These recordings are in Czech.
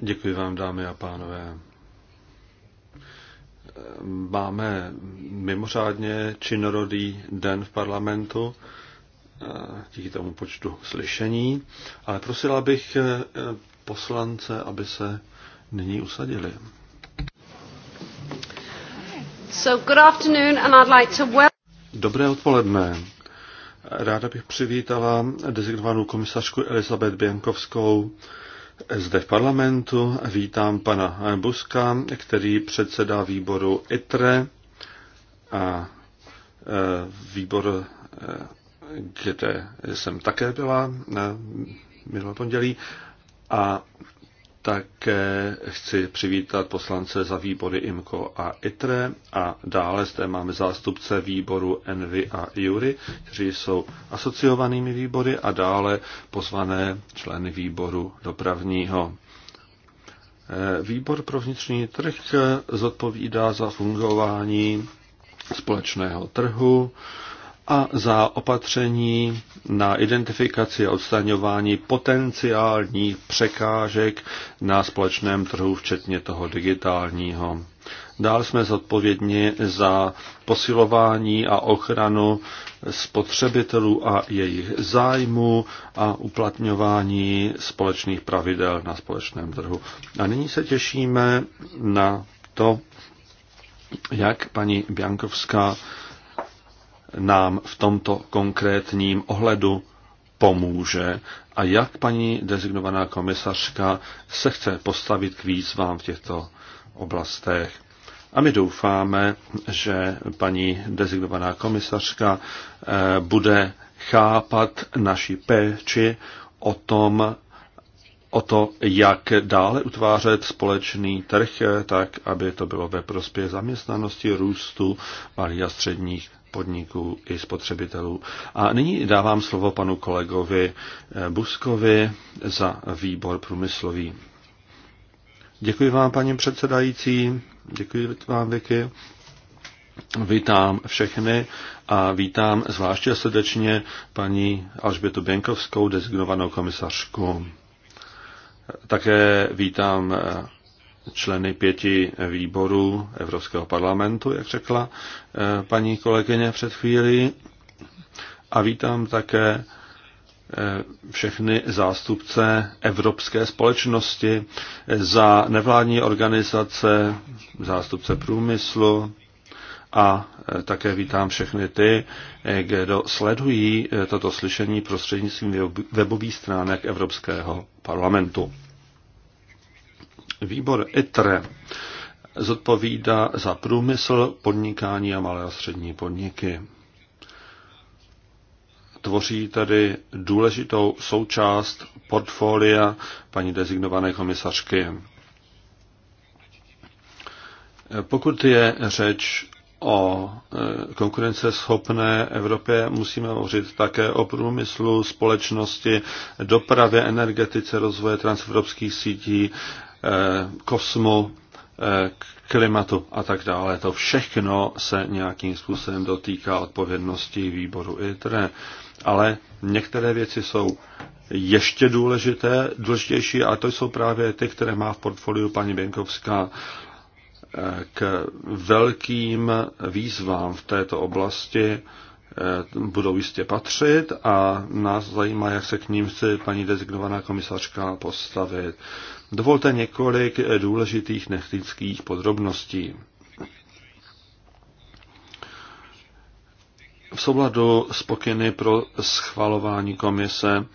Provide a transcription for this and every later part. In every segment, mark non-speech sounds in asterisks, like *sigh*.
Děkuji vám, dámy a pánové. Máme mimořádně činorodý den v parlamentu díky tomu počtu slyšení, ale prosila bych poslance, aby se nyní usadili. So good afternoon and I'd like to Dobré odpoledne. Ráda bych přivítala dezignovanou komisařku Elizabeth Biankovskou zde v parlamentu. Vítám pana Buska, který předsedá výboru ITRE a e, výbor, e, kde jsem také byla e, minulý pondělí. A také chci přivítat poslance za výbory IMCO a ITRE a dále zde máme zástupce výboru ENVY a JURY, kteří jsou asociovanými výbory a dále pozvané členy výboru dopravního. Eh, výbor pro vnitřní trh zodpovídá za fungování společného trhu, a za opatření na identifikaci a odstraňování potenciálních překážek na společném trhu, včetně toho digitálního. Dále jsme zodpovědní za posilování a ochranu spotřebitelů a jejich zájmu a uplatňování společných pravidel na společném trhu. A nyní se těšíme na to, jak paní Biankovská nám v tomto konkrétním ohledu pomůže a jak paní dezignovaná komisařka se chce postavit k výzvám v těchto oblastech. A my doufáme, že paní dezignovaná komisařka eh, bude chápat naši péči o tom, o to, jak dále utvářet společný trh, eh, tak aby to bylo ve prospěch zaměstnanosti, růstu malých a středních podniků i spotřebitelů. A nyní dávám slovo panu kolegovi eh, Buskovi za výbor průmyslový. Děkuji vám, paní předsedající, děkuji vám, Vicky. Vítám všechny a vítám zvláště srdečně paní Alžbětu Běnkovskou, designovanou komisařku. Také vítám eh, členy pěti výborů Evropského parlamentu, jak řekla eh, paní kolegyně před chvíli. A vítám také eh, všechny zástupce evropské společnosti eh, za nevládní organizace, zástupce průmyslu a také vítám všechny ty, kdo sledují toto slyšení prostřednictvím webových stránek Evropského parlamentu. Výbor ITRE zodpovídá za průmysl, podnikání a malé a střední podniky. Tvoří tedy důležitou součást portfolia paní dezignované komisařky. Pokud je řeč o e, konkurenceschopné Evropě, musíme hovořit také o průmyslu, společnosti, dopravě, energetice, rozvoje transevropských sítí, Eh, kosmu, eh, klimatu a tak dále. To všechno se nějakým způsobem dotýká odpovědnosti výboru ITRE, ale některé věci jsou ještě důležité, důležitější a to jsou právě ty, které má v portfoliu paní Benkovská eh, k velkým výzvám v této oblasti budou jistě patřit a nás zajímá, jak se k ním chce paní dezignovaná komisařka postavit. Dovolte několik důležitých nechtických podrobností. V souladu s pokyny pro schvalování komise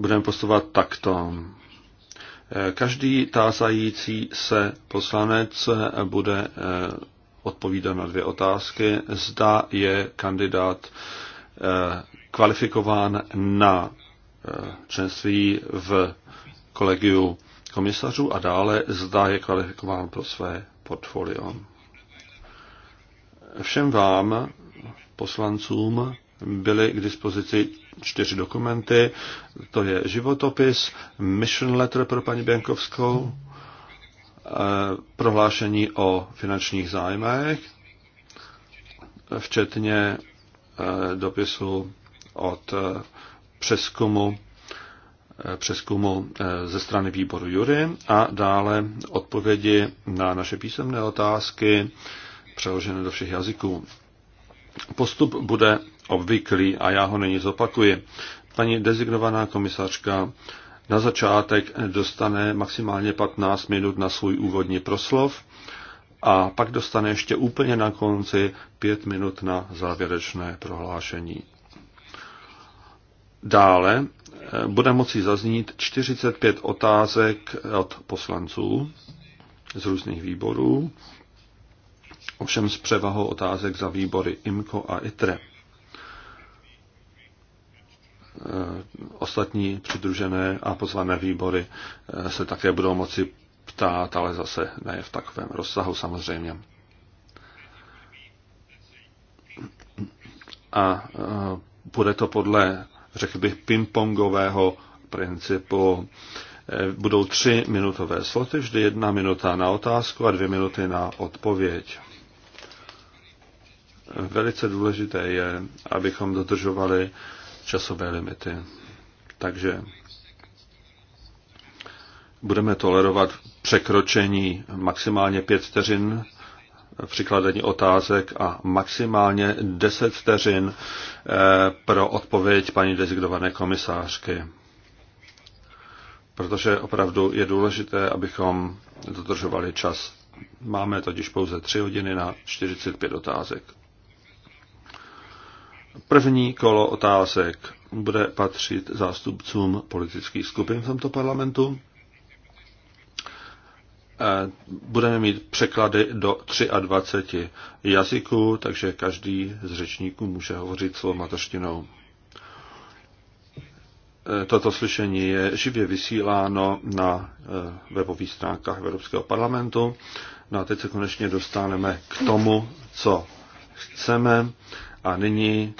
budeme postupovat takto. Každý tázající se poslanec bude eh, odpovídat na dvě otázky. Zda je kandidát eh, kvalifikován na eh, členství v kolegiu komisařů a dále zda je kvalifikován pro své portfolio. Všem vám, poslancům, byly k dispozici čtyři dokumenty. To je životopis, mission letter pro paní Běnkovskou, eh, prohlášení o finančních zájmech, včetně eh, dopisu od eh, přeskumu Eh, přeskumu eh, ze strany výboru Jury a dále odpovědi na naše písemné otázky přeložené do všech jazyků. Postup bude obvyklý a já ho nyní zopakuji. Paní dezignovaná komisařka na začátek dostane maximálně 15 minut na svůj úvodní proslov a pak dostane ještě úplně na konci 5 minut na závěrečné prohlášení. Dále bude moci zaznít 45 otázek od poslanců z různých výborů, ovšem s převahou otázek za výbory IMCO a ITRE. Eh, ostatní přidružené a pozvané výbory eh, se také budou moci ptát, ale zase ne v takovém rozsahu samozřejmě. A eh, bude to podle řekl bych, pingpongového principu. Eh, budou tři minutové sloty, vždy jedna minuta na otázku a dvě minuty na odpověď. Velice důležité je, abychom dodržovali časové limity. Takže budeme tolerovat překročení maximálně pět vteřin při kladení otázek a maximálně 10 vteřin eh, pro odpověď paní dezignované komisářky. Protože opravdu je důležité, abychom dodržovali čas. Máme totiž pouze 3 hodiny na 45 otázek. První kolo otázek bude patřit zástupcům politických skupin v tomto parlamentu. Eh, budeme mít překlady do 23 jazyků, takže každý z řečníků může hovořit svou mateřštinou. Eh, toto slyšení je živě vysíláno na eh, webových stránkách Evropského parlamentu. No a teď se konečně dostaneme k tomu, co chceme. A nyní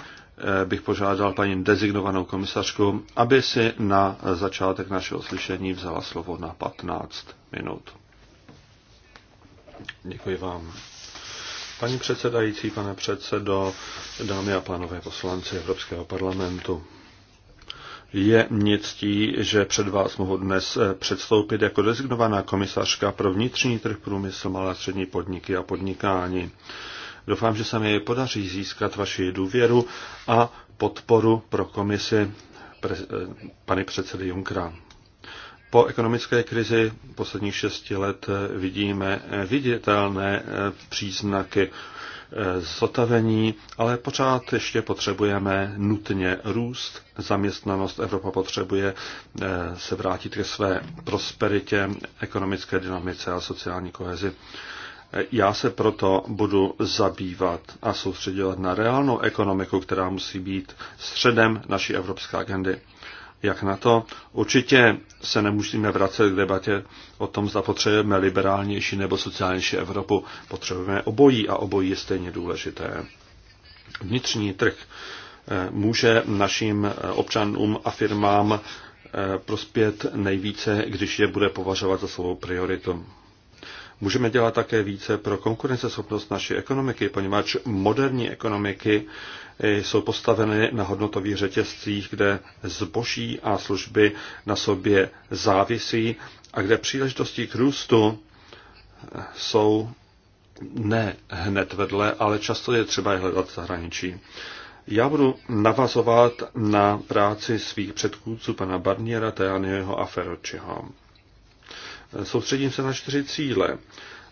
bych požádal paní dezignovanou komisařku, aby si na začátek našeho slyšení vzala slovo na 15 minut. Děkuji vám. Paní předsedající, pane předsedo, dámy a pánové poslanci Evropského parlamentu. Je mě ctí, že před vás mohu dnes předstoupit jako rezignovaná komisařka pro vnitřní trh průmysl, malé a střední podniky a podnikání. Doufám, že se mi podaří získat vaši důvěru a podporu pro komisi pre, eh, pany předsedy Junkra. Po ekonomické krizi posledních šesti let vidíme viditelné eh, příznaky eh, zotavení, ale pořád ještě potřebujeme nutně růst. Zaměstnanost Evropa potřebuje eh, se vrátit ke své prosperitě, ekonomické dynamice a sociální kohezi. Já se proto budu zabývat a soustředovat na reálnou ekonomiku, která musí být středem naší evropské agendy jak na to. Určitě se nemusíme vracet k debatě o tom, zda potřebujeme liberálnější nebo sociálnější Evropu. Potřebujeme obojí a obojí je stejně důležité. Vnitřní trh eh, může našim eh, občanům a firmám eh, prospět nejvíce, když je bude považovat za svou prioritu. Můžeme dělat také více pro konkurenceschopnost naší ekonomiky, poněvadž moderní ekonomiky eh, jsou postaveny na hodnotových řetězcích, kde zboží a služby na sobě závisí a kde příležitosti k růstu eh, jsou ne hned vedle, ale často je třeba je hledat v zahraničí. Já budu navazovat na práci svých předchůdců pana Barniera, Tajaniho a Ferročiho. Soustředím se na čtyři cíle.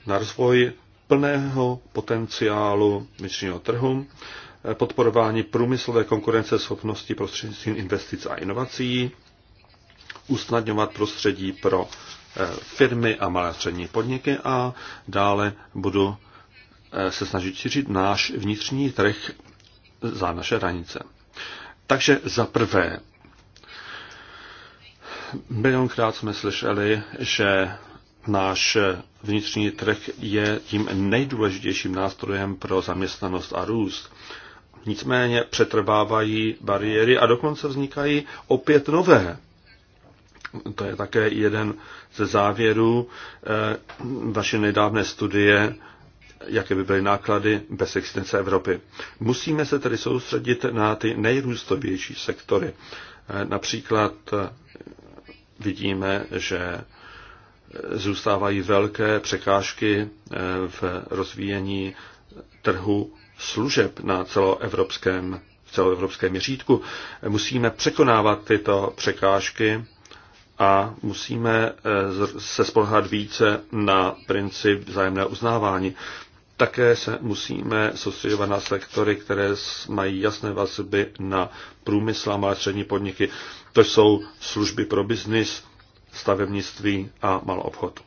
Na rozvoj plného potenciálu vnitřního trhu, podporování průmyslové konkurenceschopnosti prostřednictvím investic a inovací, usnadňovat prostředí pro eh, firmy a malé střední podniky a dále budu eh, se snažit šířit náš vnitřní trh za naše hranice. Takže za prvé Milionkrát jsme slyšeli, že náš vnitřní trh je tím nejdůležitějším nástrojem pro zaměstnanost a růst. Nicméně přetrvávají bariéry a dokonce vznikají opět nové. To je také jeden ze závěrů eh, vaší nedávné studie, jaké by byly náklady bez existence Evropy. Musíme se tedy soustředit na ty nejrůstovější sektory. Eh, například eh, vidíme, že zůstávají velké překážky eh, v rozvíjení trhu služeb na celoevropském, v celoevropském měřítku. Musíme překonávat tyto překážky a musíme eh, se spolhat více na princip vzájemného uznávání. Také se musíme soustředovat na sektory, které mají jasné vazby na průmysl a malé střední podniky. To jsou služby pro biznis, stavebnictví a maloobchod. obchod.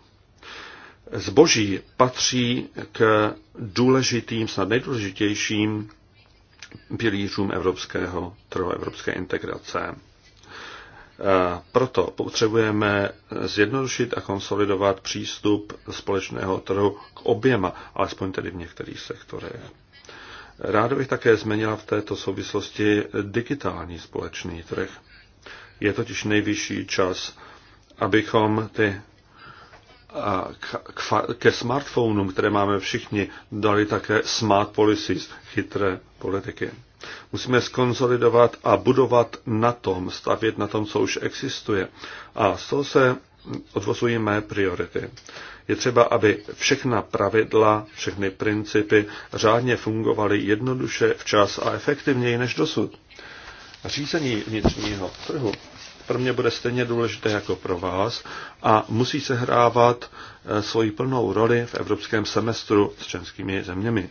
Zboží patří k důležitým, snad nejdůležitějším pilířům evropského trhu, evropské integrace. Proto potřebujeme zjednodušit a konsolidovat přístup společného trhu k oběma, alespoň tedy v některých sektorech. Ráda bych také změnila v této souvislosti digitální společný trh. Je totiž nejvyšší čas, abychom ty k, ke smartphonům, které máme všichni, dali také smart policies, chytré politiky. Musíme skonsolidovat a budovat na tom, stavět na tom, co už existuje. A z toho se odvozují mé priority. Je třeba, aby všechna pravidla, všechny principy řádně fungovaly jednoduše, včas a efektivněji než dosud. Řízení vnitřního trhu pro mě bude stejně důležité jako pro vás a musí se hrávat eh, svoji plnou roli v evropském semestru s členskými zeměmi.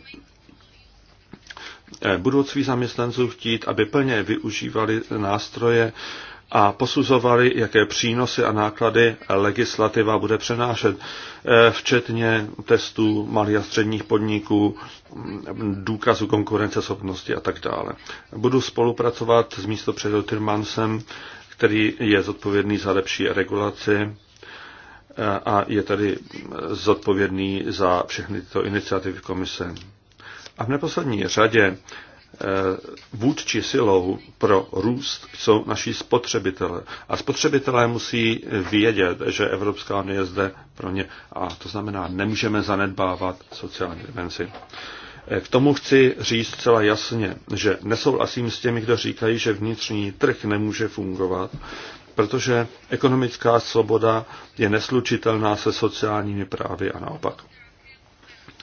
Eh, budou svých zaměstnanců chtít, aby plně využívali nástroje a posuzovali, jaké přínosy a náklady legislativa bude přenášet, eh, včetně testů malých a středních podniků, mm, důkazu konkurenceschopnosti a tak dále. Budu spolupracovat s místo Tirmansem který je zodpovědný za lepší regulaci a je tady zodpovědný za všechny tyto iniciativy komise. A v neposlední řadě eh, vůdčí silou pro růst jsou naši spotřebitelé. A spotřebitelé musí vědět, že Evropská unie je zde pro ně. A to znamená, nemůžeme zanedbávat sociální dimenzi. K tomu chci říct celá jasně, že nesouhlasím s těmi, kdo říkají, že vnitřní trh nemůže fungovat, protože ekonomická svoboda je neslučitelná se sociálními právy a naopak.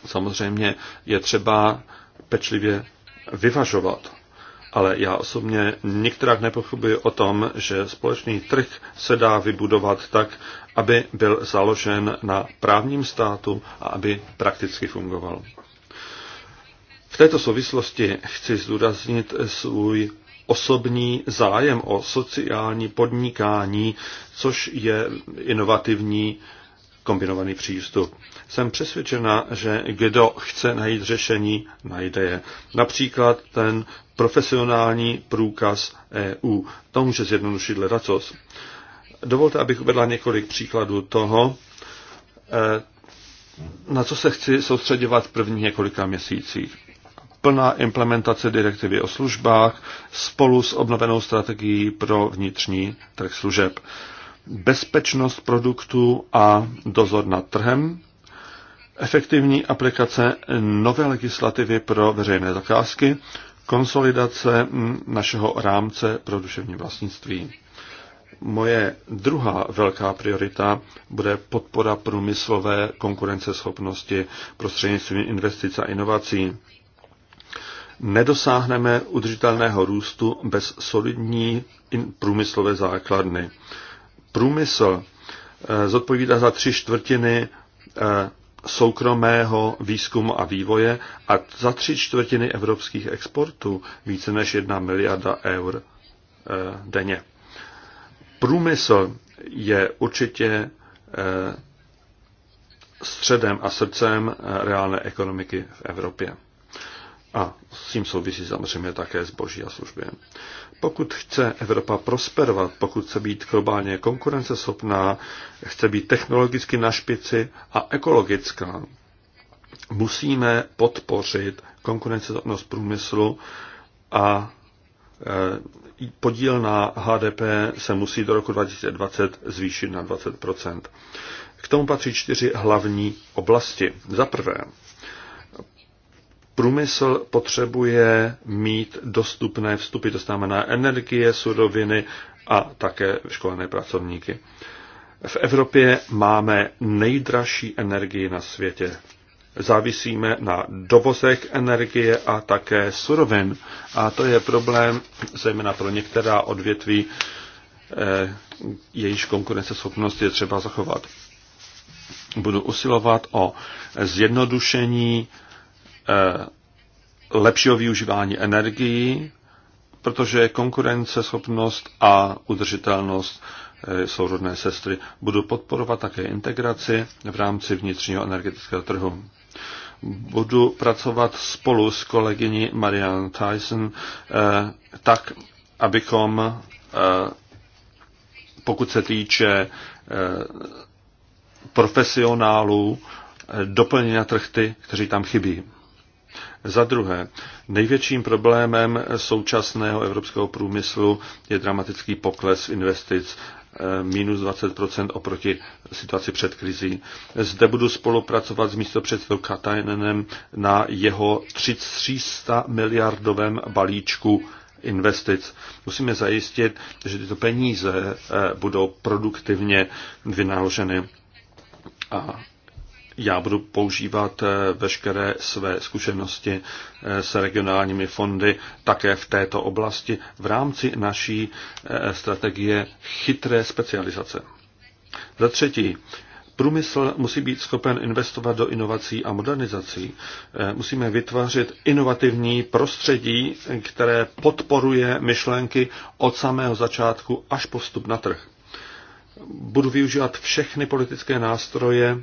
Samozřejmě je třeba pečlivě vyvažovat, ale já osobně nikterak nepochybuji o tom, že společný trh se dá vybudovat tak, aby byl založen na právním státu a aby prakticky fungoval této souvislosti chci zdůraznit svůj osobní zájem o sociální podnikání, což je inovativní kombinovaný přístup. Jsem přesvědčena, že kdo chce najít řešení, najde je. Například ten profesionální průkaz EU. To může zjednodušit ledacos. Dovolte, abych uvedla několik příkladů toho, eh, na co se chci soustředovat v prvních několika měsících plná implementace direktivy o službách spolu s obnovenou strategií pro vnitřní trh služeb, bezpečnost produktů a dozor nad trhem, efektivní aplikace nové legislativy pro veřejné zakázky, konsolidace našeho rámce pro duševní vlastnictví. Moje druhá velká priorita bude podpora průmyslové konkurenceschopnosti prostřednictvím investic a inovací nedosáhneme udržitelného růstu bez solidní průmyslové základny. Průmysl eh, zodpovídá za tři čtvrtiny eh, soukromého výzkumu a vývoje a za tři čtvrtiny evropských exportů více než jedna miliarda eur eh, denně. Průmysl je určitě středem a srdcem reálné ekonomiky v Evropě a s tím souvisí samozřejmě také zboží a služby. Pokud chce Evropa prosperovat, pokud chce být globálně konkurenceschopná, chce být technologicky na špici a ekologická, musíme podpořit konkurenceschopnost průmyslu a e, podíl na HDP se musí do roku 2020 zvýšit na 20 K tomu patří čtyři hlavní oblasti. Za prvé, Průmysl potřebuje mít dostupné vstupy, to znamená energie, suroviny a také školené pracovníky. V Evropě máme nejdražší energii na světě. Závisíme na dovozech energie a také surovin. A to je problém zejména pro některá odvětví, eh, jejíž konkurenceschopnost je třeba zachovat. Budu usilovat o zjednodušení Eh, lepšího využívání energií, protože konkurence, schopnost a udržitelnost eh, jsou sestry. Budu podporovat také integraci v rámci vnitřního energetického trhu. Budu pracovat spolu s kolegyní Marianne Tyson eh, tak, abychom, pokud se týče profesionálů, doplnili na trh ty, kteří tam chybí. Za druhé, největším problémem současného evropského průmyslu je dramatický pokles investic eh, minus 20% oproti situaci před krizí. Zde budu spolupracovat s místopředsedou Katajnenem na jeho 300 miliardovém balíčku investic. Musíme zajistit, že tyto peníze eh, budou produktivně vynaloženy. A já budu používat eh, veškeré své zkušenosti eh, s regionálními fondy také v této oblasti v rámci naší eh, strategie chytré specializace. Za třetí, Průmysl musí být schopen investovat do inovací a modernizací. Musíme vytvářet inovativní prostředí, které podporuje myšlenky od samého začátku až po vstup na trh. Budu využívat všechny politické nástroje,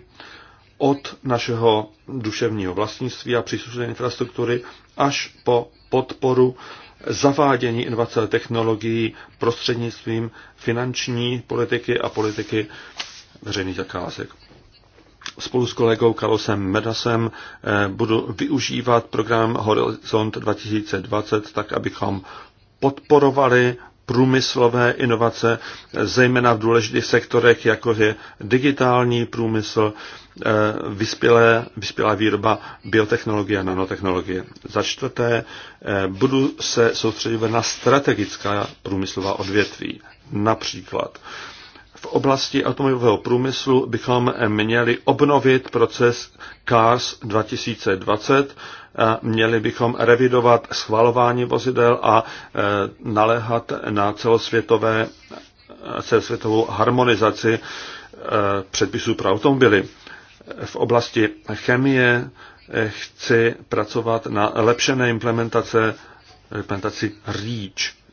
od našeho duševního vlastnictví a příslušné infrastruktury až po podporu zavádění inovace technologií prostřednictvím finanční politiky a politiky veřejných zakázek. Spolu s kolegou Kalosem Medasem eh, budu využívat program Horizont 2020 tak, abychom podporovali průmyslové inovace, zejména v důležitých sektorech, jako je digitální průmysl, eh, vyspělé, vyspělá výroba biotechnologie a nanotechnologie. Za čtvrté, eh, budu se soustředit na strategická průmyslová odvětví. Například v oblasti automobilového průmyslu bychom měli obnovit proces CARS 2020 měli bychom revidovat schvalování vozidel a e, naléhat na celosvětové, celosvětovou harmonizaci e, předpisů pro automobily. V oblasti chemie e, chci pracovat na lepšené implementace, implementaci REACH.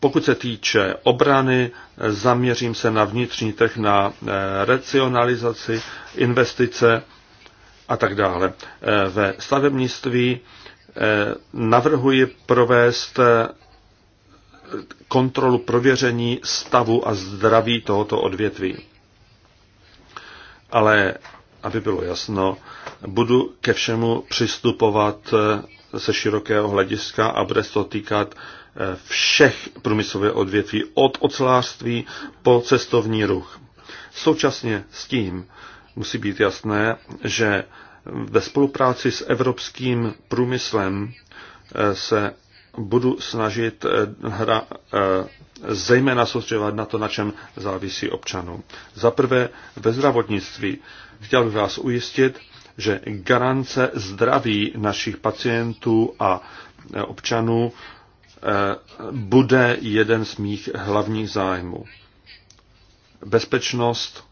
Pokud se týče obrany, zaměřím se na vnitřní trh, na racionalizaci, investice a tak dále. Eh, ve stavebnictví eh, navrhuji provést eh, kontrolu prověření stavu a zdraví tohoto odvětví. Ale, aby bylo jasno, budu ke všemu přistupovat ze širokého hlediska a bude se to týkat všech průmyslové odvětví, od ocelářství po cestovní ruch. Současně s tím musí být jasné, že ve spolupráci s evropským průmyslem eh, se budu snažit eh, hra, eh, zejména soustředovat na to, na čem závisí občanům. Za prvé ve zdravotnictví. Chtěl bych vás ujistit, že garance zdraví našich pacientů a občanů bude jeden z mých hlavních zájmů. Bezpečnost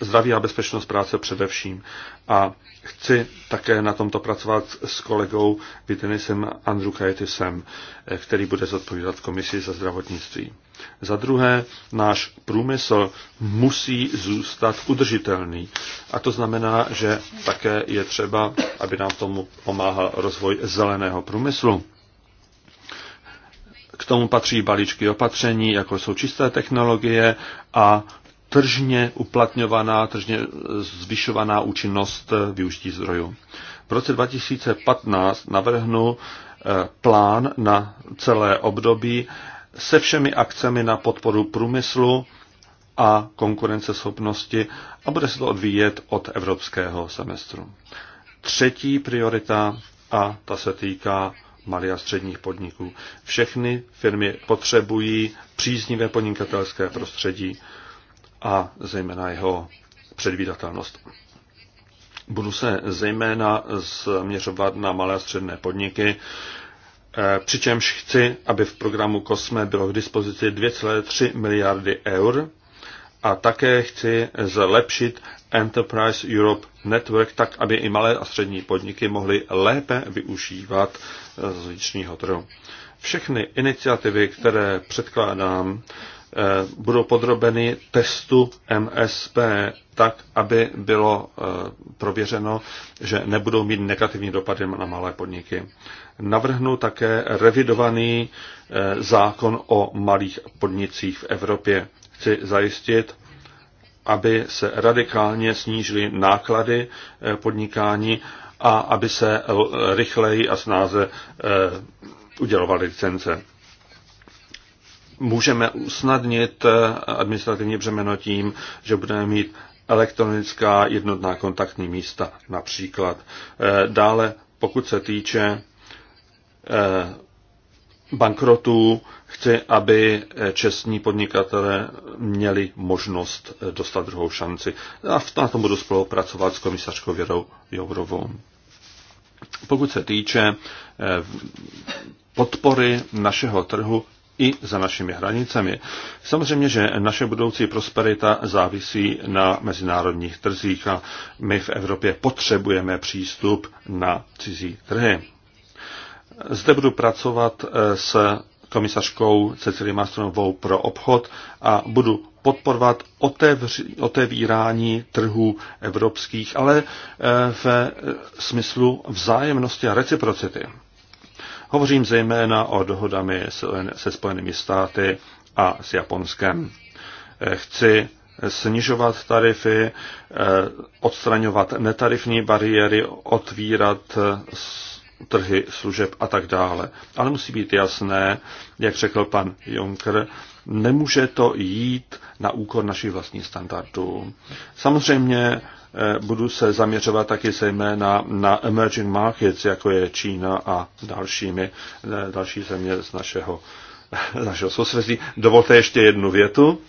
zdraví a bezpečnost práce především. A chci také na tomto pracovat s kolegou Vitenisem Andrew Kajetisem, eh, který bude zodpovídat komisi za zdravotnictví. Za druhé, náš průmysl musí zůstat udržitelný. A to znamená, že také je třeba, aby nám tomu pomáhal rozvoj zeleného průmyslu. K tomu patří balíčky opatření, jako jsou čisté technologie a tržně uplatňovaná, tržně eh, zvyšovaná účinnost eh, využití zdrojů. V roce 2015 navrhnu eh, plán na celé období se všemi akcemi na podporu průmyslu a konkurenceschopnosti a bude se to odvíjet od evropského semestru. Třetí priorita a ta se týká malých a středních podniků. Všechny firmy potřebují příznivé podnikatelské prostředí a zejména jeho předvídatelnost. Budu se zejména změřovat na malé a středné podniky, eh, přičemž chci, aby v programu COSME bylo k dispozici 2,3 miliardy eur a také chci zlepšit Enterprise Europe Network tak, aby i malé a střední podniky mohly lépe využívat eh, z vnitřního trhu. Všechny iniciativy, které předkládám, Eh, budou podrobeny testu MSP tak, aby bylo eh, prověřeno, že nebudou mít negativní dopady na malé podniky. Navrhnu také revidovaný eh, zákon o malých podnicích v Evropě. Chci zajistit, aby se radikálně snížily náklady podnikání a aby se rychleji a snáze udělovaly licence můžeme usnadnit eh, administrativní břemeno tím, že budeme mít elektronická jednotná kontaktní místa například. Eh, dále, pokud se týče eh, bankrotů, chci, aby čestní podnikatele měli možnost dostat druhou šanci. A na tom budu spolupracovat s komisařkou Věrou Jourovou. Pokud se týče podpory našeho trhu i za našimi hranicemi. Samozřejmě, že naše budoucí prosperita závisí na mezinárodních trzích a my v Evropě potřebujeme přístup na cizí trhy. Zde budu pracovat eh, s komisařkou Cecilie Mastronovou pro obchod a budu podporovat otevři, otevírání trhů evropských, ale eh, v smyslu vzájemnosti a reciprocity. Hovořím zejména o dohodami se Spojenými státy a s Japonskem. Chci snižovat tarify, eh, odstraňovat netarifní bariéry, otvírat eh, trhy služeb a tak dále. Ale musí být jasné, jak řekl pan Juncker, nemůže to jít na úkor našich vlastních standardů. Samozřejmě Eh, budu se zaměřovat taky zejména na emerging markets, jako je Čína a dalšími, eh, další země z našeho, eh, našeho sousvězí. Dovolte ještě jednu větu.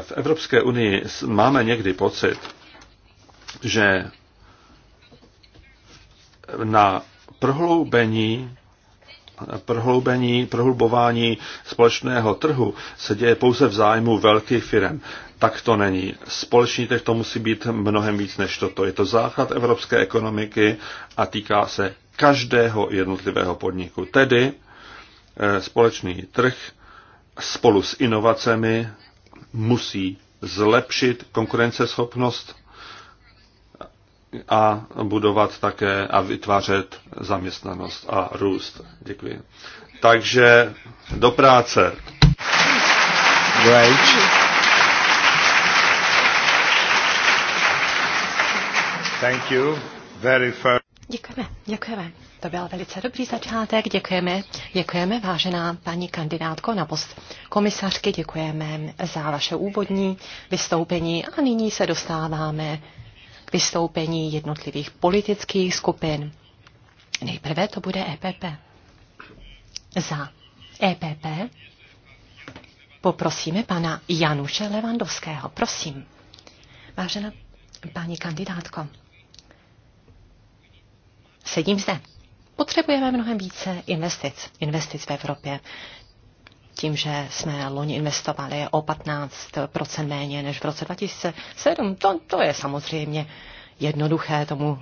V Evropské unii máme někdy pocit, že na prohloubení prohloubení, prohlubování společného trhu se děje pouze v zájmu velkých firm. Tak to není. Společný trh to musí být mnohem víc než toto. Je to základ evropské ekonomiky a týká se každého jednotlivého podniku. Tedy eh, společný trh spolu s inovacemi musí zlepšit konkurenceschopnost a budovat také a vytvářet zaměstnanost a růst. Děkuji. Takže do práce. Great. Thank you very fair. Děkujeme, děkujeme. To byl velice dobrý začátek, děkujeme, děkujeme vážená paní kandidátko na post komisařky, děkujeme za vaše úvodní vystoupení a nyní se dostáváme vystoupení jednotlivých politických skupin. Nejprve to bude EPP. Za EPP poprosíme pana Januše Levandovského. Prosím. Vážená paní kandidátko, sedím zde. Potřebujeme mnohem více investic, investic v Evropě tím, že jsme loni investovali o 15% méně než v roce 2007. To, to je samozřejmě jednoduché tomu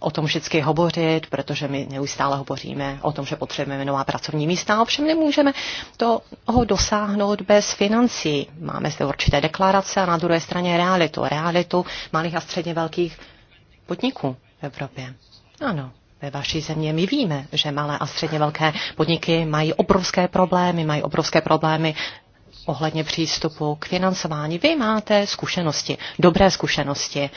o tom vždycky hovořit, protože my neustále hovoříme o tom, že potřebujeme nová pracovní místa, ovšem nemůžeme toho dosáhnout bez financí. Máme zde určité deklarace a na druhé straně realitu. Realitu malých a středně velkých podniků v Evropě. Ano, ve vaší země. My víme, že malé a středně velké podniky mají obrovské problémy, mají obrovské problémy ohledně přístupu k financování. Vy máte zkušenosti, dobré zkušenosti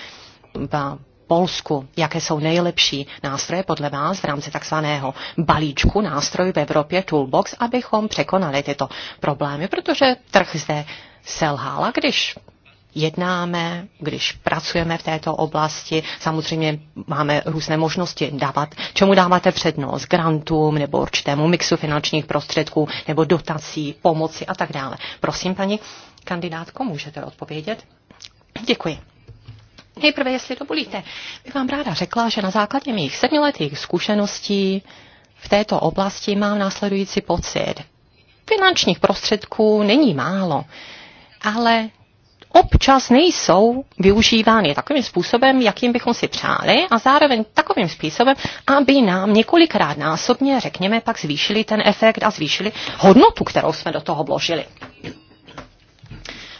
v Polsku, jaké jsou nejlepší nástroje podle vás v rámci takzvaného balíčku nástrojů v Evropě Toolbox, abychom překonali tyto problémy, protože trh zde selhal. A když jednáme, když pracujeme v této oblasti. Samozřejmě máme různé možnosti dávat, čemu dáváte přednost, grantům nebo určitému mixu finančních prostředků nebo dotací, pomoci a tak dále. Prosím, paní kandidátko, můžete odpovědět? Děkuji. Nejprve, jestli dovolíte, bych vám ráda řekla, že na základě mých sedmiletých zkušeností v této oblasti mám následující pocit. Finančních prostředků není málo, ale občas nejsou využívány takovým způsobem, jakým bychom si přáli a zároveň takovým způsobem, aby nám několikrát násobně, řekněme, pak zvýšili ten efekt a zvýšili hodnotu, kterou jsme do toho vložili.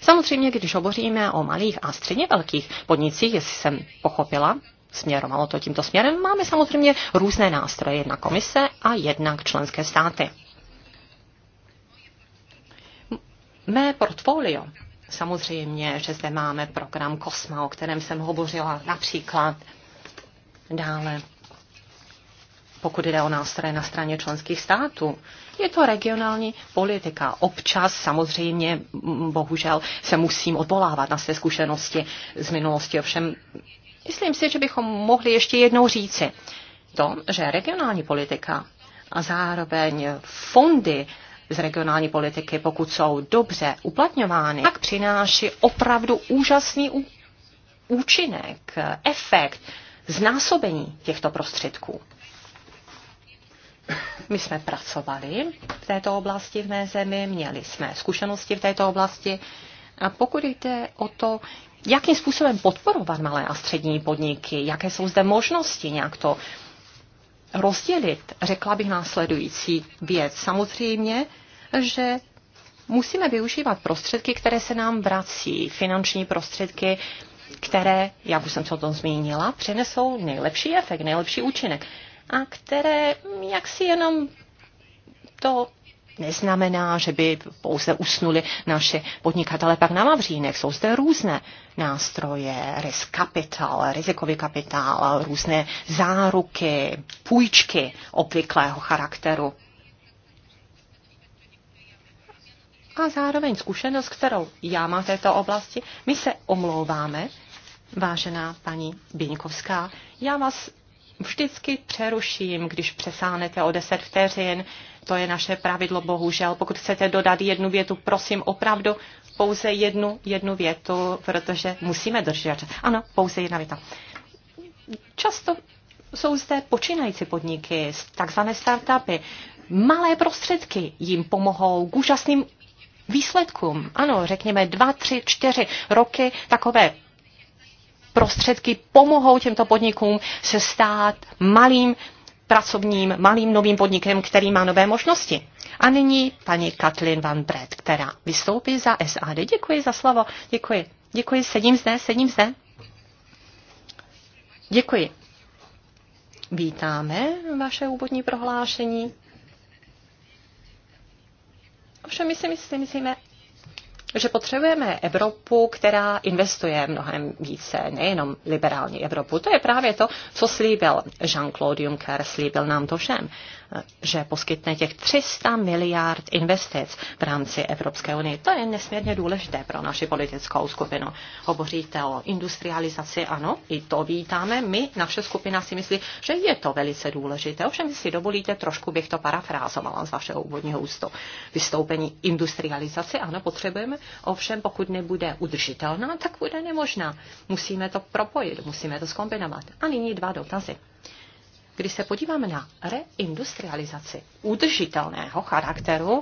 Samozřejmě, když hovoříme o malých a středně velkých podnicích, jestli jsem pochopila, směrovalo to tímto směrem, máme samozřejmě různé nástroje, jedna komise a jednak členské státy. Mé portfolio Samozřejmě, že zde máme program Kosma, o kterém jsem hovořila například dále pokud jde o nástroje na straně členských států. Je to regionální politika. Občas samozřejmě, bohužel, se musím odvolávat na své zkušenosti z minulosti. Ovšem, myslím si, že bychom mohli ještě jednou říci to, že regionální politika a zároveň fondy z regionální politiky, pokud jsou dobře uplatňovány, tak přináší opravdu úžasný účinek, efekt znásobení těchto prostředků. My jsme pracovali v této oblasti v mé zemi, měli jsme zkušenosti v této oblasti. A pokud jde o to, jakým způsobem podporovat malé a střední podniky, jaké jsou zde možnosti nějak to rozdělit, řekla bych následující věc. Samozřejmě že musíme využívat prostředky, které se nám vrací, finanční prostředky, které, jak už jsem se o tom zmínila, přinesou nejlepší efekt, nejlepší účinek a které jaksi jenom to neznamená, že by pouze usnuli naše podnikatele pak na Mavřínek. Jsou zde různé nástroje, risk capital, rizikový kapitál, různé záruky, půjčky obvyklého charakteru. a zároveň zkušenost, kterou já mám v této oblasti. My se omlouváme, vážená paní Běňkovská. Já vás vždycky přeruším, když přesáhnete o 10 vteřin. To je naše pravidlo, bohužel. Pokud chcete dodat jednu větu, prosím opravdu pouze jednu, jednu větu, protože musíme držet. Ano, pouze jedna věta. Často jsou zde počínající podniky, takzvané startupy. Malé prostředky jim pomohou k úžasným výsledkům. Ano, řekněme dva, tři, čtyři roky takové prostředky pomohou těmto podnikům se stát malým pracovním, malým novým podnikem, který má nové možnosti. A nyní paní Katlin Van Brett, která vystoupí za SAD. Děkuji za slovo. Děkuji. Děkuji. Sedím zde, sedím zde. Děkuji. Vítáme vaše úvodní prohlášení. Ovšem my si myslíme, myslíme že potřebujeme Evropu, která investuje mnohem více, nejenom liberální Evropu. To je právě to, co slíbil Jean-Claude Juncker, slíbil nám to všem. Eh, že poskytne těch 300 miliard investic v rámci Evropské unie. To je nesmírně důležité pro naši politickou skupinu. Hovoříte o industrializaci, ano, i to vítáme. My, naše skupina si myslí, že je to velice důležité. Ovšem, si dovolíte, trošku bych to parafrázovala z vašeho úvodního ústu. Vystoupení industrializace, ano, potřebujeme, ovšem pokud nebude udržitelná, tak bude nemožná. Musíme to propojit, musíme to skombinovat. A nyní dva dotazy. Když se podíváme na reindustrializaci udržitelného charakteru,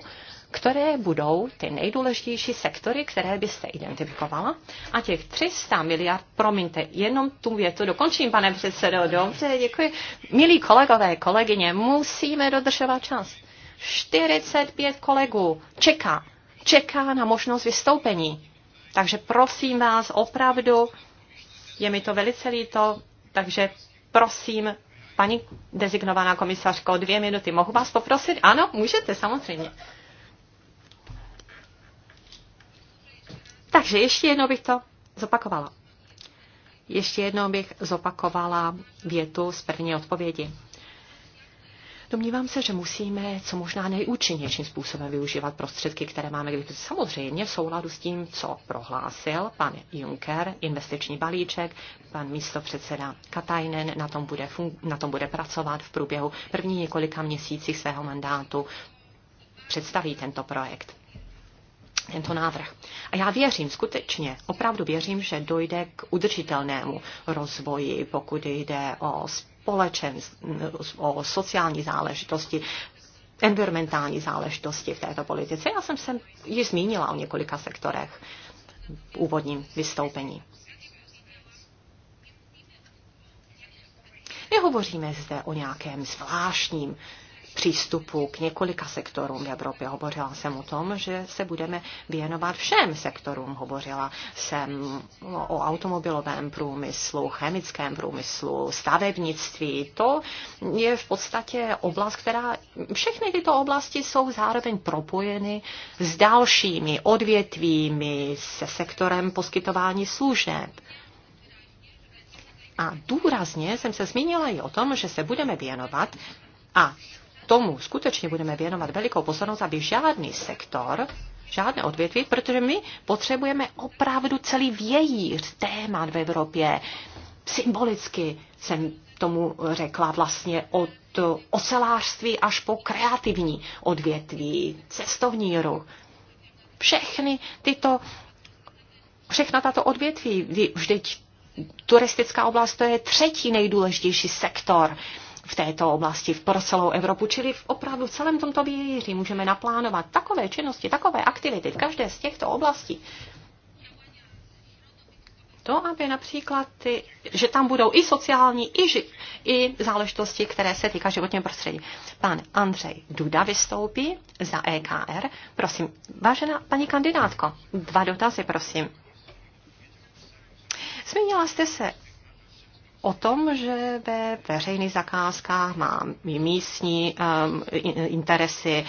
které budou ty nejdůležitější sektory, které byste identifikovala. A těch 300 miliard, promiňte, jenom tu větu dokončím, pane předsedo, dobře, děkuji. Milí kolegové, kolegyně, musíme dodržovat čas. 45 kolegů čeká, čeká na možnost vystoupení. Takže prosím vás, opravdu, je mi to velice líto, takže prosím, Paní dezignovaná komisařko, dvě minuty. Mohu vás poprosit? Ano, můžete, samozřejmě. Takže ještě jednou bych to zopakovala. Ještě jednou bych zopakovala větu z první odpovědi. Domnívám se, že musíme co možná nejúčinnějším způsobem využívat prostředky, které máme k Samozřejmě v souladu s tím, co prohlásil pan Juncker, investiční balíček, pan místopředseda Katajnen na tom bude, na tom bude pracovat v průběhu první několika měsících svého mandátu, představí tento projekt tento návrh. A já věřím, skutečně, opravdu věřím, že dojde k udržitelnému rozvoji, pokud jde o o sociální záležitosti, environmentální záležitosti v této politice. Já jsem se již zmínila o několika sektorech v úvodním vystoupení. Nehovoříme zde o nějakém zvláštním přístupu k několika sektorům v Evropě. Hovořila jsem o tom, že se budeme věnovat všem sektorům. Hovořila jsem o automobilovém průmyslu, chemickém průmyslu, stavebnictví. To je v podstatě oblast, která, všechny tyto oblasti jsou zároveň propojeny s dalšími odvětvími, se sektorem poskytování služeb. A důrazně jsem se zmínila i o tom, že se budeme věnovat a tomu skutečně budeme věnovat velikou pozornost, aby žádný sektor, žádné odvětví, protože my potřebujeme opravdu celý vějíř témat v Evropě. Symbolicky jsem tomu řekla vlastně od ocelářství až po kreativní odvětví, cestovní ruch. Všechny tyto, všechna tato odvětví, vždyť turistická oblast to je třetí nejdůležitější sektor v této oblasti pro celou Evropu, čili v opravdu v celém tomto výjíří můžeme naplánovat takové činnosti, takové aktivity v každé z těchto oblastí. To, aby například, ty, že tam budou i sociální, i, ži, i záležitosti, které se týká životního prostředí. Pan Andřej Duda vystoupí za EKR. Prosím, vážená paní kandidátko, dva dotazy, prosím. Zmínila jste se o tom, že ve veřejných zakázkách má místní um, interesy,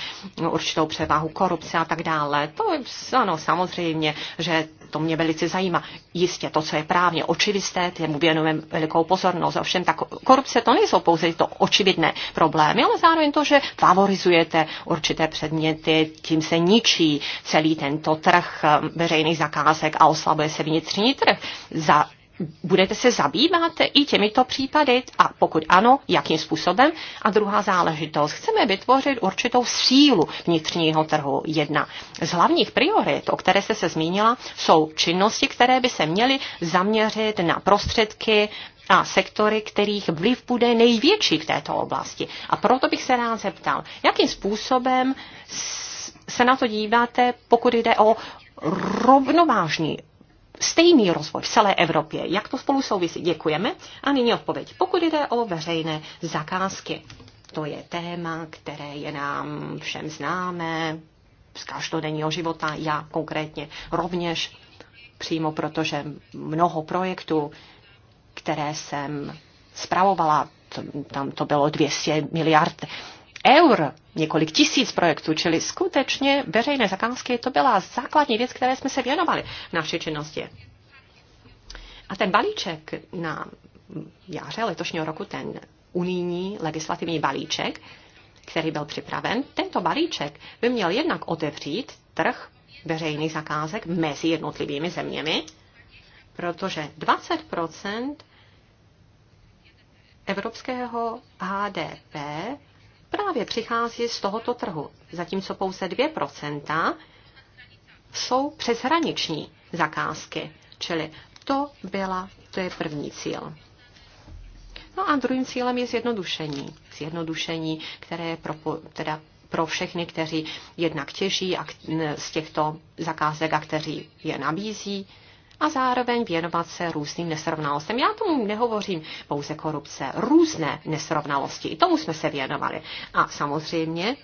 určitou převahu korupce a tak dále. To je, ano, samozřejmě, že to mě velice zajímá. Jistě to, co je právně očivisté, tomu věnujeme velikou pozornost. Ovšem, tak korupce to nejsou pouze to očividné problémy, ale zároveň to, že favorizujete určité předměty, tím se ničí celý tento trh um, veřejných zakázek a oslabuje se vnitřní trh. Za budete se zabývat i těmito případy a pokud ano, jakým způsobem? A druhá záležitost, chceme vytvořit určitou sílu vnitřního trhu. Jedna z hlavních priorit, o které jste se zmínila, jsou činnosti, které by se měly zaměřit na prostředky a sektory, kterých vliv bude největší v této oblasti. A proto bych se rád zeptal, jakým způsobem se na to díváte, pokud jde o rovnovážný stejný rozvoj v celé Evropě. Jak to spolu souvisí? Děkujeme. A nyní odpověď. Pokud jde o veřejné zakázky, to je téma, které je nám všem známé z každodenního života, já konkrétně rovněž, přímo protože mnoho projektů, které jsem spravovala, tam to bylo 200 miliard eur, několik tisíc projektů, čili skutečně veřejné zakázky, to byla základní věc, které jsme se věnovali v naší činnosti. A ten balíček na jaře letošního roku, ten unijní legislativní balíček, který byl připraven, tento balíček by měl jednak otevřít trh veřejných zakázek mezi jednotlivými zeměmi, protože 20 evropského HDP právě přichází z tohoto trhu, zatímco pouze 2% jsou přeshraniční zakázky, čili to, byla, to je první cíl. No a druhým cílem je zjednodušení. Zjednodušení, které je pro, teda pro všechny, kteří jednak těží z těchto zakázek a kteří je nabízí a zároveň věnovat se různým nesrovnalostem. Já tomu nehovořím pouze korupce, různé nesrovnalosti. I tomu jsme se věnovali. A samozřejmě,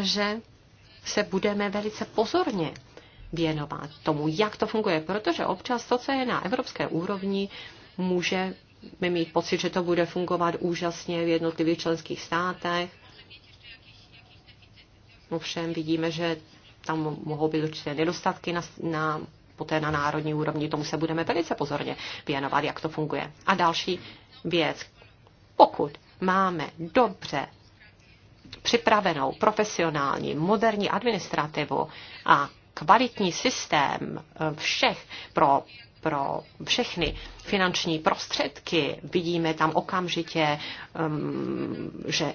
že se budeme velice pozorně věnovat tomu, jak to funguje, protože občas to, co je na evropské úrovni, může mít pocit, že to bude fungovat úžasně v jednotlivých členských státech. Ovšem vidíme, že tam mohou být určité nedostatky na, na poté na národní úrovni. Tomu se budeme velice pozorně věnovat, jak to funguje. A další věc. Pokud máme dobře připravenou profesionální, moderní administrativu a kvalitní systém eh, všech pro pro všechny finanční prostředky. Vidíme tam okamžitě, ehm, že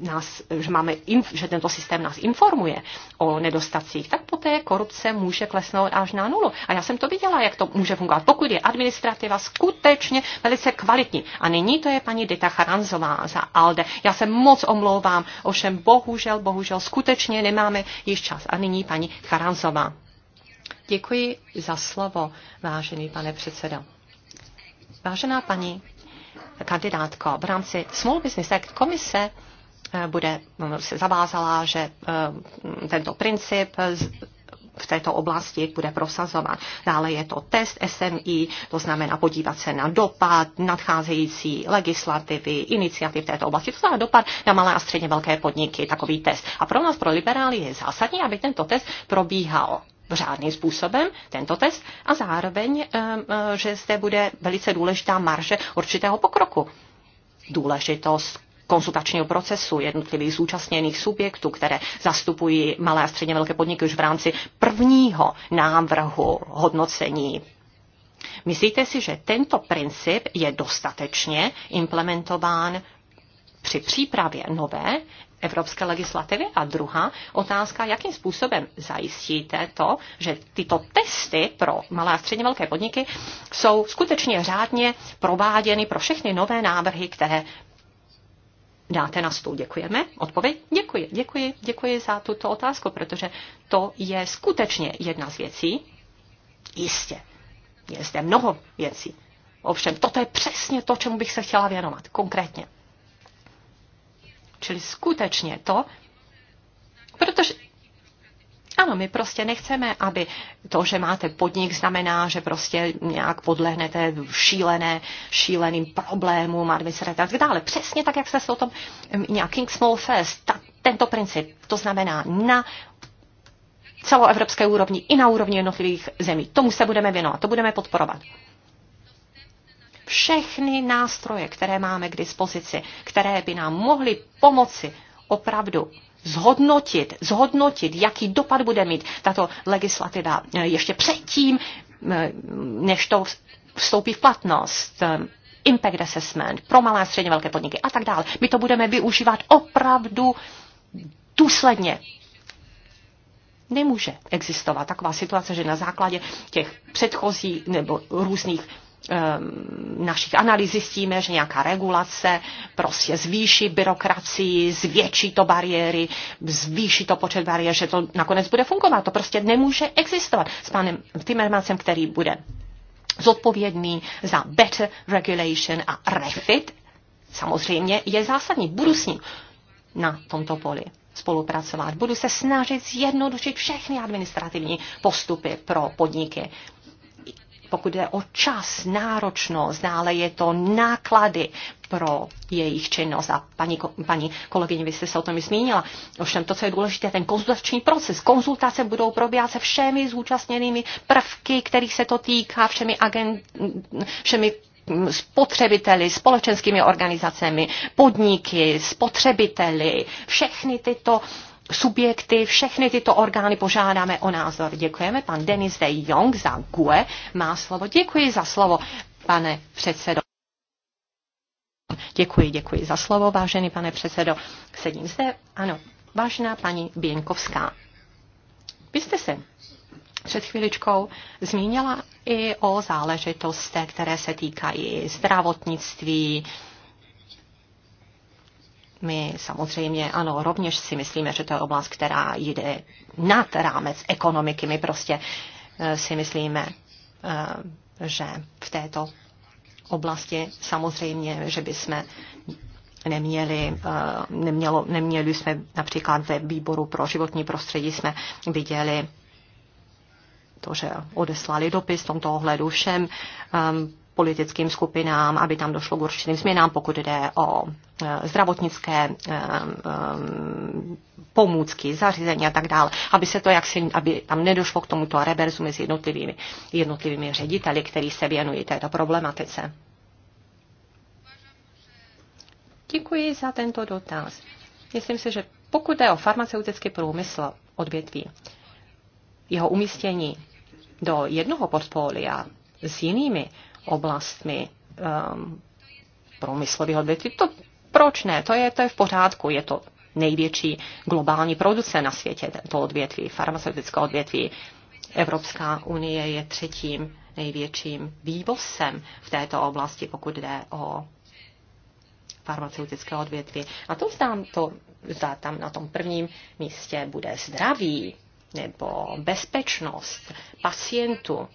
nás, že, máme, že tento systém nás informuje o nedostacích, tak poté korupce může klesnout až na nulu. A já jsem to viděla, jak to může fungovat, pokud je administrativa skutečně velice kvalitní. A nyní to je paní Dita Charanzová za ALDE. Já se moc omlouvám, ovšem bohužel, bohužel skutečně nemáme již čas. A nyní paní Charanzová. Děkuji za slovo, vážený pane předsedo. Vážená paní kandidátko, v rámci Small Business Act komise eh, bude, eh, se zavázala, že eh, tento princip v této oblasti bude prosazovat. Dále je to test SMI, to znamená podívat se na dopad nadcházející legislativy, iniciativ této oblasti, to znamená dopad na malé a středně velké podniky, takový test. A pro nás, pro liberály, je zásadní, aby tento test probíhal řádným způsobem tento test a zároveň, eh, eh, že zde bude velice důležitá marže určitého pokroku. Důležitost konzultačního procesu jednotlivých zúčastněných subjektů, které zastupují malé a středně velké podniky už v rámci prvního návrhu hodnocení. Myslíte si, že tento princip je dostatečně implementován při přípravě nové evropské legislativy? A druhá otázka, jakým způsobem zajistíte to, že tyto testy pro malé a středně velké podniky jsou skutečně řádně prováděny pro všechny nové návrhy, které dáte na stůl. Děkujeme. Odpověď? Děkuji, děkuji, děkuji za tuto otázku, protože to je skutečně jedna z věcí. Jistě, je zde mnoho věcí. Ovšem, toto je přesně to, čemu bych se chtěla věnovat, konkrétně. Čili skutečně to, protože ano, my prostě nechceme, aby to, že máte podnik, znamená, že prostě nějak podlehnete šílené, šíleným problémům, administrativě a tak dále. Přesně tak, jak jste se o tom nějak King Small Fest, ta, tento princip, to znamená na celoevropské úrovni i na úrovni jednotlivých zemí. Tomu se budeme věnovat, to budeme podporovat všechny nástroje, které máme k dispozici, které by nám mohly pomoci opravdu zhodnotit, zhodnotit, jaký dopad bude mít tato legislativa eh, ještě předtím, eh, než to vstoupí v platnost eh, impact assessment pro malé a středně velké podniky a tak dále. My to budeme využívat opravdu důsledně. Nemůže existovat taková situace, že na základě těch předchozích nebo různých Ehm, našich analýz zjistíme, že nějaká regulace prostě zvýší byrokracii, zvětší to bariéry, zvýší to počet bariér, že to nakonec bude fungovat. To prostě nemůže existovat s panem Timmermansem, který bude zodpovědný za better regulation a refit, samozřejmě je zásadní. Budu s ním na tomto poli spolupracovat. Budu se snažit zjednodušit všechny administrativní postupy pro podniky pokud jde o čas, náročnost, dále je to náklady pro jejich činnost. A paní, paní kolegyně, vy jste se o tom zmínila. Ovšem to, co je důležité, ten konzultační proces. Konzultace budou probíhat se všemi zúčastněnými prvky, kterých se to týká, všemi, agent, všemi mm, spotřebiteli, společenskými organizacemi, podniky, spotřebiteli, všechny tyto subjekty, všechny tyto orgány požádáme o názor. Děkujeme. Pan Denis de Jong za GUE má slovo. Děkuji za slovo, pane předsedo. Děkuji, děkuji za slovo, vážený pane předsedo. Sedím zde. Ano, vážená paní Běnkovská. Vy jste se před chvíličkou zmínila i o záležitostech, které se týkají zdravotnictví, my samozřejmě, ano, rovněž si myslíme, že to je oblast, která jde nad rámec ekonomiky. My prostě eh, si myslíme, eh, že v této oblasti samozřejmě, že by jsme neměli, eh, nemělo, neměli jsme například ve výboru pro životní prostředí jsme viděli to, že odeslali dopis v tomto ohledu všem ehm, politickým skupinám, aby tam došlo k určitým změnám, pokud jde o e, zdravotnické e, e, pomůcky, zařízení a tak dále, aby se to jaksi, aby tam nedošlo k tomuto reverzu mezi jednotlivými, jednotlivými řediteli, který se věnují této problematice. Děkuji za tento dotaz. Myslím si, že pokud jde o farmaceutický průmysl odvětví, jeho umístění do jednoho portfolia s jinými oblastmi um, průmyslových odvětví. To proč ne? To je, to je v pořádku. Je to největší globální produce na světě, to odvětví, farmaceutické odvětví. Evropská unie je třetím největším vývozem v této oblasti, pokud jde o farmaceutické odvětví. A to zdám to, zda tam na tom prvním místě bude zdraví nebo bezpečnost pacientů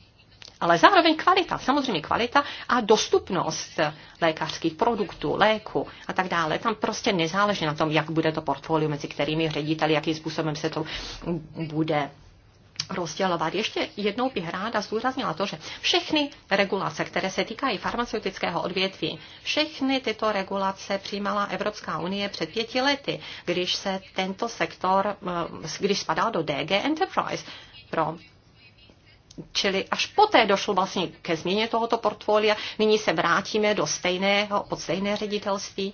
ale zároveň kvalita, samozřejmě kvalita a dostupnost lékařských produktů, léku a tak dále. Tam prostě nezáleží na tom, jak bude to portfolio mezi kterými řediteli, jakým způsobem se to bude rozdělovat. Ještě jednou bych ráda zdůraznila to, že všechny regulace, které se týkají farmaceutického odvětví, všechny tyto regulace přijímala Evropská unie před pěti lety, když se tento sektor, eh, když spadal do DG Enterprise pro Čili až poté došlo vlastně ke změně tohoto portfolia. Nyní se vrátíme do stejného, pod stejné ředitelství,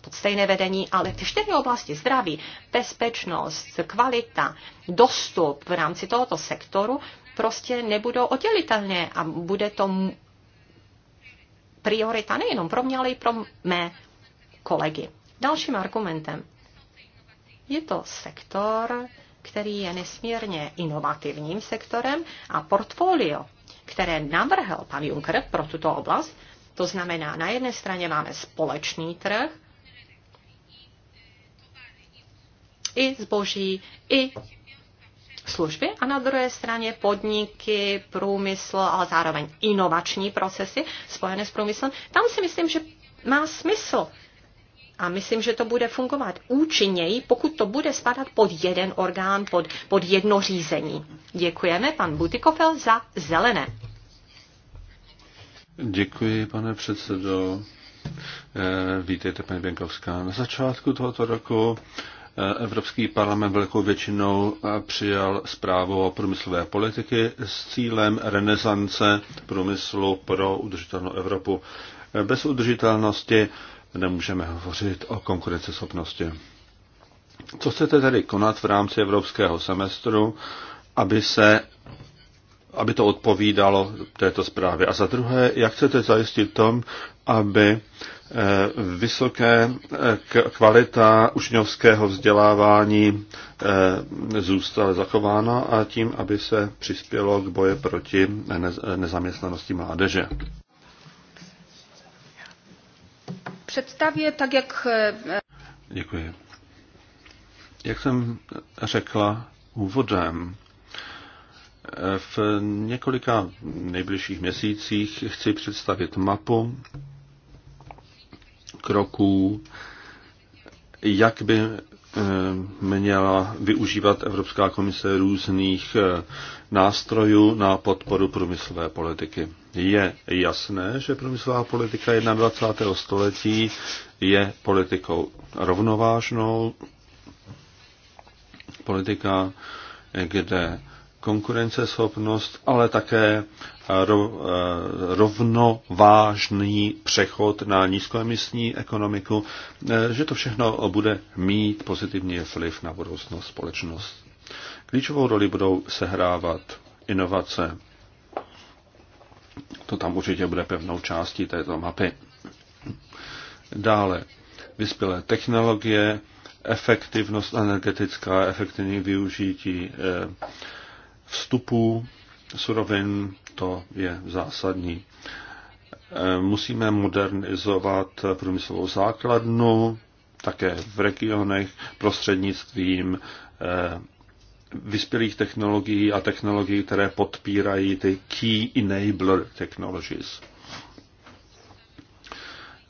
pod stejné vedení, ale ty čtyři oblasti zdraví, bezpečnost, kvalita, dostup v rámci tohoto sektoru prostě nebudou oddělitelné a bude to priorita nejenom pro mě, ale i pro mé kolegy. Dalším argumentem. Je to sektor, který je nesmírně inovativním sektorem a portfolio, které navrhl pan Juncker pro tuto oblast, to znamená, na jedné straně máme společný trh, i zboží, i služby a na druhé straně podniky, průmysl, ale zároveň inovační procesy spojené s průmyslem. Tam si myslím, že má smysl a myslím, že to bude fungovat účinněji, pokud to bude spadat pod jeden orgán, pod, pod jedno řízení. Děkujeme pan Butikofel za zelené. Děkuji, pane předsedo. Eh, vítejte, paní Benkovská. Na začátku tohoto roku eh, Evropský parlament velkou většinou eh, přijal zprávu o průmyslové politiky s cílem renesance průmyslu pro udržitelnou Evropu. Bez udržitelnosti nemůžeme hovořit o konkurenceschopnosti. Co chcete tedy konat v rámci evropského semestru, aby se aby to odpovídalo této zprávě. A za druhé, jak chcete zajistit tom, aby eh, vysoké eh, kvalita učňovského vzdělávání eh, zůstala zachována a tím, aby se přispělo k boje proti nezaměstnanosti mládeže. Představě, tak jak... Eh, Děkuji. Jak jsem řekla úvodem, eh, v několika nejbližších měsících chci představit mapu kroků, jak by Eh, měla využívat Evropská komise různých eh, nástrojů na podporu průmyslové politiky. Je jasné, že průmyslová politika 21. století je politikou rovnovážnou, politika, kde konkurenceschopnost, ale také eh, eh, rovnovážný přechod na nízkoemisní ekonomiku, eh, že to všechno bude mít pozitivní vliv na budoucnost společnost. Klíčovou roli budou sehrávat inovace. To tam určitě bude pevnou částí této mapy. Dále vyspělé technologie, efektivnost energetická, efektivní využití eh, vstupů surovin, to je zásadní. E, musíme modernizovat průmyslovou základnu, také v regionech prostřednictvím e, vyspělých technologií a technologií, které podpírají ty key enabler technologies.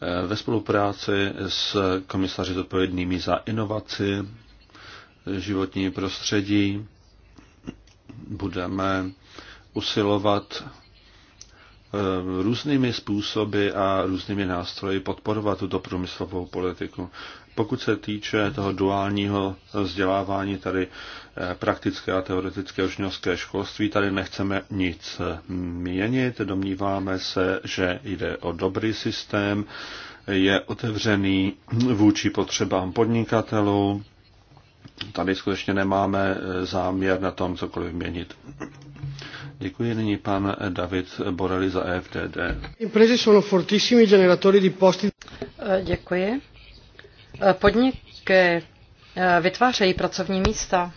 E, ve spolupráci s komisaři zodpovědnými za inovaci, životní prostředí, budeme usilovat eh, různými způsoby a různými nástroji podporovat tuto průmyslovou politiku. Pokud se týče toho duálního vzdělávání, tady eh, praktické a teoretické učňovské školství, tady nechceme nic eh, měnit. Domníváme se, že jde o dobrý systém, je otevřený vůči potřebám podnikatelů, tady skutečně nemáme eh, záměr na tom cokoliv měnit. Děkuji nyní pan eh, David Borelli za EFTD. Eh, děkuji. Podniky vytvářejí pracovní místa,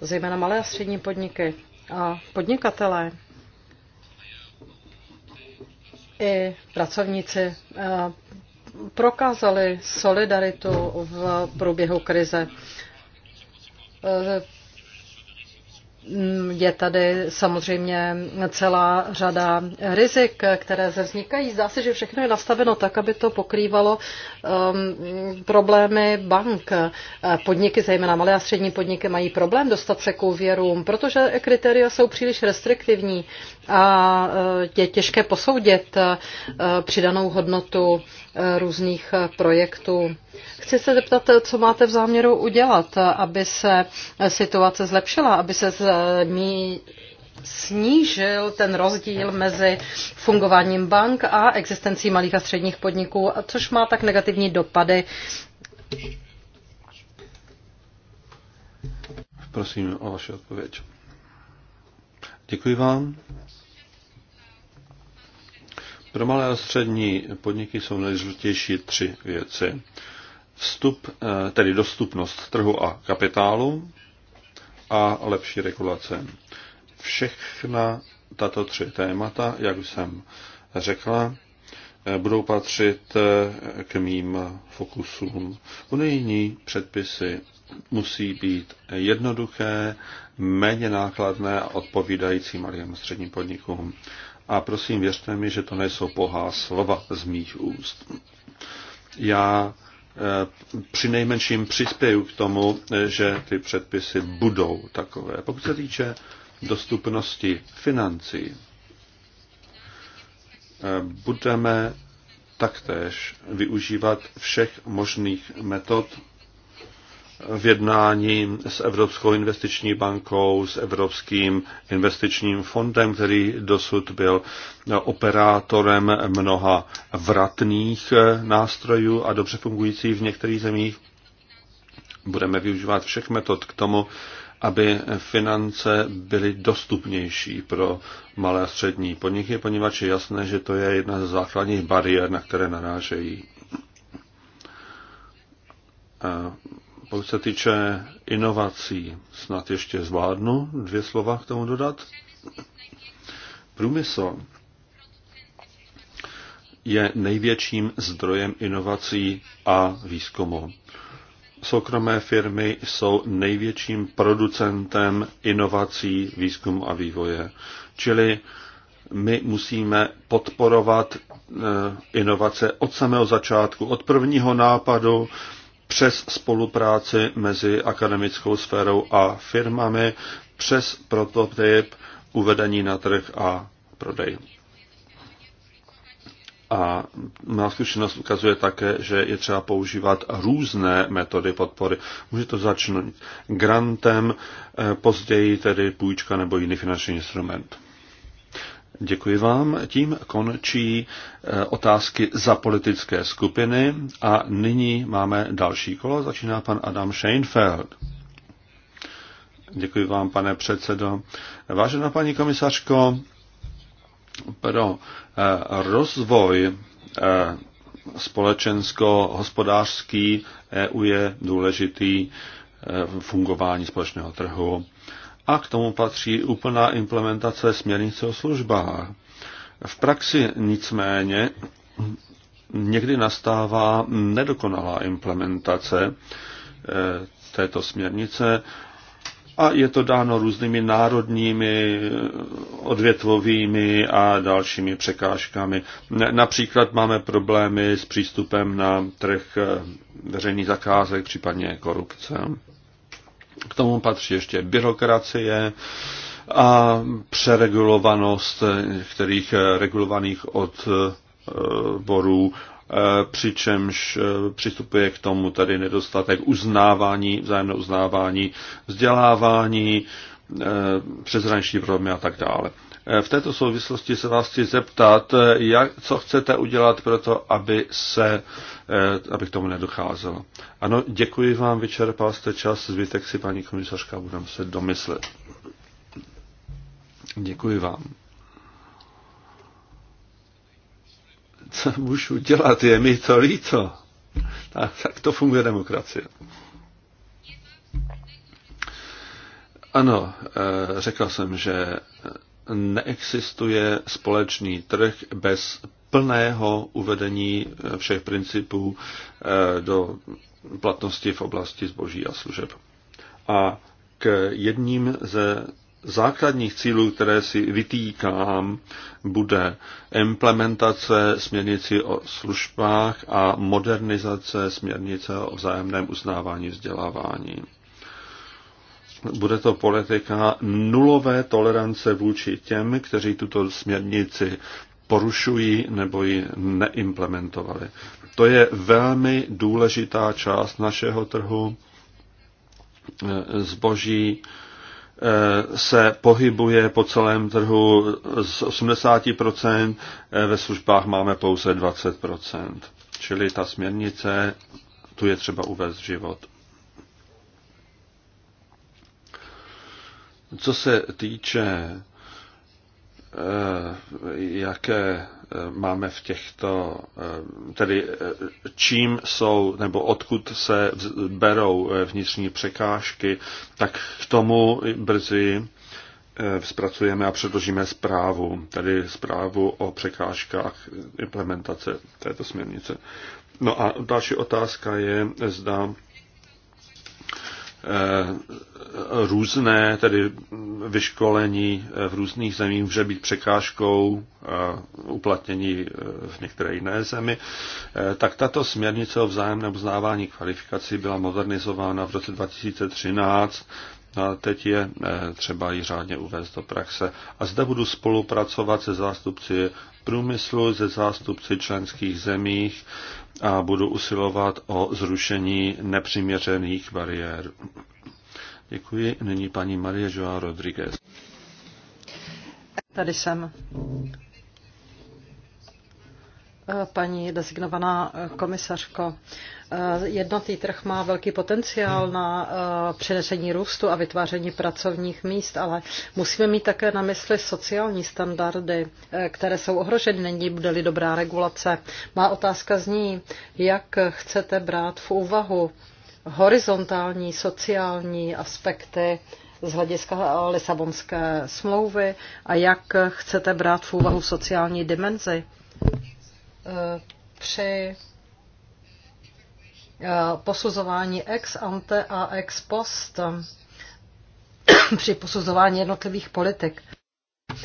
zejména malé a střední podniky a podnikatelé i pracovníci prokázali solidaritu v průběhu krize je tady samozřejmě celá řada rizik, které se vznikají. Zdá se, že všechno je nastaveno tak, aby to pokrývalo um, problémy bank. Podniky, zejména malé a střední podniky, mají problém dostat se k úvěrům, protože kritéria jsou příliš restriktivní a uh, je těžké posoudit uh, přidanou hodnotu Eh, různých eh, projektů. Chci se zeptat, eh, co máte v záměru udělat, aby se situace zlepšila, aby se zmi- snížil ten rozdíl mezi fungováním bank a existencí malých a středních podniků, což má tak negativní dopady. Prosím o vaši odpověď. Děkuji vám. Pro malé a střední podniky jsou nejdůležitější tři věci. Vstup, eh, tedy dostupnost trhu a kapitálu a lepší regulace. Všechna tato tři témata, jak jsem řekla, eh, budou patřit eh, k mým fokusům. Unijní předpisy musí být jednoduché, méně nákladné a odpovídající malým a středním podnikům. A prosím, věřte mi, že to nejsou pohá slova z mých úst. Já eh, při nejmenším přispěju k tomu, eh, že ty předpisy budou takové. Pokud se týče dostupnosti financí, eh, budeme taktéž využívat všech možných metod v jednání s Evropskou investiční bankou, s Evropským investičním fondem, který dosud byl operátorem mnoha vratných eh, nástrojů a dobře fungující v některých zemích. Budeme využívat všech metod k tomu, aby finance byly dostupnější pro malé a střední podniky, poněvadž je jasné, že to je jedna ze základních bariér, na které narážejí eh, pokud se týče inovací, snad ještě zvládnu dvě slova k tomu dodat. Průmysl je největším zdrojem inovací a výzkumu. Soukromé firmy jsou největším producentem inovací, výzkumu a vývoje. Čili my musíme podporovat eh, inovace od samého začátku, od prvního nápadu přes spolupráci mezi akademickou sférou a firmami, přes prototyp, uvedení na trh a prodej. A má zkušenost ukazuje také, že je třeba používat různé metody podpory. Může to začnout grantem, eh, později tedy půjčka nebo jiný finanční instrument. Děkuji vám. Tím končí eh, otázky za politické skupiny a nyní máme další kolo. Začíná pan Adam Scheinfeld. Děkuji vám, pane předsedo. Vážená paní komisařko, pro eh, rozvoj eh, společensko-hospodářský EU je důležitý fungování společného trhu a k tomu patří úplná implementace směrnice o službách. V praxi nicméně někdy nastává nedokonalá implementace eh, této směrnice a je to dáno různými národními, eh, odvětvovými a dalšími překážkami. Například máme problémy s přístupem na trh eh, veřejných zakázek, případně korupce. K tomu patří ještě byrokracie a přeregulovanost některých regulovaných odborů eh, přičemž eh, přistupuje k tomu tady nedostatek uznávání, vzájemné uznávání, vzdělávání, eh, přeshraniční problémy a tak dále. Eh, v této souvislosti se vás chci zeptat, eh, jak, co chcete udělat pro to, aby, se, eh, aby k tomu nedocházelo. Ano, děkuji vám, vyčerpal jste čas, zbytek si paní komisařka budeme se domyslet. Děkuji vám. Co můžu dělat, je mi to líto. Tak, tak to funguje demokracie. Ano, řekl jsem, že neexistuje společný trh bez plného uvedení všech principů eh, do platnosti v oblasti zboží a služeb. A k jedním ze základních cílů, které si vytýkám, bude implementace směrnici o službách a modernizace směrnice o vzájemném uznávání vzdělávání bude to politika nulové tolerance vůči těm, kteří tuto směrnici porušují nebo ji neimplementovali. To je velmi důležitá část našeho trhu. Zboží eh, se pohybuje po celém trhu z 80%, eh, ve službách máme pouze 20%. Čili ta směrnice, tu je třeba uvést život. Co se týče, eh, jaké eh, máme v těchto, eh, tedy čím jsou, nebo odkud se berou vnitřní překážky, tak k tomu brzy zpracujeme a předložíme zprávu, tedy zprávu o překážkách implementace této směrnice. No a další otázka je, zda Eh, různé, tedy vyškolení eh, v různých zemích může být překážkou eh, uplatnění v některé jiné zemi, tak tato směrnice o vzájemném uznávání kvalifikací byla modernizována v roce 2013 a teď je eh, třeba ji řádně uvést do praxe. A zde budu spolupracovat se zástupci průmyslu, se zástupci členských zemích a budu usilovat o zrušení nepřiměřených bariér. Děkuji. Nyní paní Marie Joa Rodriguez. Tady jsem. Paní designovaná eh, komisařko, eh, jednotný trh má velký potenciál na eh, přinesení růstu a vytváření pracovních míst, ale musíme mít také na mysli sociální standardy, které jsou ohroženy, není bude-li dobrá regulace. Má otázka zní, jak chcete brát v úvahu horizontální sociální aspekty z hlediska Lisabonské smlouvy a jak chcete brát v úvahu sociální dimenzi při eh, posuzování ex ante a ex post *coughs* při posuzování jednotlivých politik.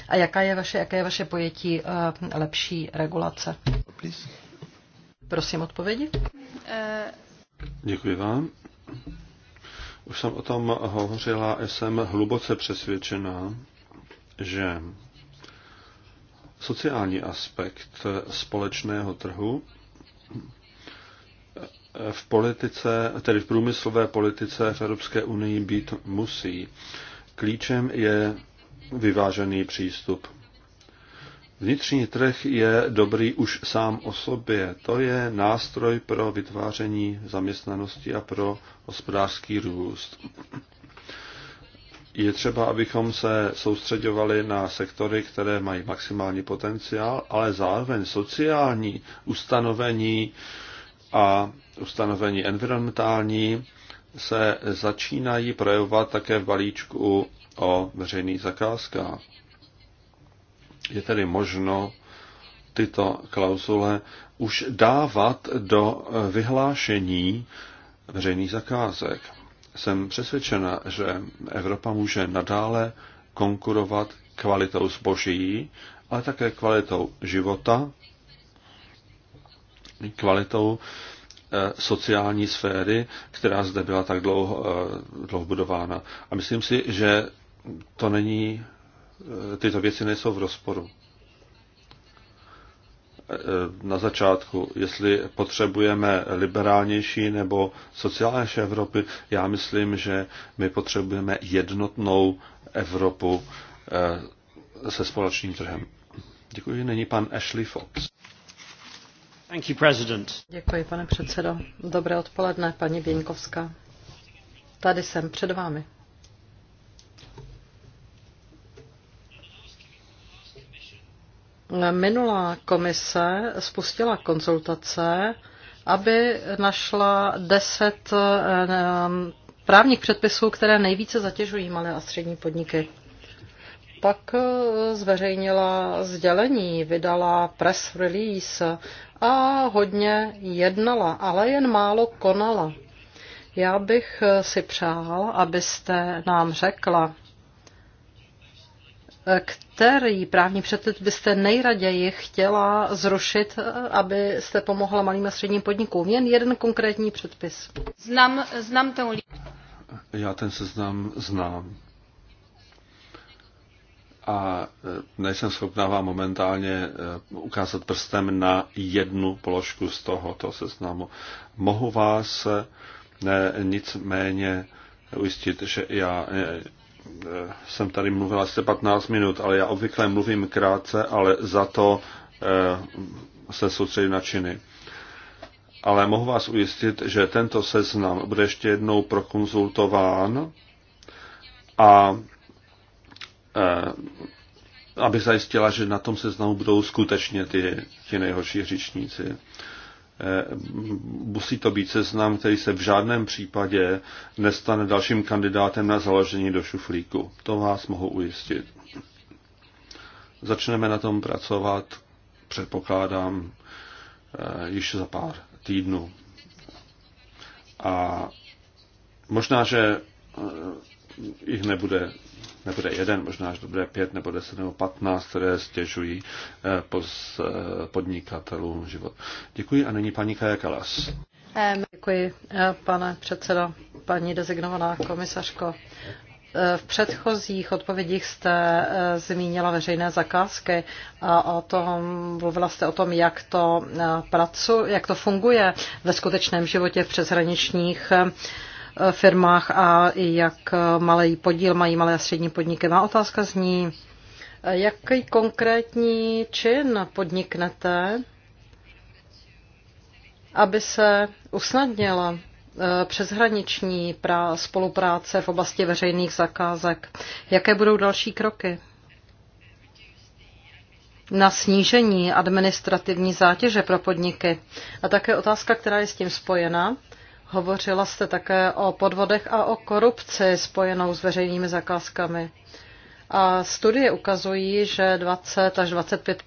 A jaká je vaše, jaké je vaše pojetí eh, lepší regulace? Prosím odpovědi. Eh. Děkuji vám. Už jsem o tom hovořila, jsem hluboce přesvědčená, že sociální aspekt společného trhu v politice, tedy v průmyslové politice v Evropské unii být musí. Klíčem je vyvážený přístup. Vnitřní trh je dobrý už sám o sobě. To je nástroj pro vytváření zaměstnanosti a pro hospodářský růst je třeba, abychom se soustředovali na sektory, které mají maximální potenciál, ale zároveň sociální ustanovení a ustanovení environmentální se začínají projevovat také v balíčku o veřejných zakázkách. Je tedy možno tyto klauzule už dávat do vyhlášení veřejných zakázek jsem přesvědčena, že Evropa může nadále konkurovat kvalitou zboží, ale také kvalitou života, kvalitou eh, sociální sféry, která zde byla tak dlouho, eh, dlouho budována. A myslím si, že to není, eh, tyto věci nejsou v rozporu na začátku, jestli potřebujeme liberálnější nebo sociálnější Evropy. Já myslím, že my potřebujeme jednotnou Evropu eh, se společným trhem. Děkuji. není pan Ashley Fox. Thank you, President. Děkuji, pane předsedo. Dobré odpoledne, paní Běňkovská. Tady jsem před vámi. Minulá komise spustila konzultace, aby našla deset eh, právních předpisů, které nejvíce zatěžují malé a střední podniky. Pak eh, zveřejnila sdělení, vydala press release a hodně jednala, ale jen málo konala. Já bych eh, si přál, abyste nám řekla, k který právní předpis byste nejraději chtěla zrušit, abyste pomohla malým a středním podnikům? Jen jeden konkrétní předpis. Znám, znám ten Já ten seznam znám. A e, nejsem schopná vám momentálně e, ukázat prstem na jednu položku z tohoto seznamu. Mohu vás ne, nicméně ujistit, že já e, Eh, jsem tady mluvila asi 15 minut, ale já obvykle mluvím krátce, ale za to eh, se soustředím na činy. Ale mohu vás ujistit, že tento seznam bude ještě jednou prokonzultován a eh, aby zajistila, že na tom seznamu budou skutečně ty, ti nejhorší hříšníci. Eh, musí to být seznam, který se v žádném případě nestane dalším kandidátem na založení do šuflíku. To vás mohu ujistit. Začneme na tom pracovat, předpokládám, eh, již za pár týdnů. A možná, že eh, jich nebude nebude jeden, možná až to bude pět nebo deset nebo patnáct, které stěžují eh, eh, podnikatelům život. Děkuji a nyní paní Kaja Kalas. Děkuji, eh, pane předsedo, paní dezignovaná komisařko. V předchozích odpovědích jste zmínila veřejné zakázky a o tom, mluvila jste o tom, jak to, pracu, jak to funguje ve skutečném životě v přeshraničních firmách a jak malý podíl mají malé a střední podniky. Má otázka zní, jaký konkrétní čin podniknete, aby se usnadnila eh, přeshraniční spolupráce v oblasti veřejných zakázek. Jaké budou další kroky? na snížení administrativní zátěže pro podniky. A také otázka, která je s tím spojena, Hovořila jste také o podvodech a o korupci spojenou s veřejnými zakázkami. A studie ukazují, že 20 až 25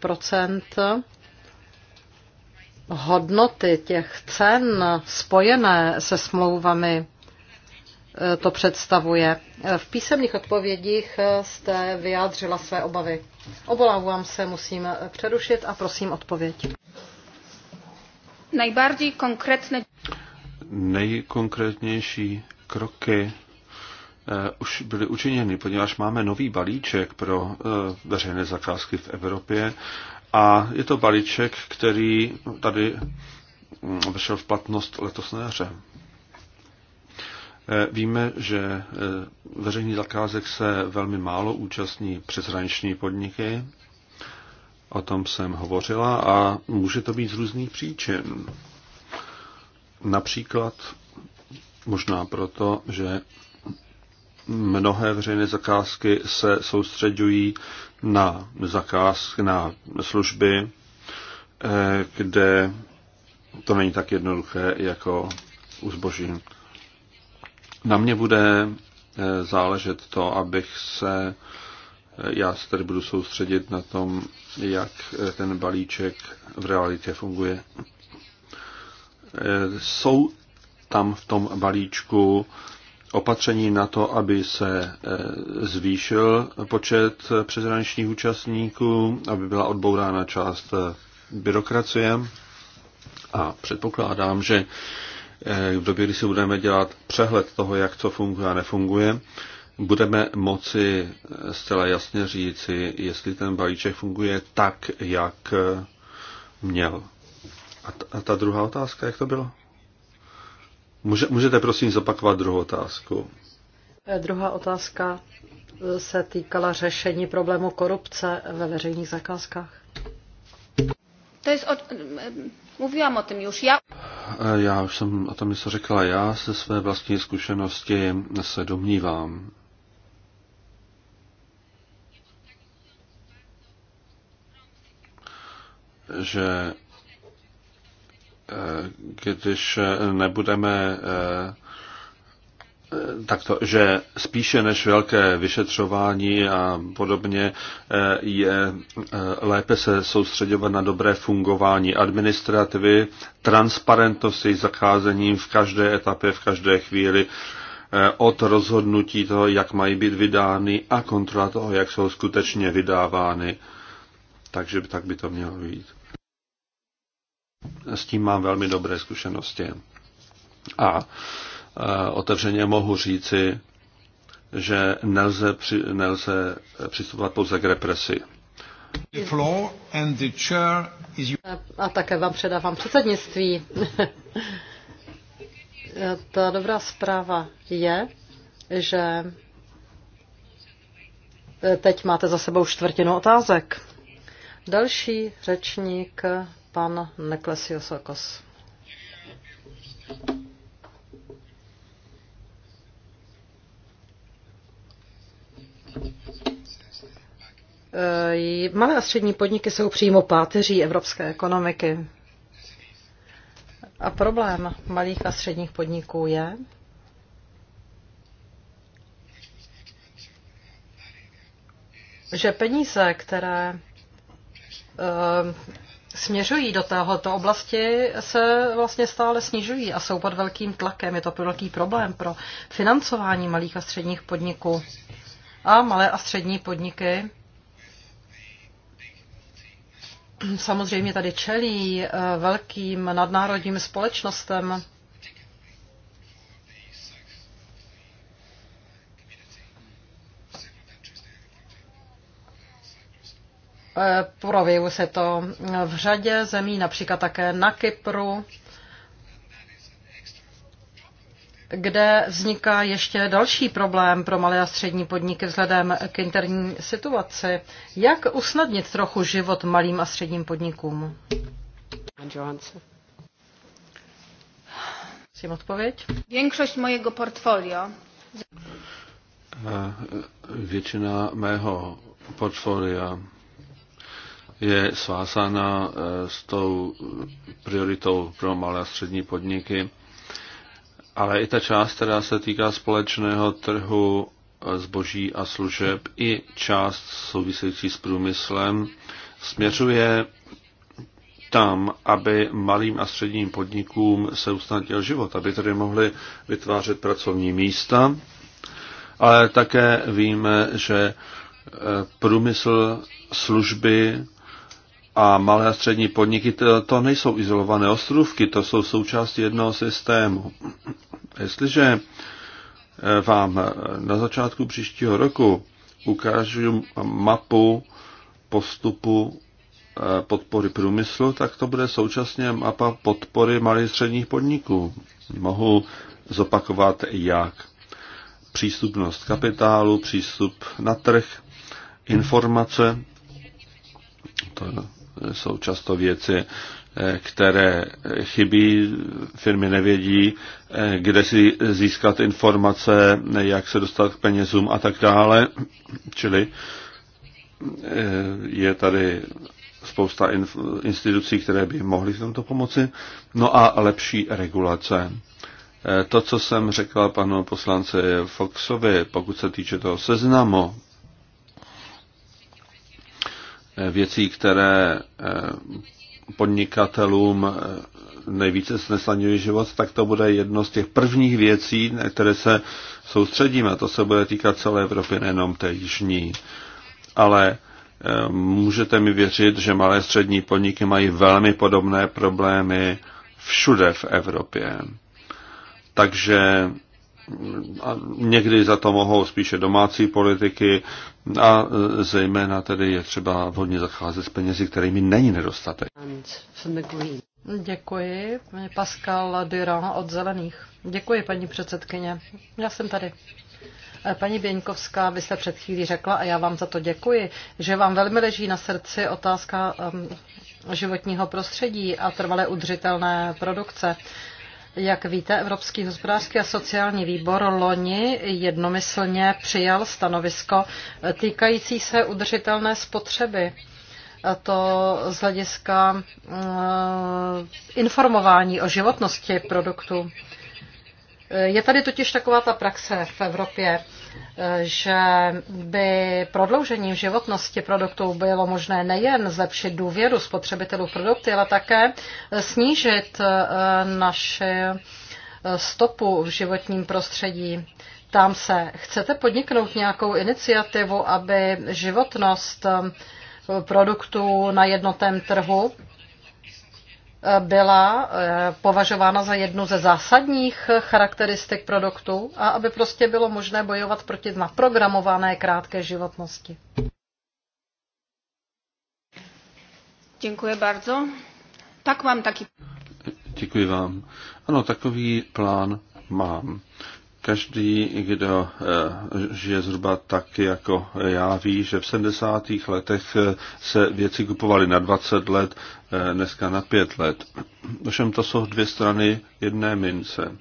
hodnoty těch cen spojené se smlouvami e, to představuje. V písemných odpovědích jste vyjádřila své obavy. Obolávám se, musím přerušit a prosím odpověď. Nejbardziej konkrétne nejkonkrétnější kroky eh, už byly učiněny, poněvadž máme nový balíček pro eh, veřejné zakázky v Evropě a je to balíček, který tady mm, vešel v platnost letos na jaře. Eh, víme, že veřejný zakázek se velmi málo účastní přeshraniční podniky. O tom jsem hovořila a může to být z různých příčin. Například možná proto, že mnohé veřejné zakázky se soustředují na zakázky, na služby, eh, kde to není tak jednoduché jako u zboží. Na mě bude eh, záležet to, abych se, eh, já se tady budu soustředit na tom, jak ten balíček v realitě funguje jsou tam v tom balíčku opatření na to, aby se e, zvýšil počet přeshraničních účastníků, aby byla odbourána část e, byrokracie. A předpokládám, že e, v době, kdy si budeme dělat přehled toho, jak to funguje a nefunguje, budeme moci zcela jasně říci, jestli ten balíček funguje tak, jak měl a ta, a ta druhá otázka, jak to bylo? Může, můžete prosím zopakovat druhou otázku? Eh, druhá otázka eh, se týkala řešení problému korupce ve veřejných zakázkách. To je od... Eh, mluvím o tom už. Já... já už jsem o tom něco řekla. Já se své vlastní zkušenosti se domnívám, že když nebudeme eh, takto, že spíše než velké vyšetřování a podobně eh, je eh, lépe se soustředovat na dobré fungování administrativy, transparentnosti s zacházením v každé etapě, v každé chvíli, od rozhodnutí toho, jak mají být vydány a kontrola toho, jak jsou skutečně vydávány. Takže tak by to mělo být. S tím mám velmi dobré zkušenosti. A e, otevřeně mohu říci, že nelze, při, nelze přistupovat pouze k represi. A také vám předávám předsednictví. *laughs* Ta dobrá zpráva je, že e, teď máte za sebou čtvrtinu otázek. Další řečník pan Neklesiosakos. E, malé a střední podniky jsou přímo páteří evropské ekonomiky. A problém malých a středních podniků je, že peníze, které směřují do této oblasti, se vlastně stále snižují a jsou pod velkým tlakem. Je to velký problém pro financování malých a středních podniků. A malé a střední podniky samozřejmě tady čelí eh, velkým nadnárodním společnostem, Eh, projevuje se to v řadě zemí, například také na Kypru, kde vzniká ještě další problém pro malé a střední podniky vzhledem k interní situaci. Jak usnadnit trochu život malým a středním podnikům? Prosím odpověď. Większość mojego portfolio. Eh, většina mého portfolia je svázána eh, s tou prioritou pro malé a střední podniky. Ale i ta část, která se týká společného trhu eh, zboží a služeb, i část související s průmyslem, směřuje tam, aby malým a středním podnikům se usnadnil život, aby tedy mohli vytvářet pracovní místa. Ale také víme, že eh, průmysl služby a malé a střední podniky, to, to nejsou izolované ostrůvky, to jsou součást jednoho systému. Jestliže eh, vám eh, na začátku příštího roku ukážu mapu postupu eh, podpory průmyslu, tak to bude současně mapa podpory malých a středních podniků. Mohu zopakovat jak přístupnost kapitálu, přístup na trh, informace, to jsou často věci, eh, které chybí, firmy nevědí, eh, kde si získat informace, jak se dostat k penězům a tak dále. Čili eh, je tady spousta institucí, které by mohly v tomto pomoci. No a lepší regulace. To, co jsem řekl panu poslanci Foxovi, pokud se týče toho seznamu věcí, které eh, podnikatelům eh, nejvíce snesaňují život, tak to bude jedno z těch prvních věcí, na které se soustředíme. To se bude týkat celé Evropy, nejenom té jižní. Ale eh, můžete mi věřit, že malé střední podniky mají velmi podobné problémy všude v Evropě. Takže mm, někdy za to mohou spíše domácí politiky, a e, zejména tedy je třeba vhodně zacházet s penězi, kterými není nedostatek. Děkuji, paní Pascal Dura od Zelených. Děkuji, paní předsedkyně. Já jsem tady. E, paní Běňkovská, vy jste před chvílí řekla, a já vám za to děkuji, že vám velmi leží na srdci otázka um, životního prostředí a trvalé udržitelné produkce. Jak víte, Evropský hospodářský a sociální výbor loni jednomyslně přijal stanovisko týkající se udržitelné spotřeby. A to z hlediska eh, informování o životnosti produktu. Eh, je tady totiž taková ta praxe v Evropě, že by prodloužením životnosti produktů bylo možné nejen zlepšit důvěru spotřebitelů produkty, ale také snížit eh, naše eh, stopu v životním prostředí. Tam se, chcete podniknout nějakou iniciativu, aby životnost eh, produktů na jednotném trhu byla eh, považována za jednu ze zásadních charakteristik produktu a aby prostě bylo možné bojovat proti naprogramované krátké životnosti. Děkuji bardzo. Tak mám taky. Děkuji vám. Ano, takový plán mám. Každý, kdo eh, žije zhruba tak jako já, ví, že v 70. letech eh, se věci kupovaly na 20 let, Eh, dneska na pět let. Ovšem to jsou dvě strany jedné mince.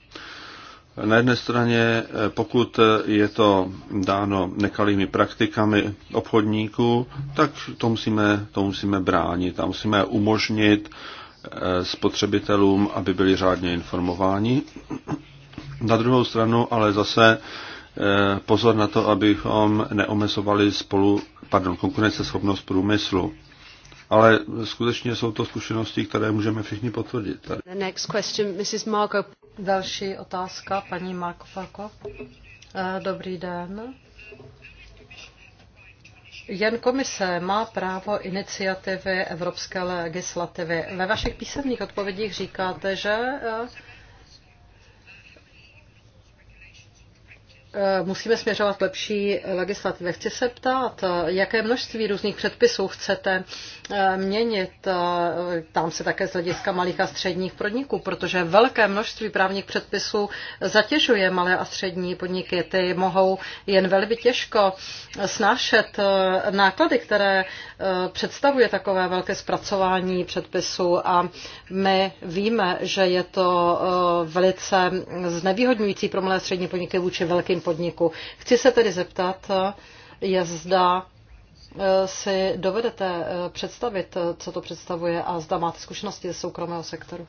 Na jedné straně, eh, pokud je to dáno nekalými praktikami obchodníků, tak to musíme, to musíme bránit a musíme umožnit eh, spotřebitelům, aby byli řádně informováni. Na druhou stranu ale zase pozor na to, abychom neomezovali spolu, pardon, konkurenceschopnost průmyslu ale skutečně jsou to zkušenosti, které můžeme všichni potvrdit. Tady. The next question, Mrs. Marko. Další otázka, paní Marko Falko. Uh, eh, Dobrý den. Jen komise má právo iniciativy evropské legislativy. Ve vašich písemných odpovědích říkáte, že uh, E, musíme směřovat k lepší legislativě. Chci se ptát, e, jaké množství různých předpisů chcete e, měnit. Tam se také z hlediska malých a středních podniků, protože velké množství právních předpisů zatěžuje malé a střední podniky. Ty mohou jen velmi těžko snášet náklady, které představuje takové velké zpracování předpisů a my víme, že je to velice znevýhodňující pro malé a střední podniky vůči velkým středním podniku. Chci se tedy zeptat, je zda eh, si dovedete eh, představit, eh, co to představuje a zda máte zkušenosti ze soukromého sektoru.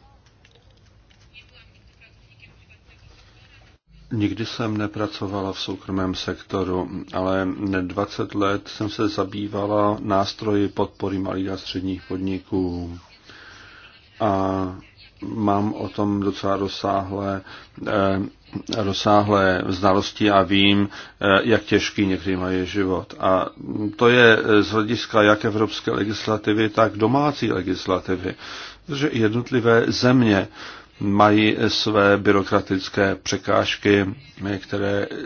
Nikdy jsem nepracovala v soukromém sektoru, ale 20 let jsem se zabývala nástroji podpory malých a středních podniků. A mám o tom docela rozsáhlé rozsáhlé znalosti a vím, eh, jak těžký někdy mají život. A to je eh, z hlediska jak evropské legislativy, tak domácí legislativy. Protože jednotlivé země mají své byrokratické překážky, které eh,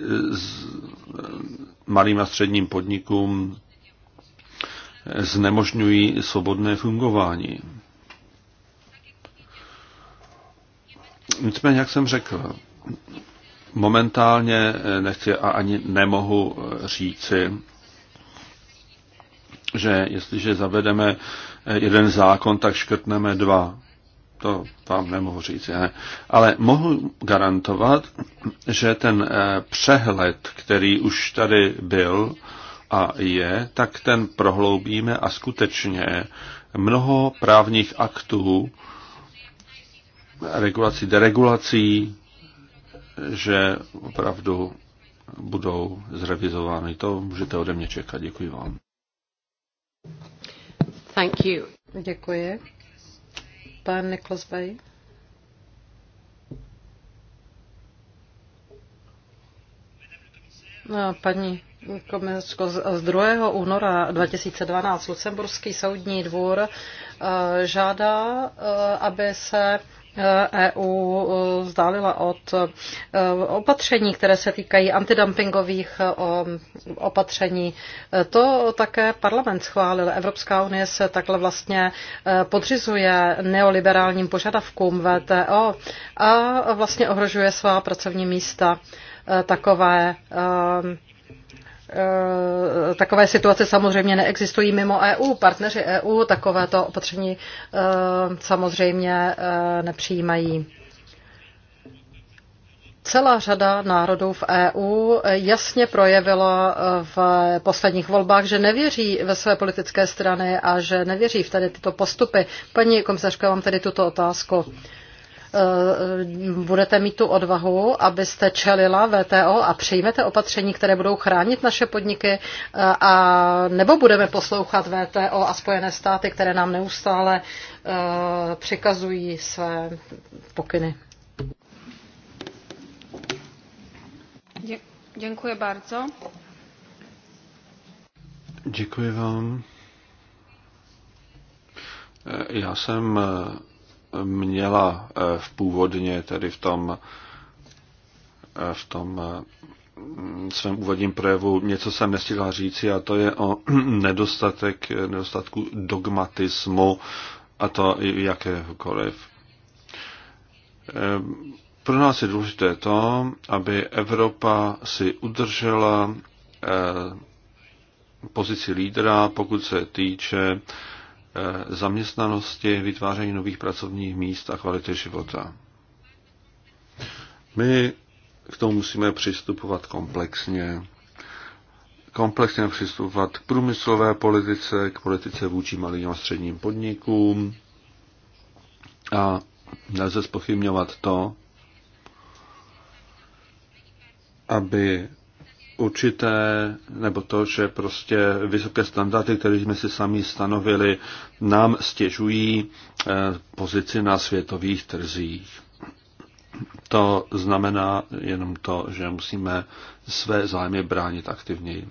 malým a středním podnikům znemožňují svobodné fungování. Nicméně, jak jsem řekl, momentálně eh, nechci a ani nemohu eh, říci, že jestliže zavedeme eh, jeden zákon, tak škrtneme dva. To vám nemohu říct. Ne? Ale mohu garantovat, že ten přehled, který už tady byl a je, tak ten prohloubíme a skutečně mnoho právních aktů, regulací, deregulací, že opravdu budou zrevizovány. To můžete ode mě čekat. Děkuji vám. Thank you. Děkuji. Pan Niklas Bay. No, paní Komisko, z 2. února 2012 Lucemburský soudní dvůr eh, žádá, eh, aby se EU e e, vzdálila od e, opatření, které se týkají antidumpingových opatření. To také parlament schválil. Evropská unie se takhle vlastně podřizuje neoliberálním požadavkům VTO a vlastně ohrožuje svá pracovní místa takové Eh, takové situace samozřejmě neexistují mimo EU. Partneři EU takovéto opatření eh, samozřejmě eh, nepřijímají. Celá řada národů v EU jasně projevila v posledních volbách, že nevěří ve své politické strany a že nevěří v tady tyto postupy. Paní komisařka, mám tady tuto otázku. Eh, budete mít tu odvahu, abyste čelila VTO a přijmete opatření, které budou chránit naše podniky, eh, a nebo budeme poslouchat VTO a Spojené státy, které nám neustále eh, přikazují své pokyny. Děkuji bardzo. Děkuji vám. Já jsem měla eh, v původně, tedy v tom, eh, v tom eh, mm, svém úvodním projevu. Něco jsem nestihla říci a to je o *clears throat* nedostatek, nedostatku dogmatismu a to jakéhokoliv. Pro nás je důležité to, aby Evropa si udržela pozici lídra, pokud se týče Eh, zaměstnanosti, vytváření nových pracovních míst a kvality života. My k tomu musíme přistupovat komplexně. Komplexně přistupovat k průmyslové politice, k politice vůči malým a středním podnikům. A nelze spochybňovat to, aby určité, nebo to, že prostě vysoké standardy, které jsme si sami stanovili, nám stěžují eh, pozici na světových trzích. To znamená jenom to, že musíme své zájmy bránit aktivněji.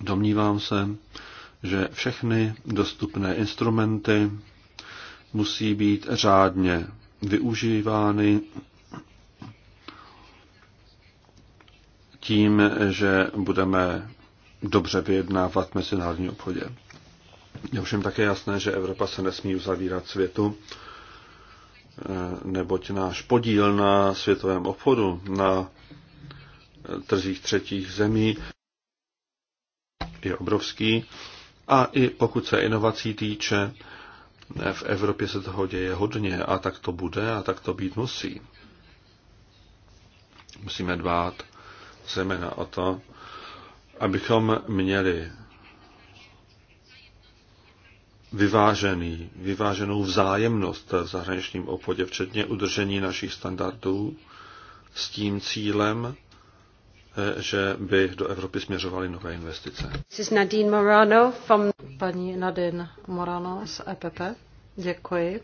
Domnívám se, že všechny dostupné instrumenty musí být řádně využívány tím, že budeme dobře vyjednávat v mezinárodní obchodě. Je ovšem také jasné, že Evropa se nesmí uzavírat světu, eh, neboť náš podíl na světovém obchodu, na trzích třetích zemí je obrovský. A i pokud se inovací týče, eh, v Evropě se toho děje hodně a tak to bude a tak to být musí. Musíme dbát zejména o to, abychom měli vyvážený, vyváženou vzájemnost v zahraničním obchodě, včetně udržení našich standardů s tím cílem, eh, že by do Evropy směřovaly nové investice. This Nadine Morano from... Paní Nadine Morano z EPP. Děkuji.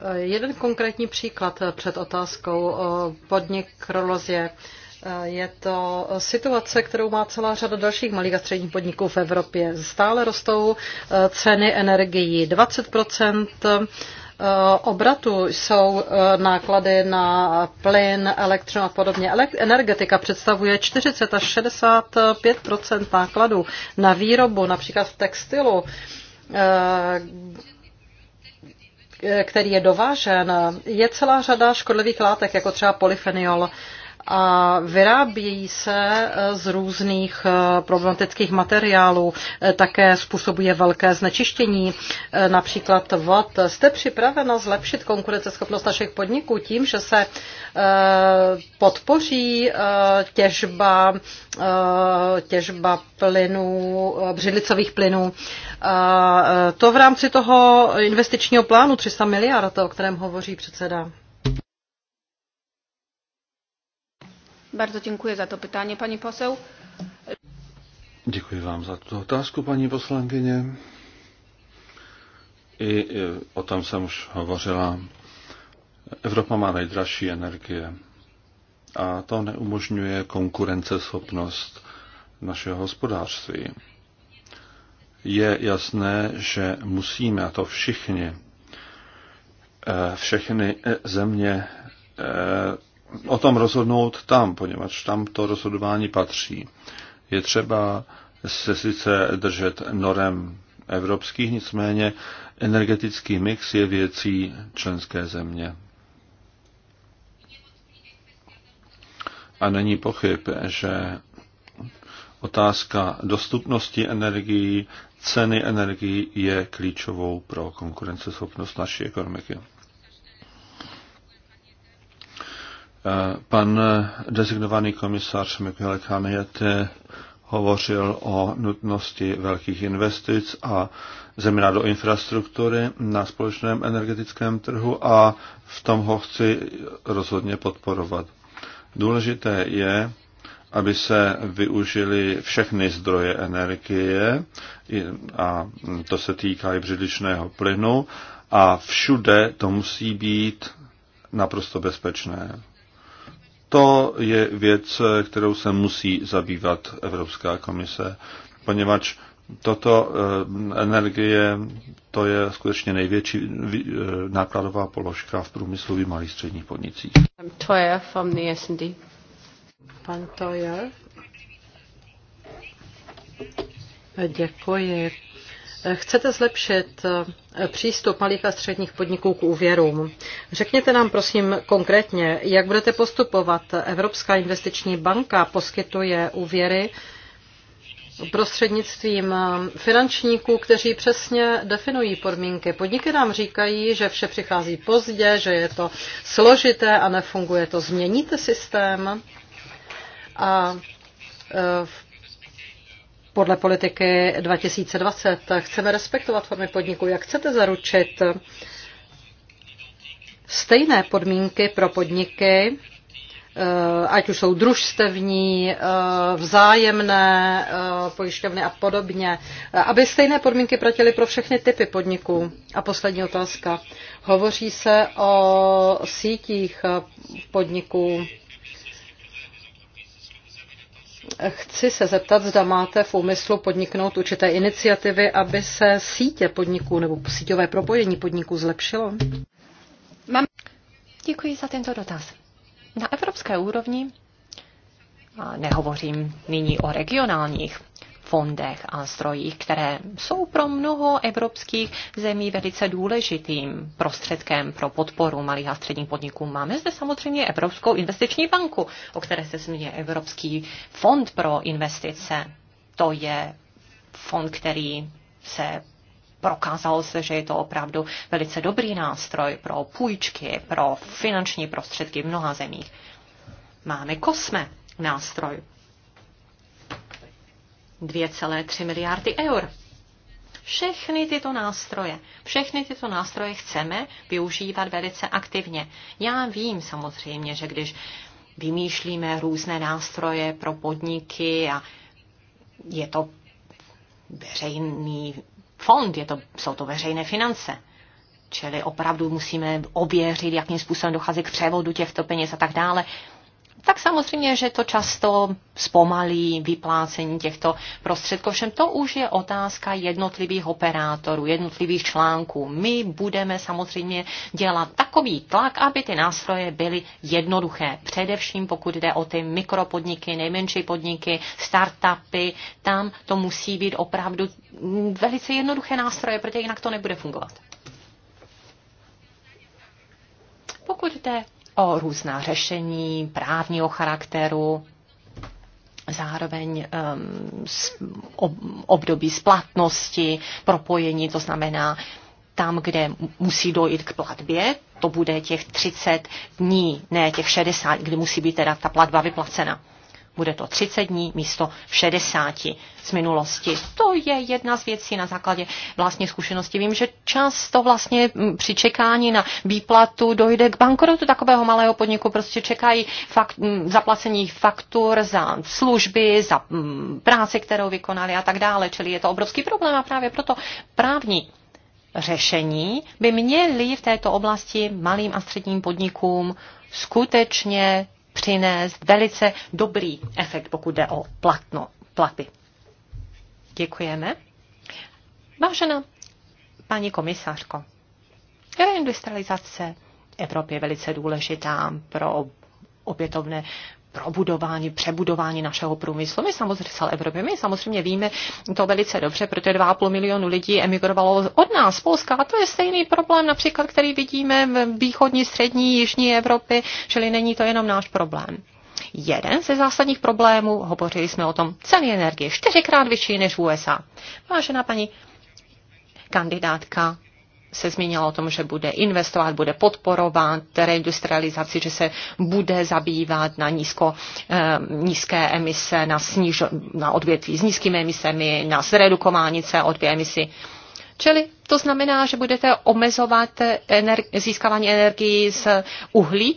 Eh, jeden konkrétní příklad eh, před otázkou o podnik Rolozie. Je to situace, kterou má celá řada dalších malých a středních podniků v Evropě. Stále rostou e, ceny energií. 20 e, obratu jsou e, náklady na plyn, elektřinu a podobně. Energetika představuje 40 až 65 nákladů na výrobu, například v textilu, který je dovážen. Je celá řada škodlivých látek, jako třeba polyfeniol a vyrábějí se eh, z různých eh, problematických materiálů. Eh, také způsobuje velké znečištění, například vod. Jste připravena zlepšit konkurenceschopnost našich podniků tím, že se podpoří těžba, těžba plynů, břidlicových plynů. To v rámci toho investičního plánu 300 miliard, o kterém hovoří předseda. Bardzo dziękuję za to pytanie, pani poseł. Děkuji vám za tuto otázku, paní poslankyně. I o tom jsem už hovořila. Evropa má nejdražší energie a to neumožňuje konkurenceschopnost našeho hospodářství. Je jasné, že musíme, a to všichni, eh, všechny eh, země eh, o tom rozhodnout tam, poněvadž tam to rozhodování patří. Je třeba se sice držet norem evropských, nicméně energetický mix je věcí členské země. A není pochyb, že otázka dostupnosti energií, ceny energií je klíčovou pro konkurenceschopnost naší ekonomiky. Pan designovaný komisář Michael Kamiet hovořil o nutnosti velkých investic a zejména do infrastruktury na společném energetickém trhu a v tom ho chci rozhodně podporovat. Důležité je, aby se využili všechny zdroje energie, a to se týká i břidličného plynu, a všude to musí být naprosto bezpečné. To je věc, kterou se musí zabývat Evropská komise, poněvadž toto eh, energie, to je skutečně největší eh, nákladová položka v průmyslu v malých středních podnicích. Pan Toyer. Děkuji, Chcete zlepšit eh, přístup malých a středních podniků k úvěrům. Řekněte nám prosím konkrétně, jak budete postupovat. Evropská investiční banka poskytuje úvěry prostřednictvím eh, finančníků, kteří přesně definují podmínky. Podniky nám říkají, že vše přichází pozdě, že je to složité a nefunguje to. Změníte systém a eh, v podle politiky 2020. Chceme respektovat formy podniku. Jak chcete zaručit stejné podmínky pro podniky, eh, ať už jsou družstevní, eh, vzájemné eh, pojišťovny a podobně, aby stejné podmínky platily pro všechny typy podniků. A poslední otázka. Hovoří se o sítích podniků Chci se zeptat, zda máte v úmyslu podniknout určité iniciativy, aby se sítě podniků nebo síťové propojení podniků zlepšilo? Mám... Děkuji za tento dotaz. Na evropské úrovni, a nehovořím nyní o regionálních fondech a strojích, které jsou pro mnoho evropských zemí velice důležitým prostředkem pro podporu malých a středních podniků. Máme zde samozřejmě Evropskou investiční banku, o které se zmiňuje Evropský fond pro investice. To je fond, který se prokázalo se, že je to opravdu velice dobrý nástroj pro půjčky, pro finanční prostředky v mnoha zemích. Máme kosme nástroj 2,3 miliardy eur. Všechny tyto nástroje, všechny tyto nástroje chceme využívat velice aktivně. Já vím samozřejmě, že když vymýšlíme různé nástroje pro podniky a je to veřejný fond, je to, jsou to veřejné finance. Čili opravdu musíme ověřit, jakým způsobem dochází k převodu těchto peněz a tak dále tak samozřejmě, že to často zpomalí vyplácení těchto prostředků. Všem to už je otázka jednotlivých operátorů, jednotlivých článků. My budeme samozřejmě dělat takový tlak, aby ty nástroje byly jednoduché. Především pokud jde o ty mikropodniky, nejmenší podniky, startupy, tam to musí být opravdu velice jednoduché nástroje, protože jinak to nebude fungovat. Pokud jde o různá řešení právního charakteru, zároveň um, období splatnosti, propojení, to znamená tam, kde musí dojít k platbě, to bude těch 30 dní, ne těch 60, kdy musí být teda ta platba vyplacena. Bude to 30 dní místo 60 z minulosti. To je jedna z věcí na základě vlastní zkušenosti. Vím, že často vlastně mm, při čekání na výplatu dojde k bankrotu takového malého podniku. Prostě čekají fakt, mm, zaplacení faktur za služby, za mm, práci, kterou vykonali a tak dále. Čili je to obrovský problém a právě proto právní řešení by měly v této oblasti malým a středním podnikům skutečně přinést velice dobrý efekt, pokud jde o platno, platy. Děkujeme. Vážená paní komisařko, reindustrializace Evropy je velice důležitá pro opětovné probudování, přebudování našeho průmyslu. My samozřejmě celé Evropě, my samozřejmě víme to velice dobře, protože 2,5 milionu lidí emigrovalo od nás, Polska. A to je stejný problém, například, který vidíme v východní, střední, jižní Evropě, čili není to jenom náš problém. Jeden ze zásadních problémů, hovořili jsme o tom, ceny energie čtyřikrát vyšší než v USA. Vážená paní kandidátka se zmínila o tom, že bude investovat, bude podporovat reindustrializaci, že se bude zabývat na nízko, eh, nízké emise, na, sniž, na odvětví s nízkými emisemi, na zredukování CO2 emisí. Čili to znamená, že budete omezovat ener- získávání energii z uhlí,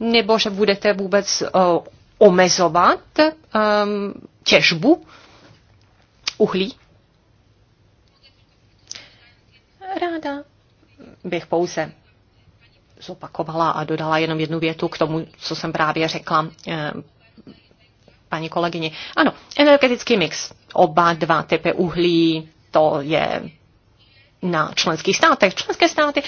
nebo že budete vůbec uh, omezovat um, těžbu uhlí. Ráda bych pouze zopakovala a dodala jenom jednu větu k tomu, co jsem právě řekla eh, paní kolegyni. Ano, energetický mix. Oba dva typy uhlí, to je na členských státech. Členské státy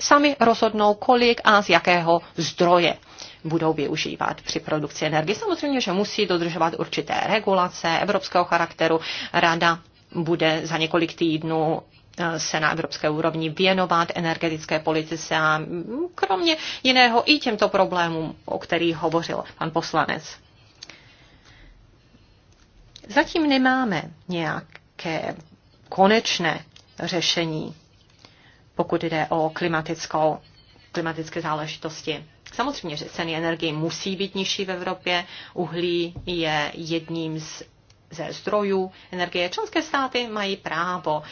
sami rozhodnou, kolik a z jakého zdroje budou využívat při produkci energie. Samozřejmě, že musí dodržovat určité regulace evropského charakteru. Rada bude za několik týdnů Eh, se na evropské úrovni věnovat energetické politice a mm, kromě jiného i těmto problémům, o kterých hovořil pan poslanec. Zatím nemáme nějaké konečné řešení, pokud jde o klimatickou, klimatické záležitosti. Samozřejmě, že ceny energie musí být nižší v Evropě. Uhlí je jedním z ze zdrojů energie. Členské státy mají právo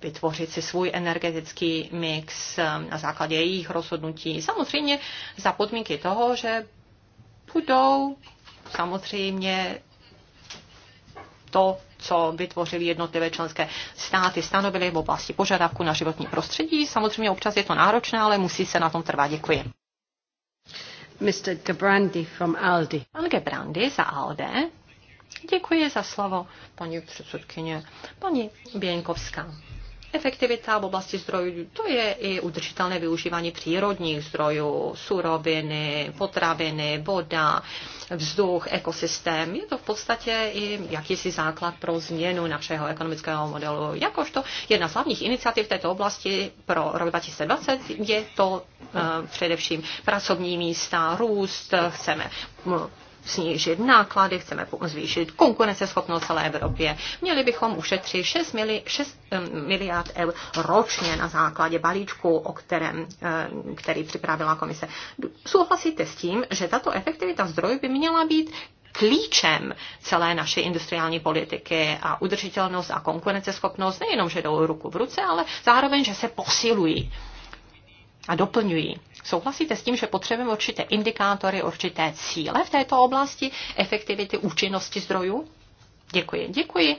vytvořit si svůj energetický mix um, na základě jejich rozhodnutí. Samozřejmě za podmínky toho, že budou samozřejmě to, co vytvořili jednotlivé členské státy, stanovili v oblasti požadavku na životní prostředí. Samozřejmě občas je to náročné, ale musí se na tom trvat. Děkuji. Mr. Gebrandi from Aldi. Pan Gebrandi za Alde. Děkuji za slovo, paní předsedkyně. Paní Běnkovská, Efektivita v oblasti zdrojů, to je i udržitelné využívání přírodních zdrojů, suroviny, potraviny, voda, vzduch, ekosystém. Je to v podstatě i jakýsi základ pro změnu našeho ekonomického modelu. Jakožto jedna z hlavních iniciativ této oblasti pro rok 2020 je to uh, především pracovní místa, růst, chceme snížit náklady, chceme zvýšit konkurenceschopnost celé Evropě. Měli bychom ušetřit 6, mili, 6 miliard eur ročně na základě balíčku, o kterém, eh, který připravila komise. Souhlasíte s tím, že tato efektivita zdrojů by měla být klíčem celé naší industriální politiky a udržitelnost a konkurenceschopnost nejenom, že jdou ruku v ruce, ale zároveň, že se posilují a doplňují. Souhlasíte s tím, že potřebujeme určité indikátory, určité cíle v této oblasti efektivity účinnosti zdrojů? Děkuji. Děkuji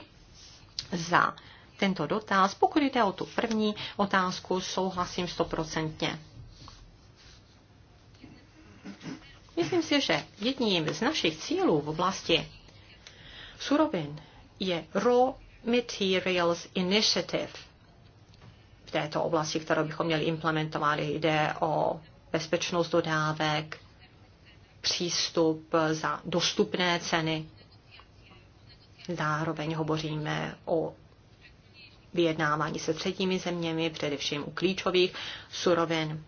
za tento dotaz. Pokud jde o tu první otázku, souhlasím stoprocentně. Myslím si, že jedním z našich cílů v oblasti surovin je Raw Materials Initiative. V této oblasti, kterou bychom měli implementovat, jde o bezpečnost dodávek, přístup za dostupné ceny. Zároveň hovoříme o vyjednávání se třetími zeměmi, především u klíčových surovin.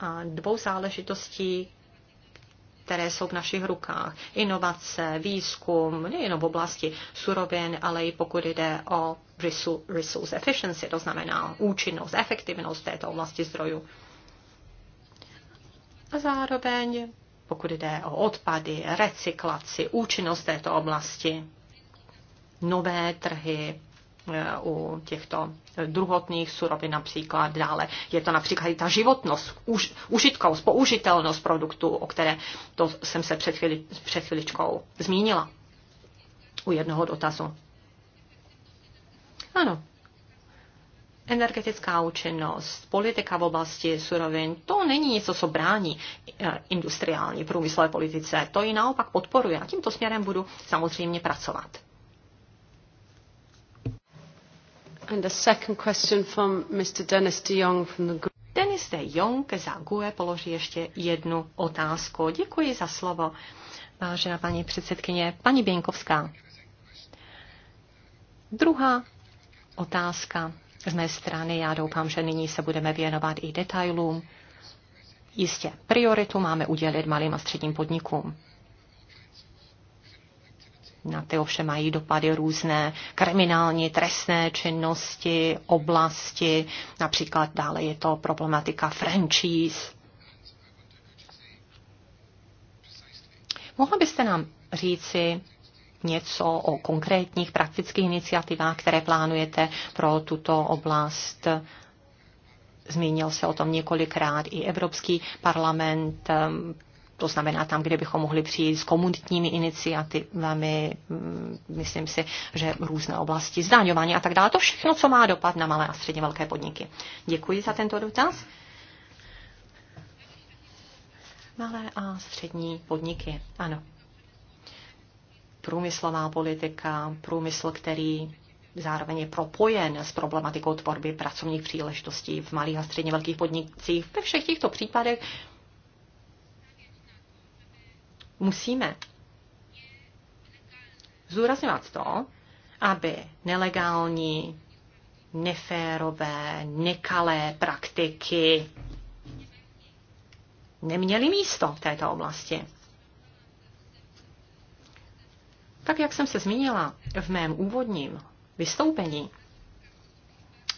A dvou záležitostí, které jsou v našich rukách. Inovace, výzkum, nejen v oblasti surovin, ale i pokud jde o resource efficiency, to znamená účinnost, efektivnost této oblasti zdrojů. A zároveň, pokud jde o odpady, recyklaci, účinnost této oblasti, nové trhy e, u těchto druhotných surovin například dále. Je to například i ta životnost, už, užitkost, použitelnost produktů, o které to jsem se před, chvíli, před chvíličkou zmínila u jednoho dotazu. Ano, energetická účinnost, politika v oblasti surovin, to není něco, co brání eh, industriální průmyslové politice. To ji naopak podporuje a tímto směrem budu samozřejmě pracovat. And a second question from Mr. Dennis de Jong from the group. Dennis de Jong za GUE položí ještě jednu otázku. Děkuji za slovo, vážená paní předsedkyně. Paní Běnkovská. Druhá otázka z mé strany. Já doufám, že nyní se budeme věnovat i detailům. Jistě, prioritu máme udělit malým a středním podnikům. Na ty ovšem mají dopady různé kriminální, trestné činnosti, oblasti. Například dále je to problematika franchise. Mohla byste nám říci, něco o konkrétních praktických iniciativách, které plánujete pro tuto oblast. Zmínil se o tom několikrát i Evropský parlament, to znamená tam, kde bychom mohli přijít s komunitními iniciativami, mm, myslím si, že různé oblasti zdáňování a tak dále. To všechno, co má dopad na malé a středně velké podniky. Děkuji za tento dotaz. Malé a střední podniky, ano průmyslová politika, průmysl, který zároveň je propojen s problematikou tvorby pracovních příležitostí v malých a středně velkých podnicích. Ve všech těchto případech musíme zúrazňovat to, aby nelegální, neférové, nekalé praktiky neměly místo v této oblasti. Tak jak jsem se zmínila v mém úvodním vystoupení,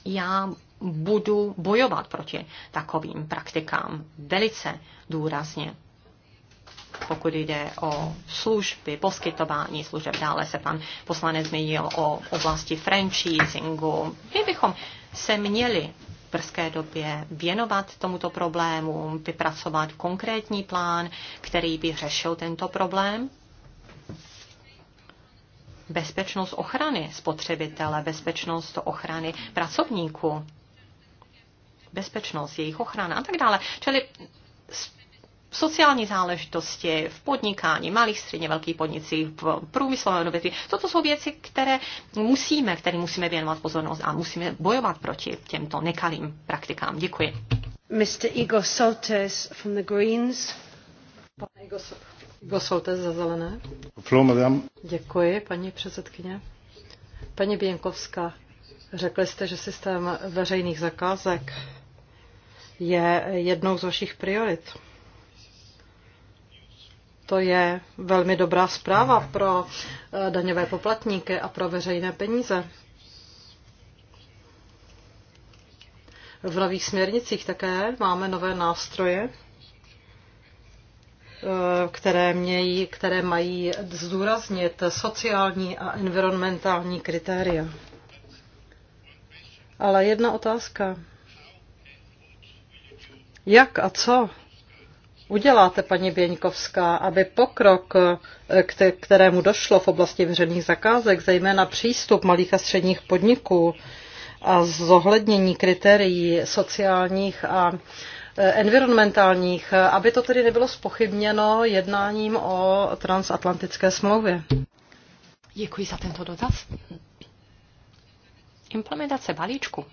já budu bojovat proti takovým praktikám velice důrazně. Pokud jde o služby, poskytování služeb, dále se pan poslanec zmínil o oblasti franchisingu. My bychom se měli v brzké době věnovat tomuto problému, vypracovat konkrétní plán, který by řešil tento problém bezpečnost ochrany spotřebitele, bezpečnost ochrany pracovníků, bezpečnost jejich ochrana a tak dále. Čili sociální záležitosti, v podnikání, malých, středně velkých podnicích, v průmyslovém odvětví. Toto jsou věci, které musíme, které musíme věnovat pozornost a musíme bojovat proti těmto nekalým praktikám. Děkuji. Mr. Igor Soltes from the Greens. Igor Soltes. Go Soltes za zelené. Děkuji, paní předsedkyně. Paní Běnkovská, řekli jste, že systém veřejných zakázek je jednou z vašich priorit. To je velmi dobrá zpráva pro eh, daňové poplatníky a pro veřejné peníze. V nových směrnicích také máme nové nástroje, Eh, které, mějí, které mají zdůraznit sociální a environmentální kritéria. Ale jedna otázka. Jak a co uděláte, paní Běňkovská, aby pokrok, eh, kterému došlo v oblasti veřejných zakázek, zejména přístup malých a středních podniků a zohlednění kritérií sociálních a Eh, environmentálních, eh, aby to tedy nebylo spochybněno jednáním o transatlantické smlouvě. Děkuji za tento dotaz. Implementace balíčku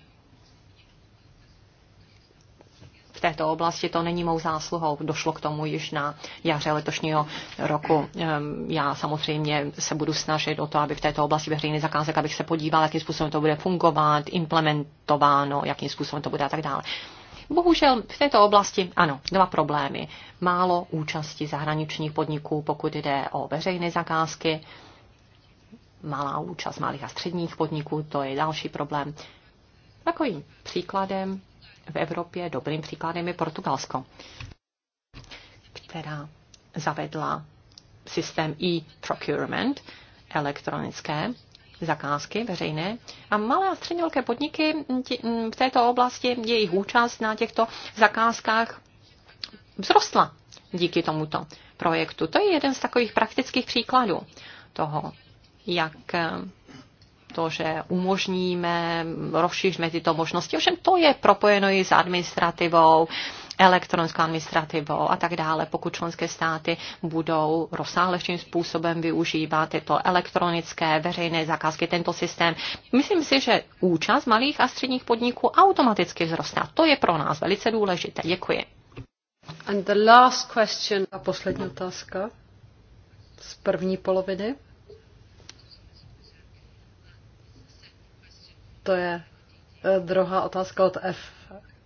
v této oblasti to není mou zásluhou. Došlo k tomu již na jaře letošního roku. Ehm, já samozřejmě se budu snažit o to, aby v této oblasti veřejný zakázek, abych se podíval, jakým způsobem to bude fungovat, implementováno, jakým způsobem to bude a tak dále. Bohužel v této oblasti, ano, dva problémy. Málo účasti zahraničních podniků, pokud jde o veřejné zakázky, malá účast malých a středních podniků, to je další problém. Takovým příkladem v Evropě, dobrým příkladem je Portugalsko, která zavedla systém e-procurement elektronické zakázky veřejné a malé a středně velké podniky v této oblasti, jejich účast na těchto zakázkách vzrostla díky tomuto projektu. To je jeden z takových praktických příkladů toho, jak eh, to, že umožníme, rozšíříme tyto možnosti. Ovšem to je propojeno i s administrativou, elektronickou administrativou a tak dále, pokud členské státy budou rozsáhlejším způsobem využívat tyto elektronické veřejné zakázky, tento systém. Myslím si, že účast malých a středních podniků automaticky vzrostá. To je pro nás velice důležité. Děkuji. And the last question. A poslední otázka z první poloviny. To je eh, druhá otázka od F.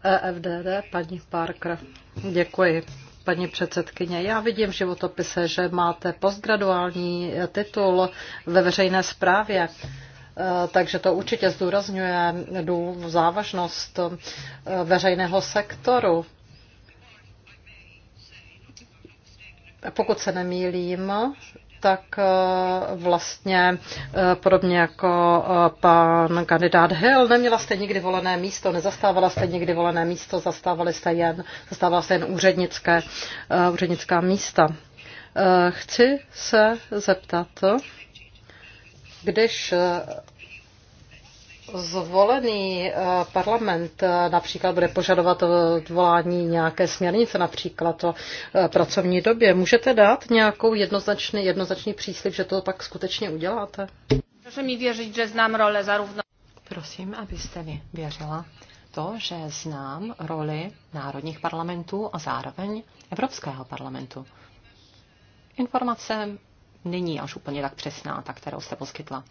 EFDD, paní Parker. Děkuji, paní předsedkyně. Já vidím v životopise, že máte postgraduální titul ve veřejné správě. E, takže to určitě zdůrazňuje závažnost e, veřejného sektoru. Pokud se nemýlím, tak eh, vlastně eh, podobně jako eh, pan kandidát Hill, neměla jste nikdy volené místo, nezastávala jste nikdy volené místo, zastávali jste jen, zastávala jste jen úřednické, úřednická místa. Chci se zeptat, když zvolený eh, parlament eh, například bude požadovat eh, odvolání nějaké směrnice, například o pracovní době, můžete dát nějakou jednoznačný, jednoznačný příslip, že to tak skutečně uděláte? Proszę mi věřit, že znám role zarovno. Prosím, abyste mi věřila to, že znám roli národních parlamentů a zároveň Evropského parlamentu. Informace není až úplně tak přesná, ta, kterou jste poskytla.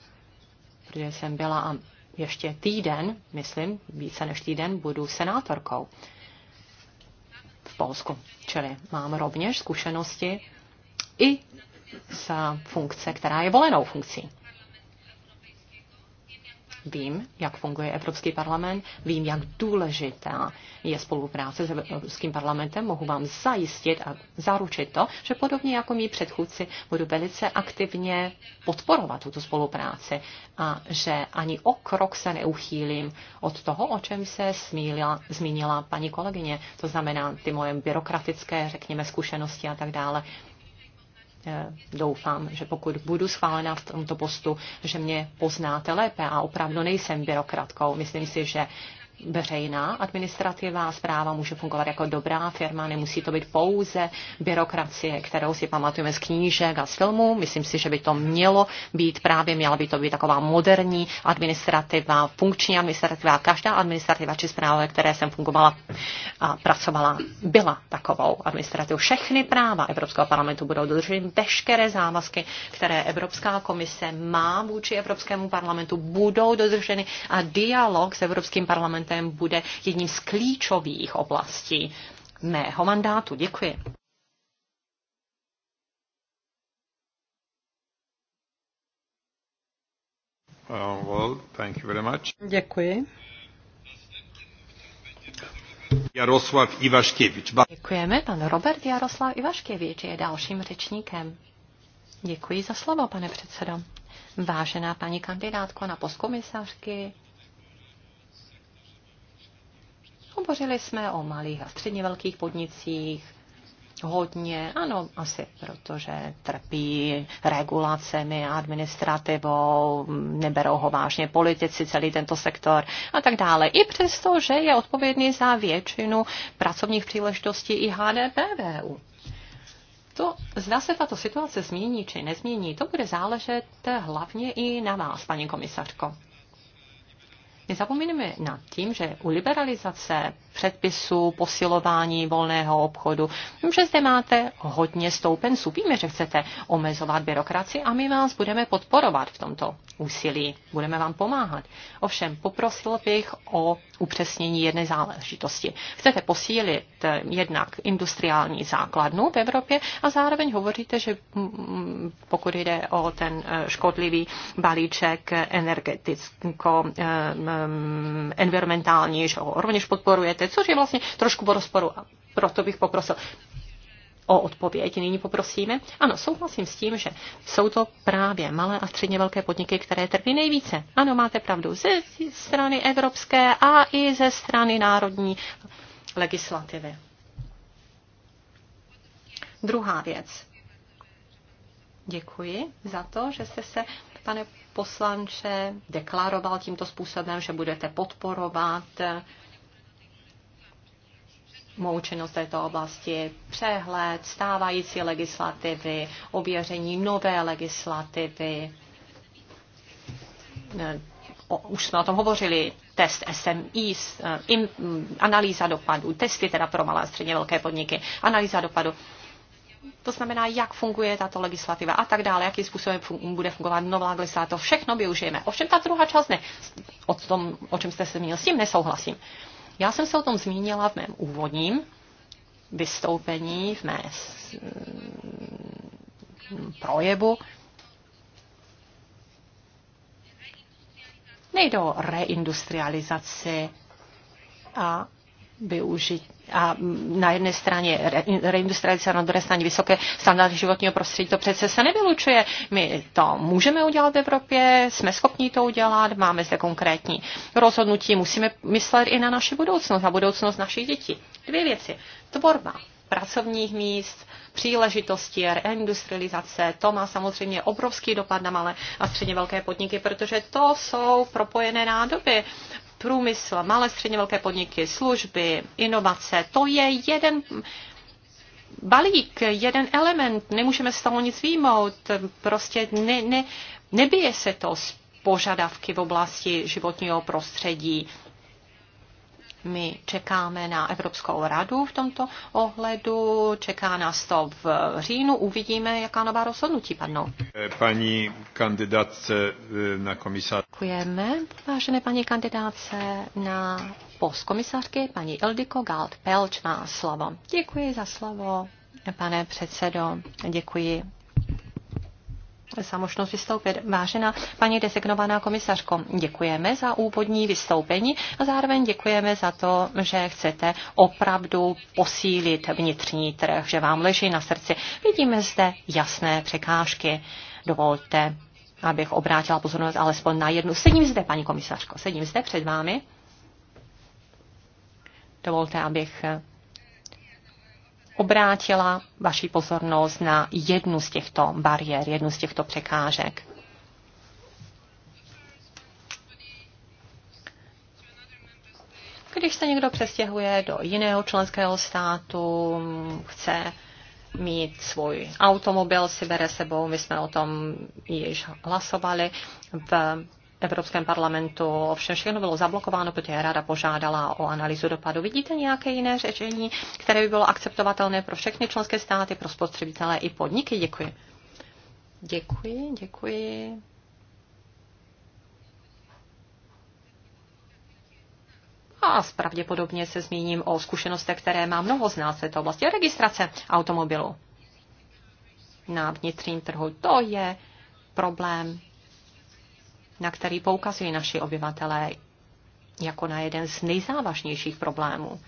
Protože jsem byla a ještě týden, myslím, více než týden, budu senátorkou v Polsku. Čili mám rovněž zkušenosti i z funkce, která je volenou funkcí. Vím, jak funguje Evropský parlament, vím, jak důležitá je spolupráce s Evropským parlamentem. Mohu vám zajistit a zaručit to, že podobně jako mý předchůdci budu velice aktivně podporovat tuto spolupráci a že ani o krok se neuchýlím od toho, o čem se smíla, zmínila paní kolegyně. To znamená ty moje byrokratické, řekněme, zkušenosti a tak dále. Eh, doufám, že pokud budu schválena v tomto postu, že mě poznáte lépe a opravdu nejsem byrokratkou. Myslím si, že veřejná administrativa a zpráva může fungovat jako dobrá firma, nemusí to být pouze byrokracie, kterou si pamatujeme z knížek a z filmů. Myslím si, že by to mělo být právě, měla by to být taková moderní administrativa, funkční administrativa. Každá administrativa či zpráva, které jsem fungovala a pracovala, byla takovou administrativou. Všechny práva Evropského parlamentu budou dodrženy, veškeré závazky, které Evropská komise má vůči Evropskému parlamentu, budou dodrženy a dialog s Evropským parlamentem parlamentem bude jedním z klíčových oblastí mého mandátu. Děkuji. Uh, well, thank you very much. Děkuji. Jaroslav Ivaškevič. Děkujeme. Pan Robert Jaroslav Ivaškevič je dalším řečníkem. Děkuji za slovo, pane předsedo. Vážená paní kandidátko na poskomisařky, Hovořili jsme o malých a středně velkých podnicích, hodně, ano, asi protože trpí regulacemi, administrativou, neberou ho vážně politici, celý tento sektor a tak dále. I přesto, že je odpovědný za většinu pracovních příležitostí i HDP To, zda se tato situace změní či nezmění, to bude záležet hlavně i na vás, paní komisařko. Nezapomínáme nad tím, že u liberalizace předpisů, posilování volného obchodu, že zde máte hodně stoupenců. Víme, že chcete omezovat byrokracii a my vás budeme podporovat v tomto úsilí. Budeme vám pomáhat. Ovšem, poprosil bych o upřesnění jedné záležitosti. Chcete posílit eh, jednak industriální základnu v Evropě a zároveň hovoříte, že mm, mm, pokud jde o ten eh, škodlivý balíček energeticko-environmentální, eh, mm, že ho rovněž podporujete, což je vlastně trošku po rozporu. a Proto bych poprosil o odpověď. Nyní poprosíme. Ano, souhlasím s tím, že jsou to právě malé a středně velké podniky, které trpí nejvíce. Ano, máte pravdu. Ze strany evropské a i ze strany národní legislativy. Druhá věc. Děkuji za to, že jste se, pane poslanče, deklaroval tímto způsobem, že budete podporovat mou činnost této oblasti, přehled stávající legislativy, ověření nové legislativy. O, už jsme o tom hovořili, test SMI, eh, analýza dopadů, testy teda pro malé a středně velké podniky, analýza dopadů. To znamená, jak funguje tato legislativa a tak dále, jakým způsobem fun- bude fungovat nová legislativa. To všechno využijeme. Ovšem ta druhá část ne. O, tom, o čem jste se měl, s tím nesouhlasím. Já jsem se o tom zmínila v mém úvodním vystoupení, v mé projevu. Nejde o reindustrializaci a využít a na jedné straně reindustrializace, na druhé straně vysoké standardy životního prostředí, to přece se nevylučuje. My to můžeme udělat v Evropě, jsme schopni to udělat, máme zde konkrétní rozhodnutí, musíme myslet i na naši budoucnost, na budoucnost našich dětí. Dvě věci. Tvorba pracovních míst, příležitosti, reindustrializace. To má samozřejmě obrovský dopad na malé a středně velké podniky, protože to jsou propojené nádoby průmysl, malé středně velké podniky, služby, inovace. To je jeden balík, jeden element. Nemůžeme z toho nic výjmout. Prostě ne, ne, nebije se to s požadavky v oblasti životního prostředí, my čekáme na Evropskou radu v tomto ohledu, čeká nás to v říjnu, uvidíme, jaká nová rozhodnutí padnou. Paní kandidátce eh, na komisář. Děkujeme, vážené paní kandidáce na post komisářky, paní Ildiko Galt-Pelč má slovo. Děkuji za slovo, pane předsedo, děkuji za možnost vystoupit. Vážená paní designovaná komisařko, děkujeme za úvodní vystoupení a zároveň děkujeme za to, že chcete opravdu posílit vnitřní trh, že vám leží na srdci. Vidíme zde jasné překážky. Dovolte, abych obrátila pozornost alespoň na jednu. Sedím zde, paní komisařko, sedím zde před vámi. Dovolte, abych obrátila vaši pozornost na jednu z těchto bariér, jednu z těchto překážek. Když se někdo přestěhuje do jiného členského státu, chce mít svůj automobil, si bere sebou, my jsme o tom již hlasovali v Evropském parlamentu. Ovšem všechno bylo zablokováno, protože rada požádala o analýzu dopadu. Vidíte nějaké jiné řešení, které by bylo akceptovatelné pro všechny členské státy, pro spotřebitele i podniky? Děkuji. Děkuji, děkuji. a pravděpodobně se zmíním o zkušenostech, které má mnoho z nás v této oblasti. Registrace automobilu na vnitřním trhu, to je problém, na který poukazují naši obyvatelé jako na jeden z nejzávažnějších problémů.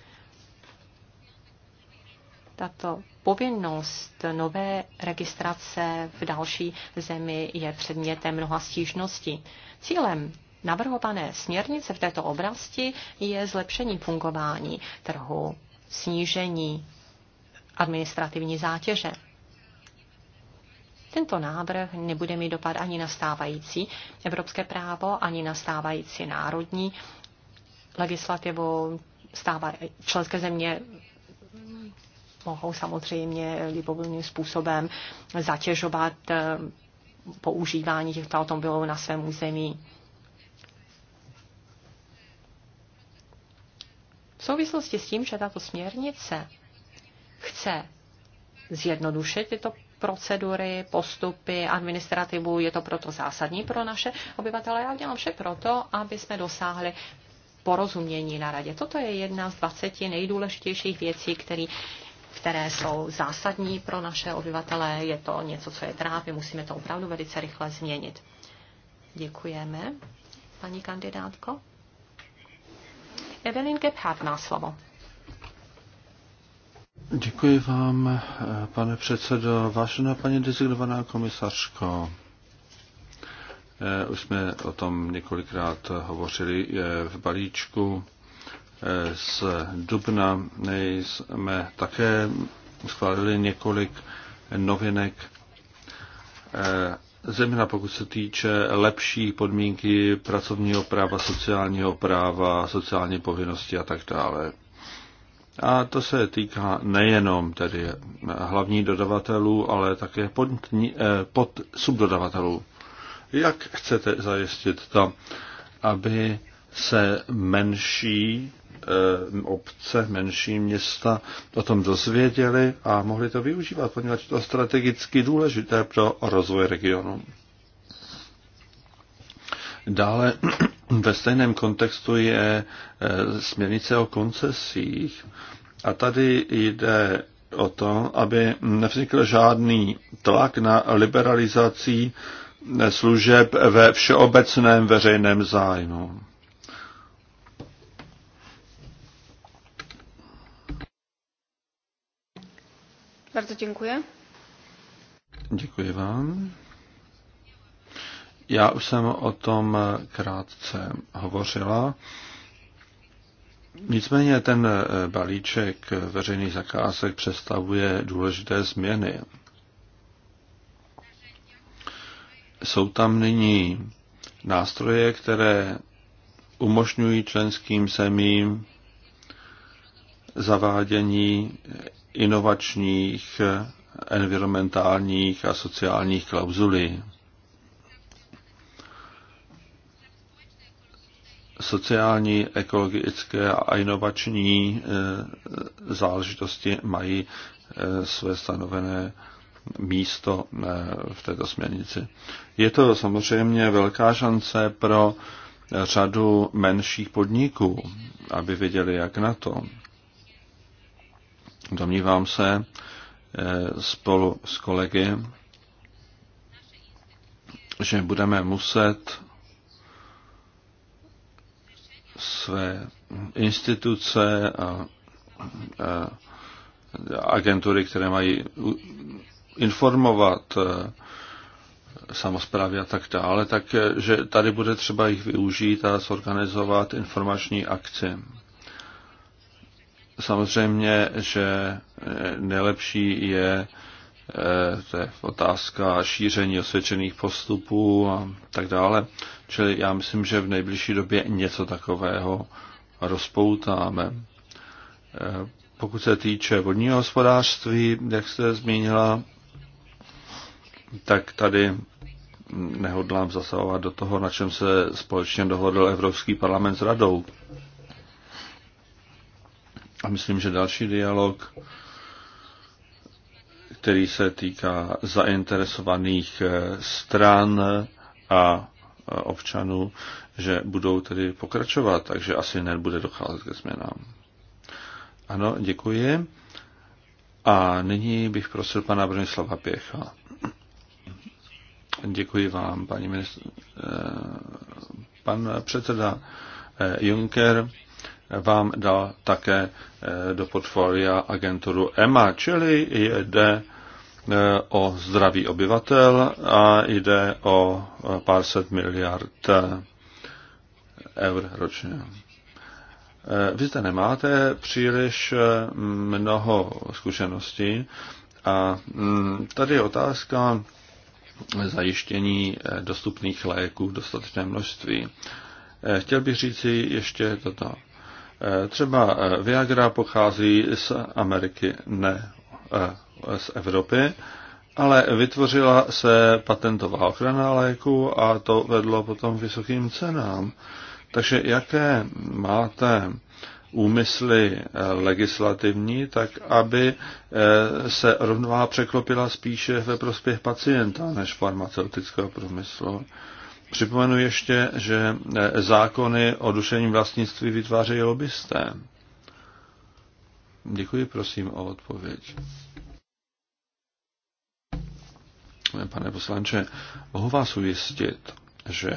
Tato povinnost nové registrace v další zemi je předmětem mnoha stížností. Cílem navrhované směrnice v této oblasti je zlepšení fungování trhu, snížení administrativní zátěže. Tento návrh nebude mít dopad ani na stávající evropské právo, ani na stávající národní legislativu. Stává, členské země mohou samozřejmě libovolným způsobem zatěžovat eh, používání těchto automobilů na svém území. V souvislosti s tím, že tato směrnice chce zjednodušit tyto procedury, postupy, administrativu. Je to proto zásadní pro naše obyvatele. Já udělám vše proto, aby jsme dosáhli porozumění na radě. Toto je jedna z 20 nejdůležitějších věcí, které které jsou zásadní pro naše obyvatele. Je to něco, co je trápí, musíme to opravdu velice rychle změnit. Děkujeme, paní kandidátko. Evelyn Gebhardt má slovo. Děkuji vám, pane předsedo. Vážená paní designovaná komisařko, eh, už jsme o tom několikrát hovořili eh, v balíčku eh, z Dubna. Jsme také schválili několik novinek, Zeměna, pokud se týče lepší podmínky pracovního práva, sociálního práva, sociální povinnosti a tak dále. A to se týká nejenom tedy hlavních dodavatelů, ale také pod, eh, pod subdodavatelů. Jak chcete zajistit to, aby se menší eh, obce, menší města o tom dozvěděli a mohli to využívat, poněvadž to je strategicky důležité pro rozvoj regionu. Dále *clears throat* Ve stejném kontextu je e, směrnice o koncesích. A tady jde o to, aby nevznikl žádný tlak na liberalizací e, služeb ve všeobecném veřejném zájmu. Bardzo dziękuję. Děkuji vám. Já už jsem o tom eh, krátce hovořila. Nicméně ten eh, balíček veřejných zakázek představuje důležité změny. Jsou tam nyní nástroje, které umožňují členským zemím zavádění inovačních, eh, environmentálních a sociálních klauzulí. sociální, ekologické a inovační eh, záležitosti mají eh, své stanovené místo eh, v této směrnici. Je to samozřejmě velká šance pro řadu menších podniků, aby věděli, jak na to. Domnívám se spolu s kolegy, že budeme muset své instituce a, a agentury, které mají informovat e, samozprávy a tak dále, takže e, tady bude třeba jich využít a zorganizovat informační akci. Samozřejmě, že e, nejlepší je Eh, to je otázka šíření osvědčených postupů a tak dále. Čili já myslím, že v nejbližší době něco takového rozpoutáme. Eh, pokud se týče vodního hospodářství, jak jste zmínila, tak tady nehodlám zasahovat do toho, na čem se společně dohodl Evropský parlament s radou. A myslím, že další dialog který se týká zainteresovaných eh, stran a eh, občanů, že budou tedy pokračovat, takže asi nebude docházet ke změnám. Ano, děkuji. A nyní bych prosil pana Bronislava Pěcha. Děkuji vám, paní ministr. Eh, pan předseda Juncker vám dal také do portfolia agenturu EMA, čili jde Eh, o zdraví obyvatel a jde o eh, pár set miliard eh, eur ročně. Vy zde nemáte příliš mnoho zkušeností a mm, tady je otázka zajištění dostupných léků v dostatečné množství. Chtěl bych říci ještě toto. Třeba Viagra pochází z Ameriky, ne z Evropy, ale vytvořila se patentová ochrana léku a to vedlo potom k vysokým cenám. Takže jaké máte úmysly legislativní, tak aby eh, se rovnováha překlopila spíše ve prospěch pacienta než farmaceutického průmyslu. Připomenu ještě, že eh, zákony o dušení vlastnictví vytvářejí lobbysté. Děkuji prosím o odpověď. Pane poslanče, mohu vás ujistit, že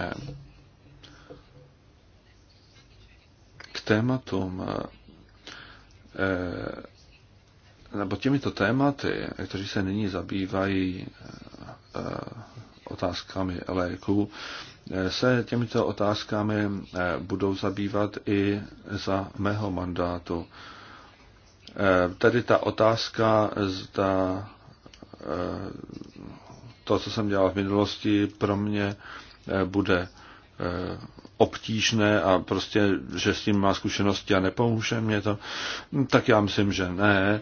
k tématům eh, nebo těmito tématy, kteří se nyní zabývají eh, otázkami léků, eh, se těmito otázkami budou zabývat i za mého mandátu. Tedy ta otázka, zda to, co jsem dělal v minulosti, pro mě eh, bude eh, obtížné a prostě, že s tím má zkušenosti a nepomůže mě to, tak já myslím, že ne.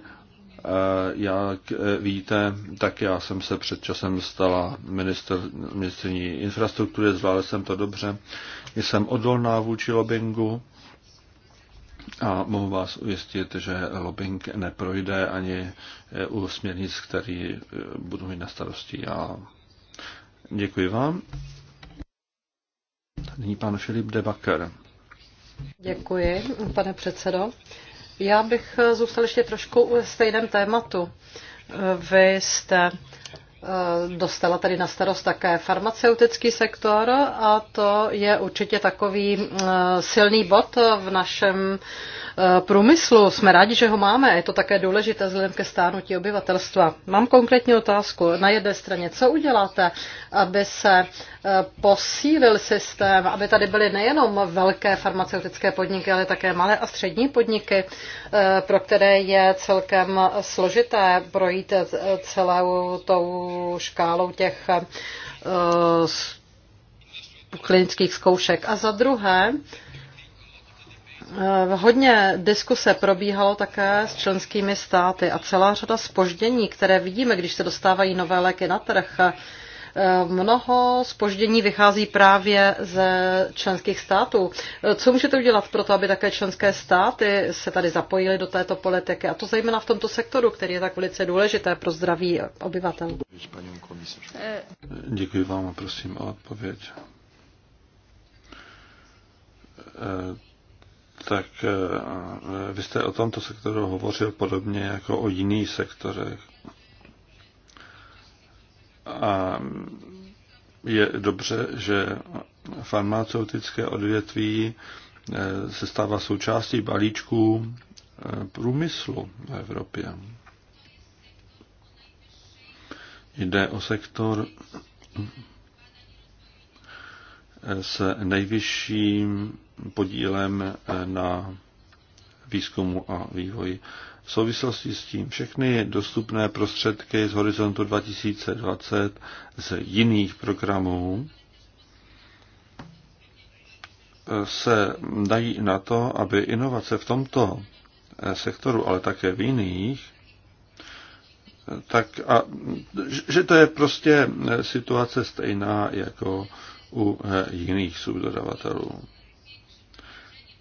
Eh, jak víte, tak já jsem se před časem stala minister, ministrní infrastruktury, zvládl jsem to dobře. Jsem odolná vůči lobingu, a mohu vás ujistit, že lobbying neprojde ani eh, u směrnic, který eh, budu mít na starosti A Děkuji vám. Nyní pan Filip Debaker. Děkuji, pane předsedo. Já bych eh, zůstal ještě trošku u stejném tématu. Vy jste Eh, dostala tady na starost také farmaceutický sektor a to je určitě takový eh, silný bod v našem Eh, průmyslu. Jsme rádi, že ho máme. Je to také důležité vzhledem ke stárnutí obyvatelstva. Mám konkrétní otázku. Na jedné straně, co uděláte, aby se eh, posílil systém, aby tady byly nejenom velké farmaceutické podniky, ale také malé a střední podniky, eh, pro které je celkem složité projít celou tou škálou těch klinických zkoušek. A za druhé, Eh, hodně diskuse probíhalo také s členskými státy a celá řada spoždění, které vidíme, když se dostávají nové léky na trh, eh, Mnoho spoždění vychází právě ze členských států. Eh, co můžete udělat pro to, aby také členské státy se tady zapojily do této politiky, a to zejména v tomto sektoru, který je tak velice důležité pro zdraví obyvatel? Děkuji vám a prosím o odpověď tak eh, vy jste o tomto sektoru hovořil podobně jako o jiných sektorech. A je dobře, že farmaceutické odvětví eh, se stává součástí balíčků eh, průmyslu v Evropě. Jde o sektor s nejvyšším podílem eh, na výzkumu a vývoji. V souvislosti s tím všechny dostupné prostředky z Horizontu 2020 z jiných programů eh, se dají na to, aby inovace v tomto eh, sektoru, ale také v jiných, tak a, že to je prostě situace stejná jako u jiných subdodavatelů.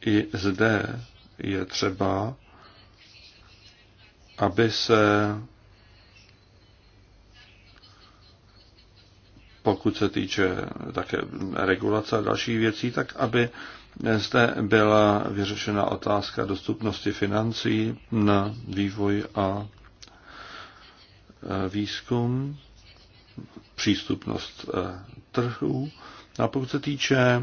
I zde je třeba, aby se pokud se týče také regulace a dalších věcí, tak aby zde byla vyřešena otázka dostupnosti financí na vývoj a e, výzkum, přístupnost e, trhů. A pokud se týče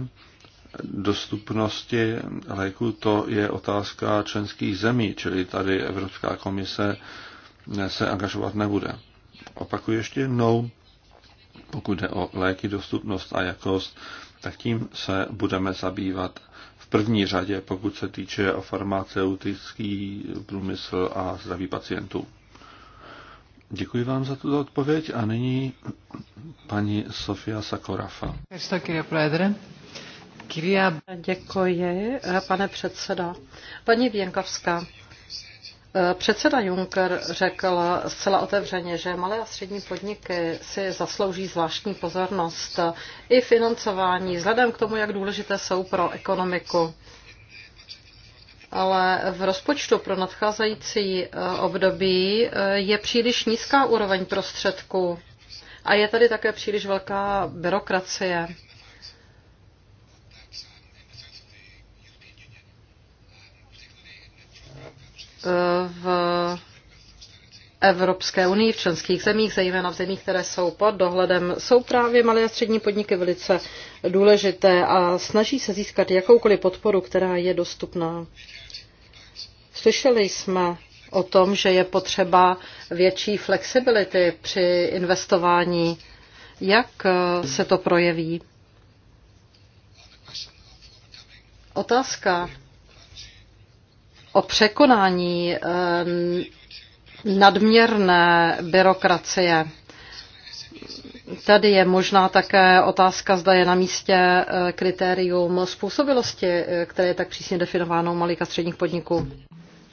dostupnosti léku, to je otázka členských zemí, čili tady Evropská komise se angažovat nebude. Opakuji ještě jednou, pokud jde o léky, dostupnost a jakost, tak tím se budeme zabývat v první řadě, pokud se týče o farmaceutický průmysl a zdraví pacientů. Děkuji vám za tuto odpověď a nyní paní Sofia Sakorafa. Děkuji, pane předseda. Paní Věnkovská, Předseda Juncker řekl zcela otevřeně, že malé a střední podniky si zaslouží zvláštní pozornost i financování, vzhledem k tomu, jak důležité jsou pro ekonomiku. Ale v rozpočtu pro nadcházející eh, období eh, je příliš nízká úroveň prostředků a je tady také příliš velká byrokracie. v Evropské unii, v členských zemích, zejména v zemích, které jsou pod dohledem, jsou právě malé a střední podniky velice důležité a snaží se získat jakoukoliv podporu, která je dostupná. Slyšeli jsme o tom, že je potřeba větší flexibility při investování. Jak se to projeví? Otázka o překonání nadměrné byrokracie. Tady je možná také otázka, zda je na místě e, kritérium způsobilosti, e, které je tak přísně definováno u malých a středních podniků.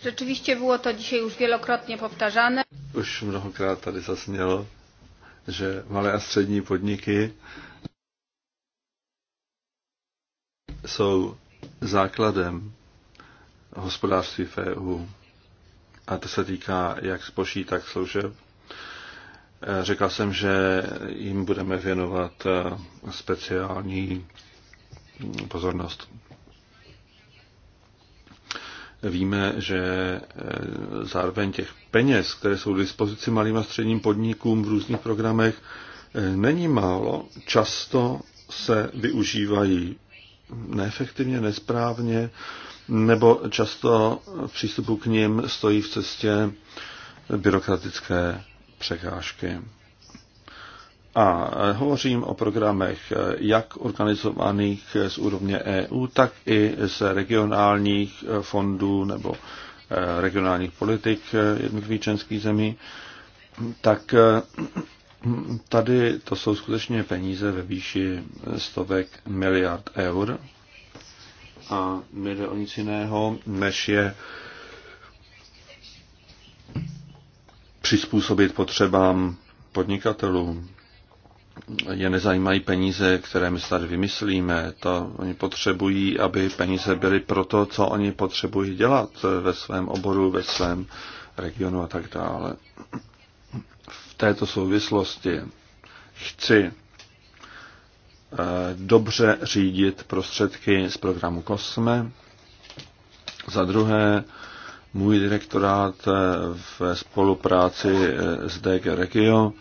Rzeczywiście było to dzisiaj już wielokrotnie powtarzane. Už mnohokrát tady zasnělo, že malé a střední podniky jsou základem hospodářství v EU. A to se týká jak zboží, tak služeb. E, Řekl jsem, že jim budeme věnovat e, speciální pozornost. Víme, že e, zároveň těch peněz, které jsou k dispozici malým a středním podnikům v různých programech, není málo. Často se využívají neefektivně, nesprávně nebo často v přístupu k ním stojí v cestě byrokratické překážky. A hovořím o programech jak organizovaných z úrovně EU, tak i z regionálních fondů nebo eh, regionálních politik jednotlivých členských zemí, tak eh, tady to jsou skutečně peníze ve výši stovek miliard eur a nejde o nic jiného, než je přizpůsobit potřebám podnikatelů. Je nezajímají peníze, které my snad vymyslíme. To oni potřebují, aby peníze byly pro to, co oni potřebují dělat ve svém oboru, ve svém regionu a tak dále. V této souvislosti chci Eh, dobře řídit prostředky z programu COSME. Za druhé, můj direktorát eh, ve spolupráci eh, s DG Regio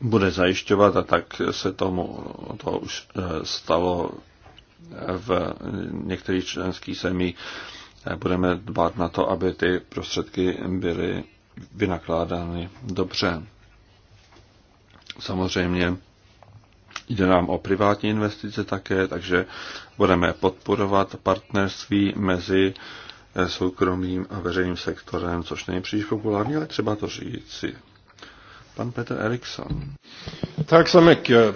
bude zajišťovat, a tak se tomu to už stalo v některých členských zemích, budeme dbát na to, aby ty prostředky byly vynakládány dobře. Samozřejmě Jde nám o privátní investice také, takže budeme podporovat partnerství mezi eh, soukromým a veřejným sektorem, což není příliš populární, ale třeba to říci. Pan Petr Eriksson. Tak samek. Eh,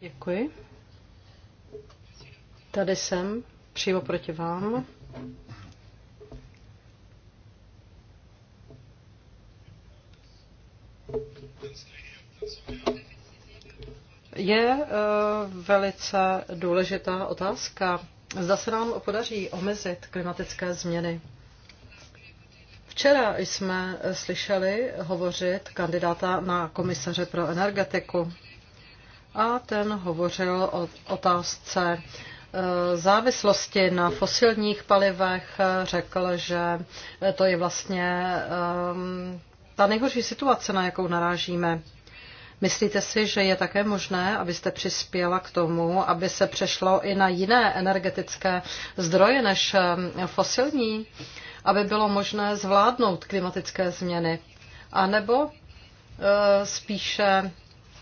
Děkuji. Tady jsem, přímo proti vám je e, velice důležitá otázka. Zda se nám podaří omezit klimatické změny. Včera jsme slyšeli hovořit kandidáta na komisaře pro energetiku a ten hovořil o otázce e, závislosti na fosilních palivech. Řekl, že to je vlastně e, ta nejhorší situace, na jakou narážíme. Myslíte si, že je také možné, abyste přispěla k tomu, aby se přešlo i na jiné energetické zdroje než um, fosilní, aby bylo možné zvládnout klimatické změny? A nebo uh, spíše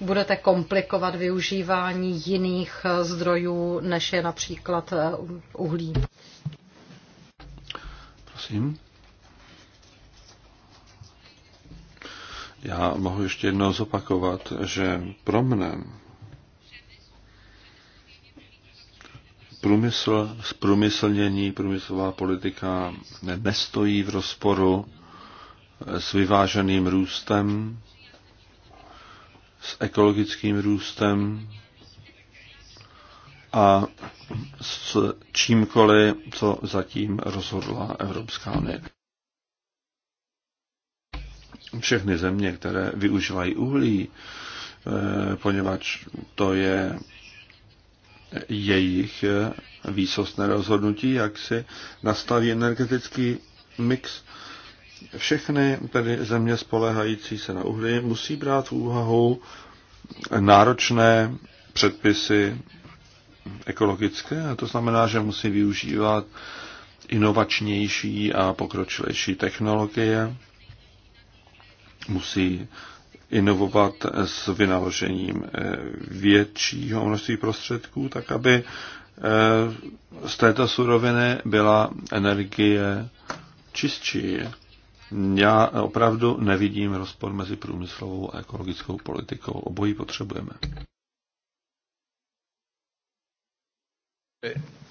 budete komplikovat využívání jiných uh, zdrojů, než je například uh, uhlí? Prosím. Já mohu ještě jednou zopakovat, že pro mne průmysl, zprůmyslnění, průmyslová politika nestojí v rozporu s vyváženým růstem, s ekologickým růstem a s čímkoliv, co zatím rozhodla Evropská unie všechny země, které využívají uhlí, eh, poněvadž to je jejich eh, výsostné rozhodnutí, jak si nastaví energetický mix. Všechny tedy země spolehající se na uhlí musí brát v úvahu náročné předpisy ekologické, a to znamená, že musí využívat inovačnější a pokročilejší technologie, musí inovovat s vynaložením eh, většího množství prostředků, tak aby eh, z této suroviny byla energie čistší. Já opravdu nevidím rozpor mezi průmyslovou a ekologickou politikou. Obojí potřebujeme.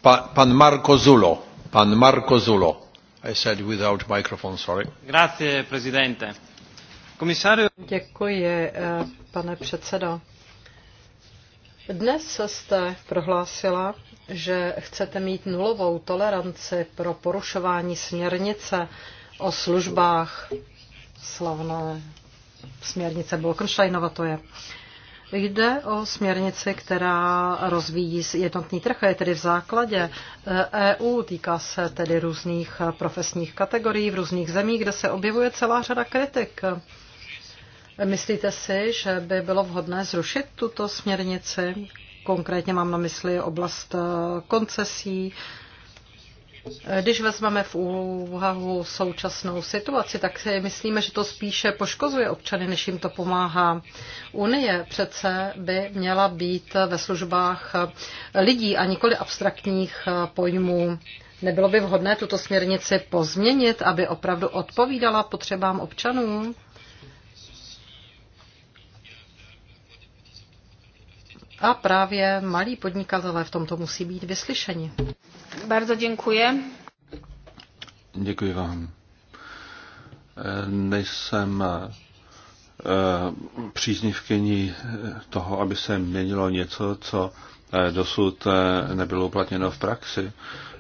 Pa, pan Marco Zulo. Pan Marco Zulo. I said without microphone, sorry. Grazie, presidente. Děkuji, eh, pane předsedo. Dnes jste prohlásila, že chcete mít nulovou toleranci pro porušování směrnice o službách. Slavné směrnice Bolkensteinova to je. Jde o směrnici, která rozvíjí jednotný trh, je tedy v základě EU, eh, e týká se tedy různých profesních kategorií v různých zemích, kde se objevuje celá řada kritik. Myslíte si, že by bylo vhodné zrušit tuto směrnici? Konkrétně mám na mysli oblast eh, koncesí. Když vezmeme v úvahu současnou situaci, tak si myslíme, že to spíše poškozuje občany, než jim to pomáhá. Unie přece by měla být ve službách lidí a nikoli abstraktních pojmů. Nebylo by vhodné tuto směrnici pozměnit, aby opravdu odpovídala potřebám občanů? A právě malí podnikatelé v tomto musí být vyslyšeni. Bardzo děkuji. Děkuji vám. Eh, nejsem eh, příznivkyní eh, toho, aby se měnilo něco, co dosud nebylo uplatněno v praxi.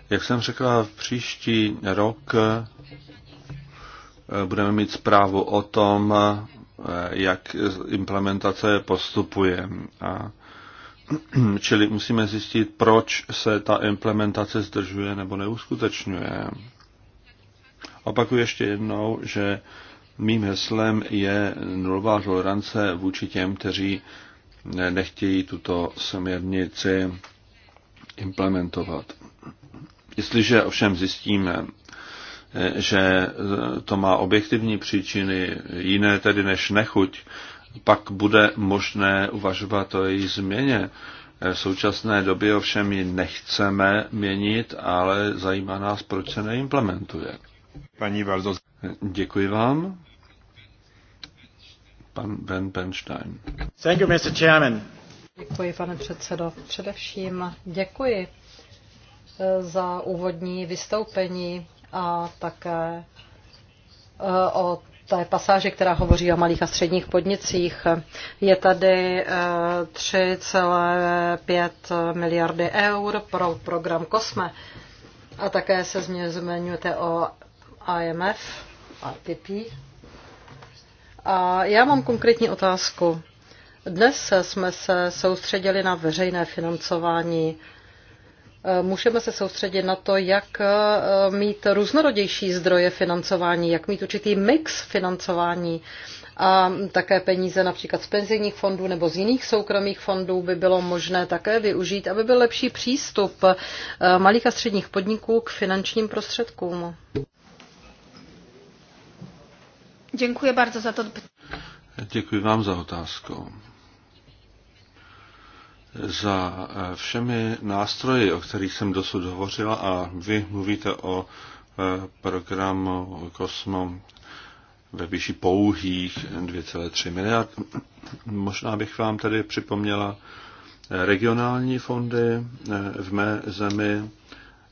Jak jsem řekla, v příští rok budeme mít zprávu o tom, jak implementace postupuje. A Čili musíme zjistit, proč se ta implementace zdržuje nebo neuskutečňuje. Opakuju ještě jednou, že mým heslem je nulová tolerance vůči těm, kteří nechtějí tuto směrnici implementovat. Jestliže ovšem zjistíme, eh, že to má objektivní příčiny, jiné tedy než nechuť pak bude možné uvažovat o její změně. Eh, v současné době ovšem ji nechceme měnit, ale zajímá nás, proč se neimplementuje. Paní Valdo. Eh, děkuji vám. Pan Ben Benstein. Thank you, Mr. Chairman. Děkuji, pane předsedo. Především děkuji eh, za úvodní vystoupení a také o té pasáže, která hovoří o malých a středních podnicích. Je tady 3,5 eh, miliardy eur pro program COSME a také se zmiňujete o IMF a TP. A já mám konkrétní otázku. Dnes jsme se soustředili na veřejné financování Eh, můžeme se soustředit na to, jak eh, mít různorodější zdroje financování, jak mít určitý mix financování a také peníze například z penzijních fondů nebo z jiných soukromých fondů by bylo možné také využít, aby byl lepší přístup eh, malých a středních podniků k finančním prostředkům. Děkuji bardzo za to. Děkuji vám za otázku za eh, všemi nástroji, o kterých jsem dosud hovořila a vy mluvíte o eh, programu Kosmo ve výši pouhých 2,3 miliard. Možná bych vám tady připomněla eh, regionální fondy v mé zemi,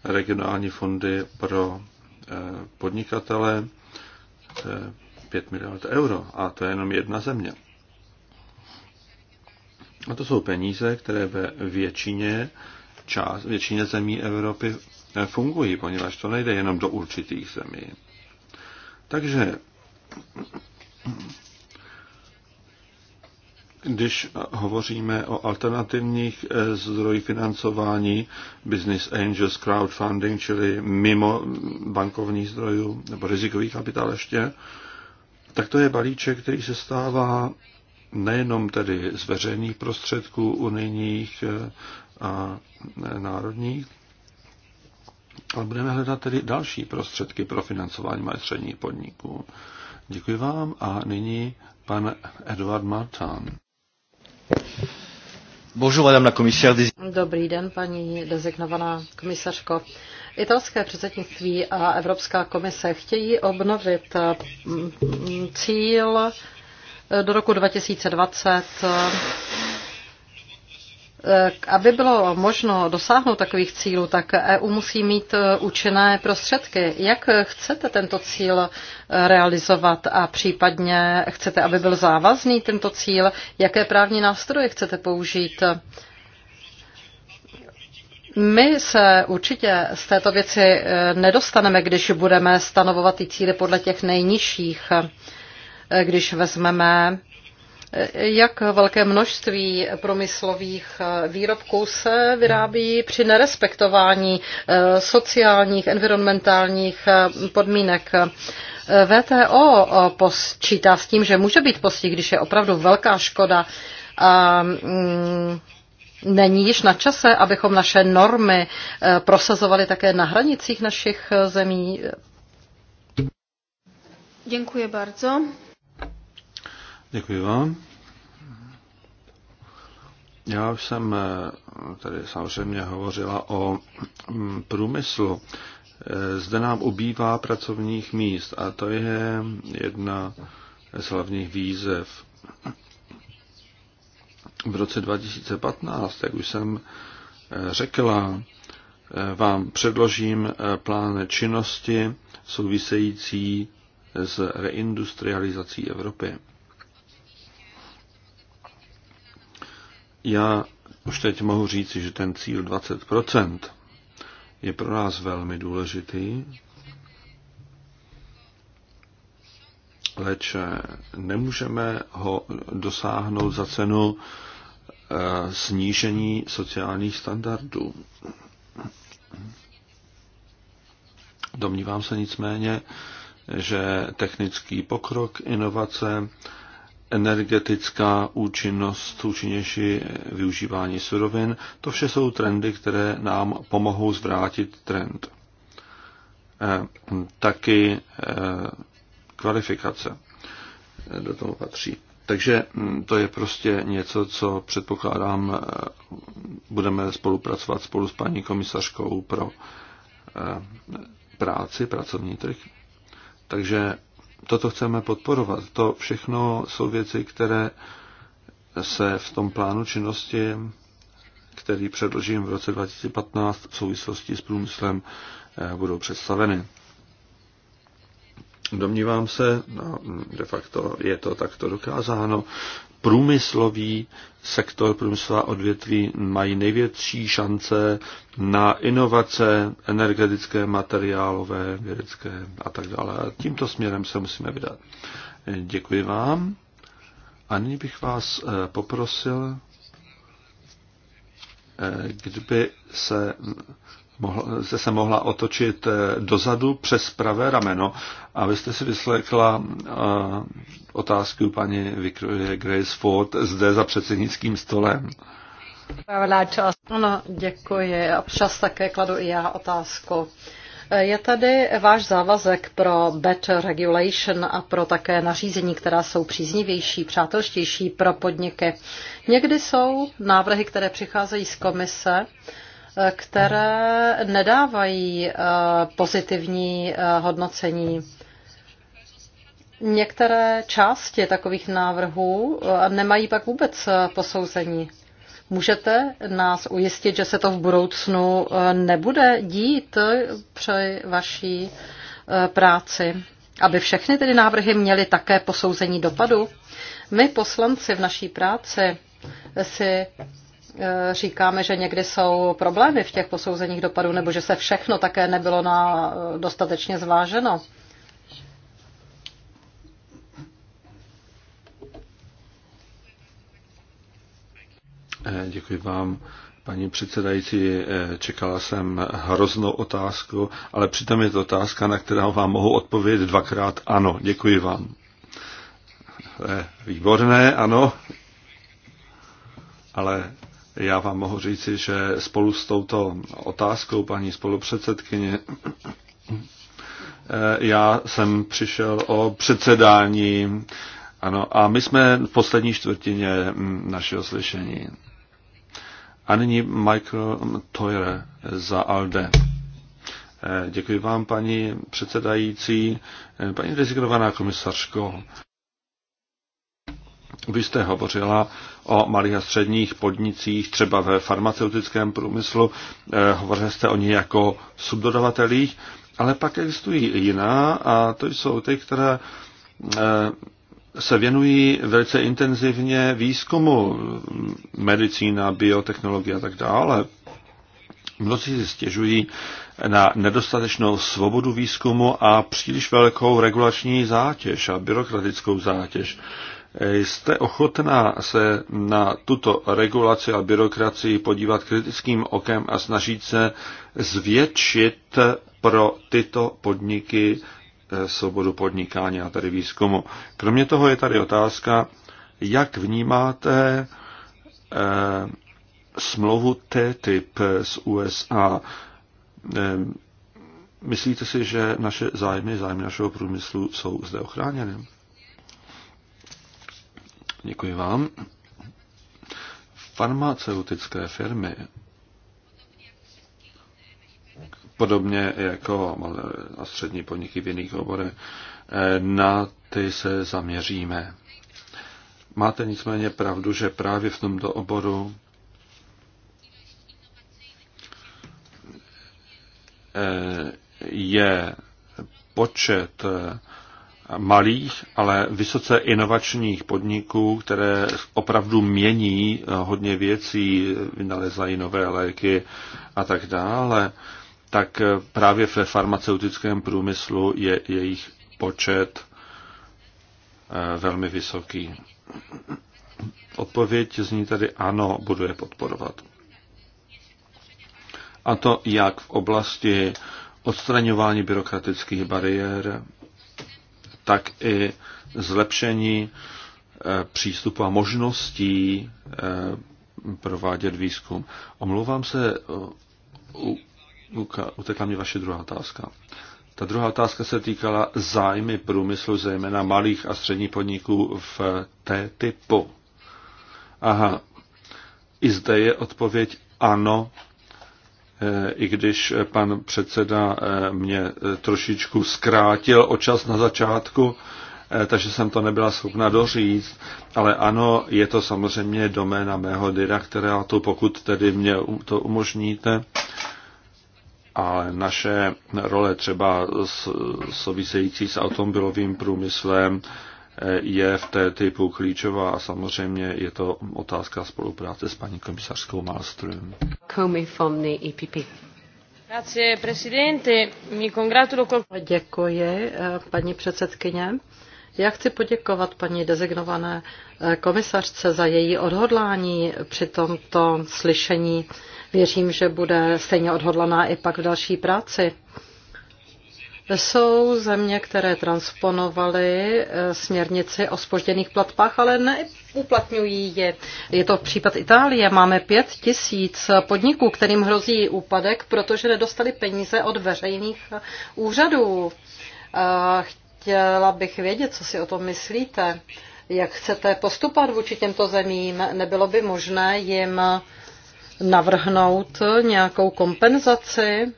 regionální fondy pro podnikatele 5 miliard euro a to je jenom jedna země. A to jsou peníze, které ve většině, část, většině zemí Evropy eh, fungují, poněvadž to nejde jenom do určitých zemí. Takže když hovoříme o alternativních eh, zdrojích financování, business angels, crowdfunding, čili mimo bankovních zdrojů nebo rizikový kapitál ještě, tak to je balíček, který se stává nejenom tedy z veřejných prostředků unijních eh, a národních, ale budeme hledat tedy další prostředky pro financování malých středních podniků. Děkuji vám a nyní pan Eduard Martin. Bonjour, madame la commissaire. Dobrý den, paní dezignovaná komisařko. Italské předsednictví a Evropská komise chtějí obnovit mm, cíl do roku 2020 eh, aby bylo možno dosáhnout takových cílů, tak EU musí mít eh, účinné prostředky. Jak chcete tento cíl eh, realizovat a případně chcete, aby byl závazný tento cíl? Jaké právní nástroje chcete použít? My se určitě z této věci nedostaneme, když budeme stanovovat ty cíle podle těch nejnižších když vezmeme jak velké množství promyslových výrobků se vyrábí při nerespektování eh, sociálních, environmentálních eh, podmínek. VTO počítá s tím, že může být postih, když je opravdu velká škoda. A, mm, Není již na čase, abychom naše normy eh, prosazovali také na hranicích našich zemí? Děkuji bardzo. Děkuji vám. Já už jsem eh, tady samozřejmě hovořila o mm, průmyslu. Eh, zde nám ubývá pracovních míst a to je jedna z hlavních výzev. V roce 2015, jak už jsem eh, řekla, vám předložím plán činnosti související s reindustrializací Evropy. Já už teď mohu říci, že ten cíl 20% je pro nás velmi důležitý, leč eh, nemůžeme ho dosáhnout za cenu eh, snížení sociálních standardů. Domnívám se nicméně, že technický pokrok, inovace, energetická účinnost, účinnější využívání surovin, to vše jsou trendy, které nám pomohou zvrátit trend. Eh, taky eh, kvalifikace eh, do toho patří. Takže hm, to je prostě něco, co předpokládám, budeme spolupracovat spolu s paní komisařkou pro práci, pracovní trh. Takže toto chceme podporovat. To všechno jsou věci, které se v tom plánu činnosti, který předložím v roce 2015 v souvislosti s průmyslem, eh, budou představeny. Domnívám se, no, de facto je to takto dokázáno, průmyslový sektor, průmyslová odvětví mají největší šance na inovace energetické, materiálové, vědecké a tak dále. tímto směrem se musíme vydat. Děkuji vám. A nyní bych vás eh, poprosil, eh, kdyby se mohl, se, se mohla otočit eh, dozadu přes pravé rameno. A vy jste si vyslekla uh, eh, otázku paní Victoria Grace Ford zde za předsednickým stolem. Pravda čas. Ano, děkuji. A čas také kladu i já otázku. Eh, je tady váš závazek pro better regulation a pro také nařízení, která jsou příznivější, přátelštější pro podniky. Někdy jsou návrhy, které přicházejí z komise, Eh, které nedávají eh, pozitivní eh, hodnocení. Některé části takových návrhů nemají pak vůbec posouzení. Můžete nás ujistit, že se to v budoucnu nebude dít při vaší práci? Aby všechny tedy návrhy měly také posouzení dopadu? My poslanci v naší práci si Eh, říkáme, že někdy jsou problémy v těch posouzeních dopadů, nebo že se všechno také nebylo na eh, dostatečně zváženo. Eh, děkuji vám, paní předsedající. Čekala jsem hroznou otázku, ale přitom je to otázka, na kterou vám mohu odpovědět dvakrát ano. Děkuji vám. Výborné, ano. Ale já vám mohu říci, že spolu s touto otázkou paní spolupředsedkyně eh, já jsem přišel o předsedání ano, a my jsme v poslední čtvrtině mm, našeho slyšení. A nyní Michael Toyer za ALDE. Eh, děkuji vám, paní předsedající, eh, paní rezignovaná komisařko. Vy jste hovořila o malých a středních podnicích, třeba ve farmaceutickém průmyslu, eh, hovořili jste o nich jako subdodavatelích, ale pak existují jiná a to jsou ty, které eh, se věnují velice intenzivně výzkumu mm, medicína, biotechnologie a tak dále. Mnozí si stěžují na nedostatečnou svobodu výzkumu a příliš velkou regulační zátěž a byrokratickou zátěž. Jste ochotná se na tuto regulaci a byrokracii podívat kritickým okem a snažit se zvětšit pro tyto podniky eh, svobodu podnikání a tady výzkumu. Kromě toho je tady otázka, jak vnímáte eh, smlouvu TTIP z USA. Eh, myslíte si, že naše zájmy, zájmy našeho průmyslu jsou zde ochráněny? Děkuji vám. Farmaceutické firmy, podobně jako malé a střední podniky v jiných oborech, na ty se zaměříme. Máte nicméně pravdu, že právě v tomto oboru je počet malých, ale vysoce inovačních podniků, které opravdu mění eh, hodně věcí, vynalezají nové léky a tak dále, tak eh, právě ve farmaceutickém průmyslu je jejich počet eh, velmi vysoký. Odpověď zní tady ano, budu je podporovat. A to jak v oblasti odstraňování byrokratických bariér, tak i zlepšení eh, přístupu a možností eh, provádět výzkum. Omlouvám se, eh, utekla mi vaše druhá otázka. Ta druhá otázka se týkala zájmy průmyslu, zejména malých a středních podniků v té typu. Aha, i zde je odpověď ano, Eh, i když pan předseda eh, mě eh, trošičku zkrátil o čas na začátku, takže jsem to nebyla schopna doříct, ale ano, je to samozřejmě doména mého direktorátu, pokud tedy mě um-, to umožníte. Ale naše role třeba související s automobilovým průmyslem je v té typu klíčová a samozřejmě je to otázka spolupráce s paní komisařskou Malström. E Děkuji, paní předsedkyně. Já chci poděkovat paní dezignované eh, komisařce za její odhodlání při tomto slyšení. Věřím, že bude stejně odhodlaná i pak v další práci. Jsou země, které transponovaly eh, směrnici o spožděných platbách, ale neuplatňují je. Je to případ Itálie. Máme pět tisíc podniků, kterým hrozí úpadek, protože nedostali peníze od veřejných eh, úřadů. Chtěla bych vědět, co si o tom myslíte. Jak chcete postupovat vůči těmto zemím? Nebylo by možné jim navrhnout nějakou kompenzaci?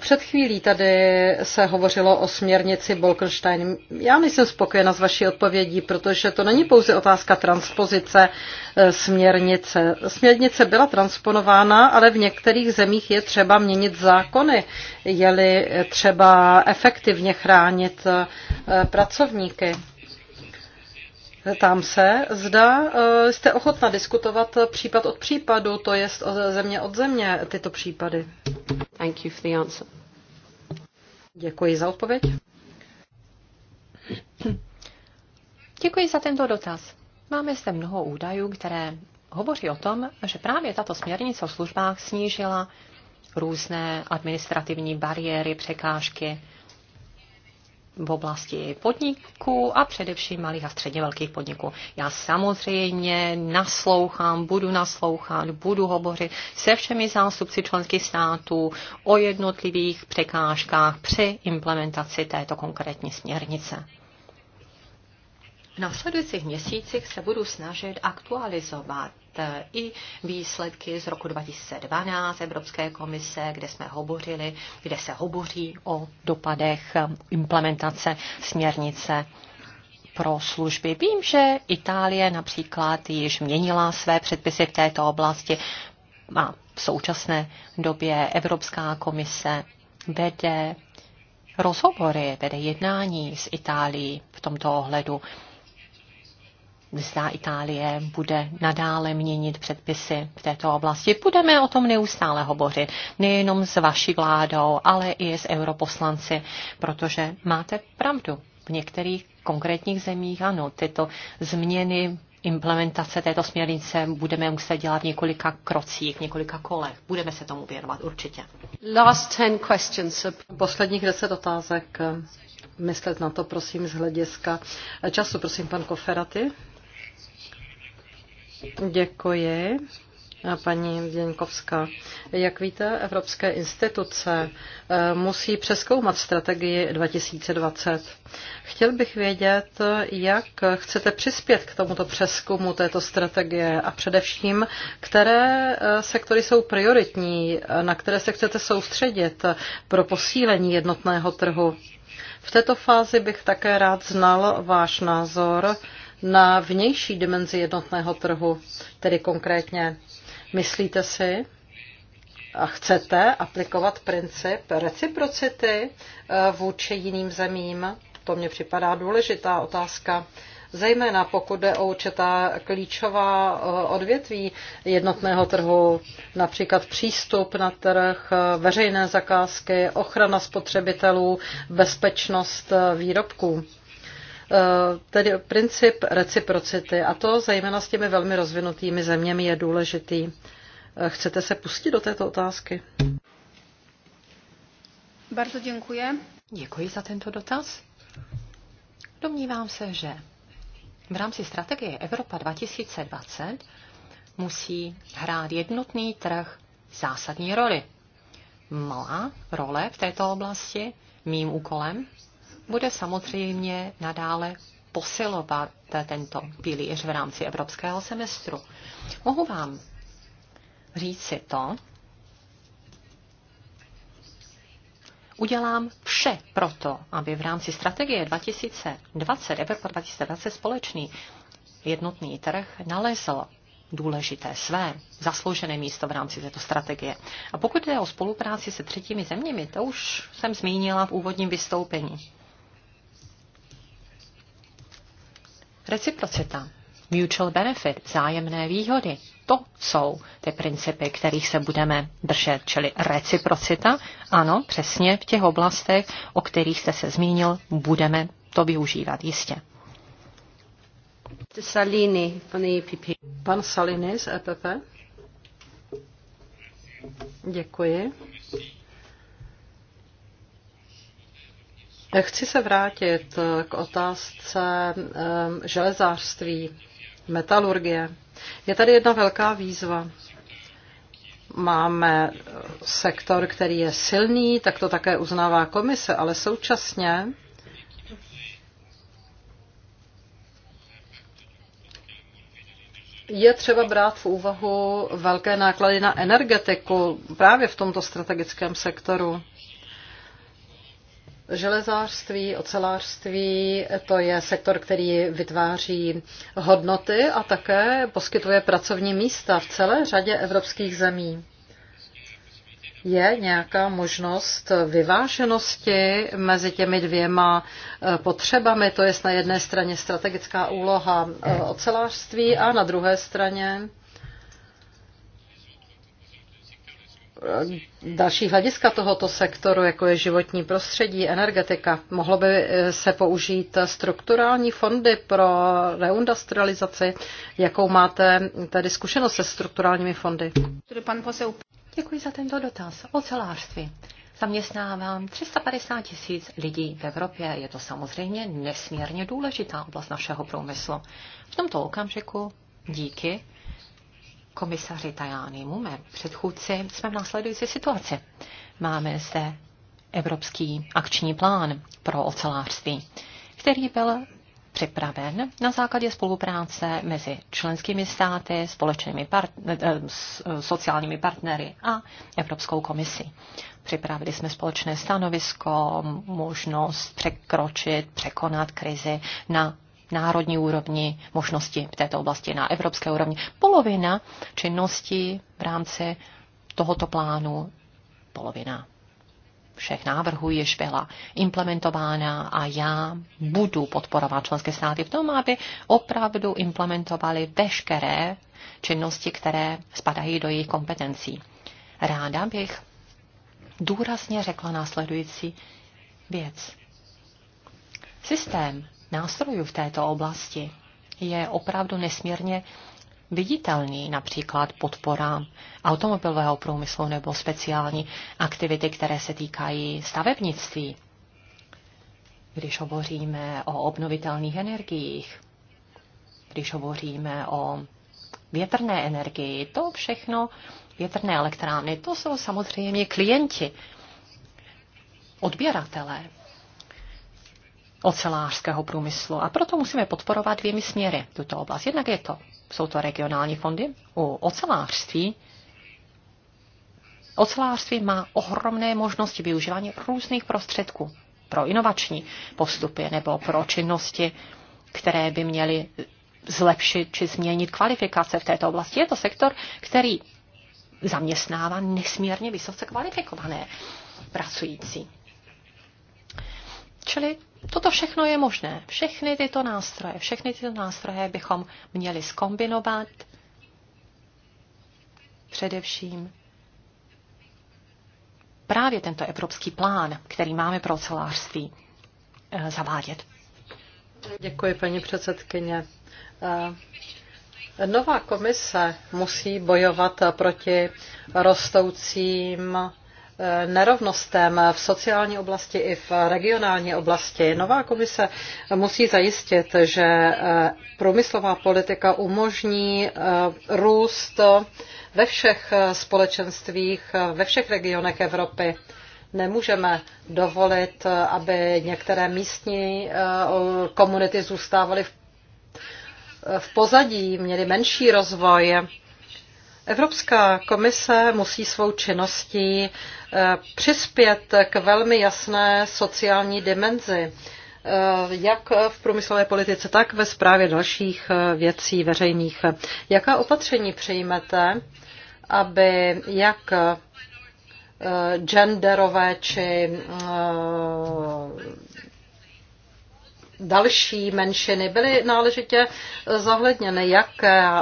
Před chvílí tady se hovořilo o směrnici Bolkenstein. Já nejsem spokojena s vaší odpovědí, protože to není pouze otázka transpozice e, směrnice. Směrnice byla transponována, ale v některých zemích je třeba měnit zákony, je-li třeba efektivně chránit e, pracovníky. Tam se, zda eh, jste ochotna diskutovat případ od případu, to je země od země, tyto případy. Thank you for the answer. Děkuji za odpověď. Děkuji za tento dotaz. Máme zde mnoho údajů, které hovoří o tom, že právě tato směrnice o službách snížila různé administrativní bariéry, překážky v oblasti podniků a především malých a středně velkých podniků. Já samozřejmě naslouchám, budu naslouchat, budu hovořit se všemi zástupci členských států o jednotlivých překážkách při implementaci této konkrétní směrnice. V následujících měsících se budu snažit aktualizovat Eh, i výsledky z roku 2012 Evropské komise, kde jsme hovořili, kde se hovoří o dopadech implementace směrnice pro služby. Vím, že Itálie například již měnila své předpisy v této oblasti a v současné době Evropská komise vede rozhovory, vede jednání s Itálií v tomto ohledu zda Itálie bude nadále měnit předpisy v této oblasti. Budeme o tom neustále hovořit, nejenom s vaší vládou, ale i s europoslanci, protože máte pravdu. V některých konkrétních zemích ano, tyto změny implementace této směrnice budeme muset dělat v několika krocích, v několika kolech. Budeme se tomu věnovat určitě. Last ten questions. Posledních deset otázek. Myslet na to, prosím, z hlediska času. Prosím, pan Koferaty. Děkuji. Paní Děňkovská, jak víte, evropské instituce eh, musí přeskoumat strategii 2020. Chtěl bych vědět, jak chcete přispět k tomuto přeskumu této strategie a především, které eh, sektory jsou prioritní, na které se chcete soustředit pro posílení jednotného trhu. V této fázi bych také rád znal váš názor na vnější dimenzi jednotného trhu, tedy konkrétně myslíte si, a chcete aplikovat princip reciprocity eh, vůči jiným zemím? To mně připadá důležitá otázka zejména pokud jde o určitá klíčová eh, odvětví jednotného trhu, například přístup na trh, eh, veřejné zakázky, ochrana spotřebitelů, bezpečnost výrobků. Eh, tedy princip reciprocity, a to zejména s těmi velmi rozvinutými zeměmi, je důležitý. Eh, chcete se pustit do této otázky? Bardzo děkuji. Děkuji za tento dotaz. Domnívám se, že v rámci strategie Evropa 2020 musí hrát jednotný trh zásadní roli. Malá role v této oblasti mým úkolem bude samozřejmě nadále posilovat tento pilíř v rámci evropského semestru. Mohu vám říct si to, udělám vše proto, aby v rámci strategie 2020, Evropa 2020 společný jednotný trh nalezl důležité své zasloužené místo v rámci této strategie. A pokud jde o spolupráci se třetími zeměmi, to už jsem zmínila v úvodním vystoupení. Reciprocita, mutual benefit, zájemné výhody, to jsou ty principy, kterých se budeme držet, čili reciprocita. Ano, přesně v těch oblastech, o kterých jste se zmínil, budeme to využívat, jistě. Salini, pan Pan Salini z EPP. Děkuji. Chci se vrátit eh, k otázce eh, železářství, metalurgie. Je tady jedna velká výzva. Máme eh, sektor, který je silný, tak to také uznává komise, ale současně je třeba brát v úvahu velké náklady na energetiku právě v tomto strategickém sektoru železářství, ocelářství, to je sektor, který vytváří hodnoty a také poskytuje pracovní místa v celé řadě evropských zemí. Je nějaká možnost vyváženosti mezi těmi dvěma eh, potřebami, to je na jedné straně strategická úloha eh, ocelářství a na druhé straně další hlediska tohoto sektoru, jako je životní prostředí, energetika. Mohlo by eh, se použít strukturální fondy pro reindustrializaci. Jakou máte hm, tedy zkušenost se strukturálními fondy? Děkuji za tento dotaz. Ocelářství. Zaměstnávám 350 tisíc lidí v Evropě. Je to samozřejmě nesmírně důležitá oblast našeho průmyslu. V tomto okamžiku díky komisaři Tajánimu, mé předchůdci, jsme v následující situaci. Máme zde Evropský akční plán pro ocelářství, který byl připraven na základě spolupráce mezi členskými státy, společnými part- eh, eh, sociálními partnery a Evropskou komisí. Připravili jsme společné stanovisko, možnost překročit, překonat krizi na národní úrovni, možnosti v této oblasti na evropské úrovni. Polovina činností v rámci tohoto plánu, polovina všech návrhů již byla implementována a já budu podporovat členské státy v tom, aby opravdu implementovali veškeré činnosti, které spadají do jejich kompetencí. Ráda bych důrazně řekla následující věc. Systém nástrojů v této oblasti je opravdu nesmírně viditelný, například podpora automobilového průmyslu nebo speciální aktivity, které se týkají stavebnictví, když hovoříme o obnovitelných energiích, když hovoříme o větrné energii, to všechno, větrné elektrárny, to jsou samozřejmě klienti, odběratelé ocelářského průmyslu. A proto musíme podporovat dvěmi směry tuto oblast. Jednak je to, jsou to regionální fondy. U ocelářství Ocelářství má ohromné možnosti využívání různých prostředků pro inovační postupy nebo pro činnosti, které by měly zlepšit či změnit kvalifikace v této oblasti. Je to sektor, který zaměstnává nesmírně vysoce kvalifikované pracující. Čili toto všechno je možné. Všechny tyto nástroje, všechny tyto nástroje bychom měli skombinovat především právě tento evropský plán, který máme pro celářství, eh, zavádět. Děkuji, paní předsedkyně. Eh, nová komise musí bojovat proti rostoucím Eh, nerovnostem v sociální oblasti i v regionální oblasti. Nová komise musí zajistit, že eh, průmyslová politika umožní eh, růst ve všech společenstvích, ve všech regionech Evropy. Nemůžeme dovolit, aby některé místní komunity zůstávaly v pozadí, měly menší rozvoj Evropská komise musí svou činností eh, přispět k velmi jasné sociální dimenzi, eh, jak v průmyslové politice, tak ve zprávě dalších eh, věcí veřejných. Jaká opatření přijmete, aby jak genderové či další menšiny byly náležitě zohledněny? Jak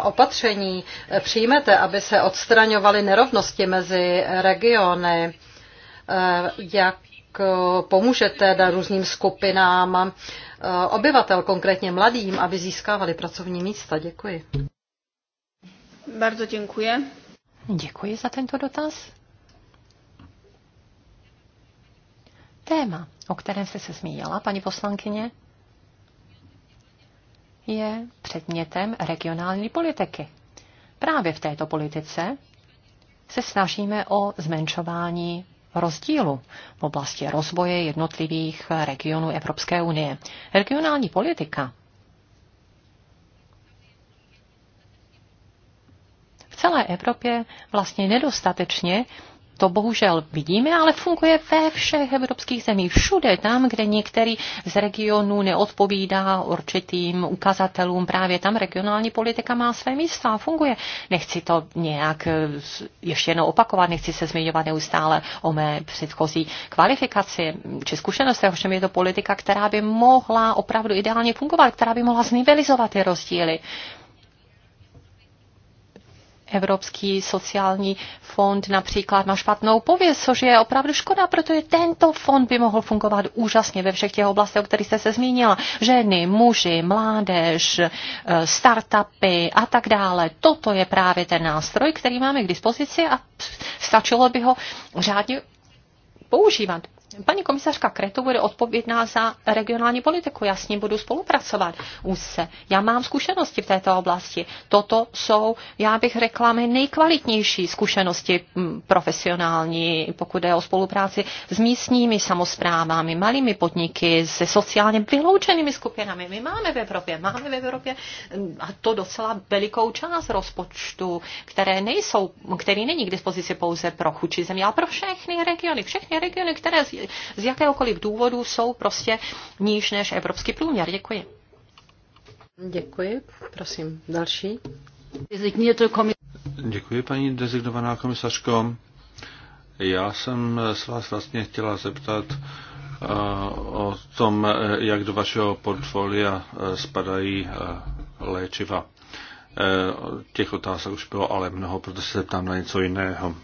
opatření přijmete, aby se odstraňovaly nerovnosti mezi regiony? Eh, jak pomůžete různým skupinám eh, obyvatel, konkrétně mladým, aby získávali pracovní místa? Děkuji. Bardzo děkuji. Děkuji za tento dotaz. Téma, o kterém jste se zmínila, paní poslankyně, je předmětem regionální politiky. Právě v této politice se snažíme o zmenšování rozdílu v oblasti rozvoje jednotlivých regionů Evropské unie. Regionální politika v celé Evropě vlastně nedostatečně to bohužel vidíme, ale funguje ve všech evropských zemích. Všude tam, kde některý z regionů neodpovídá určitým ukazatelům, právě tam regionální politika má své místa a funguje. Nechci to nějak eh, ještě jenom opakovat, nechci se zmiňovat neustále o mé předchozí kvalifikaci či zkušenosti, ovšem je to politika, která by mohla opravdu ideálně fungovat, která by mohla znivelizovat ty rozdíly Evropský sociální fond například má špatnou pověst, což je opravdu škoda, protože tento fond by mohl fungovat úžasně ve všech těch oblastech, o kterých jste se zmínila. Ženy, muži, mládež, eh, startupy a tak dále. Toto je právě ten nástroj, který máme k dispozici a stačilo by ho řádně používat. Paní komisařka Kretu bude odpovědná za regionální politiku. Já s ní budu spolupracovat úzce. Já mám zkušenosti v této oblasti. Toto jsou, já bych řekla, nejkvalitnější zkušenosti mm, profesionální, pokud je o spolupráci s místními samozprávami, malými podniky, se sociálně vyloučenými skupinami. My máme v Evropě, máme v Evropě mm, a to docela velikou část rozpočtu, které nejsou, který není k dispozici pouze pro chuči země, ale pro všechny regiony, všechny regiony, které z jakéhokoliv důvodu jsou prostě níž než evropský průměr. Děkuji. Děkuji. Prosím, další. Děkuji, paní dezignovaná komisařko. Já jsem se vás vlastně chtěla zeptat eh, o tom, eh, jak do vašeho portfolia eh, spadají léčiva. Těch otázek už bylo ale mnoho, proto se zeptám na něco jiného.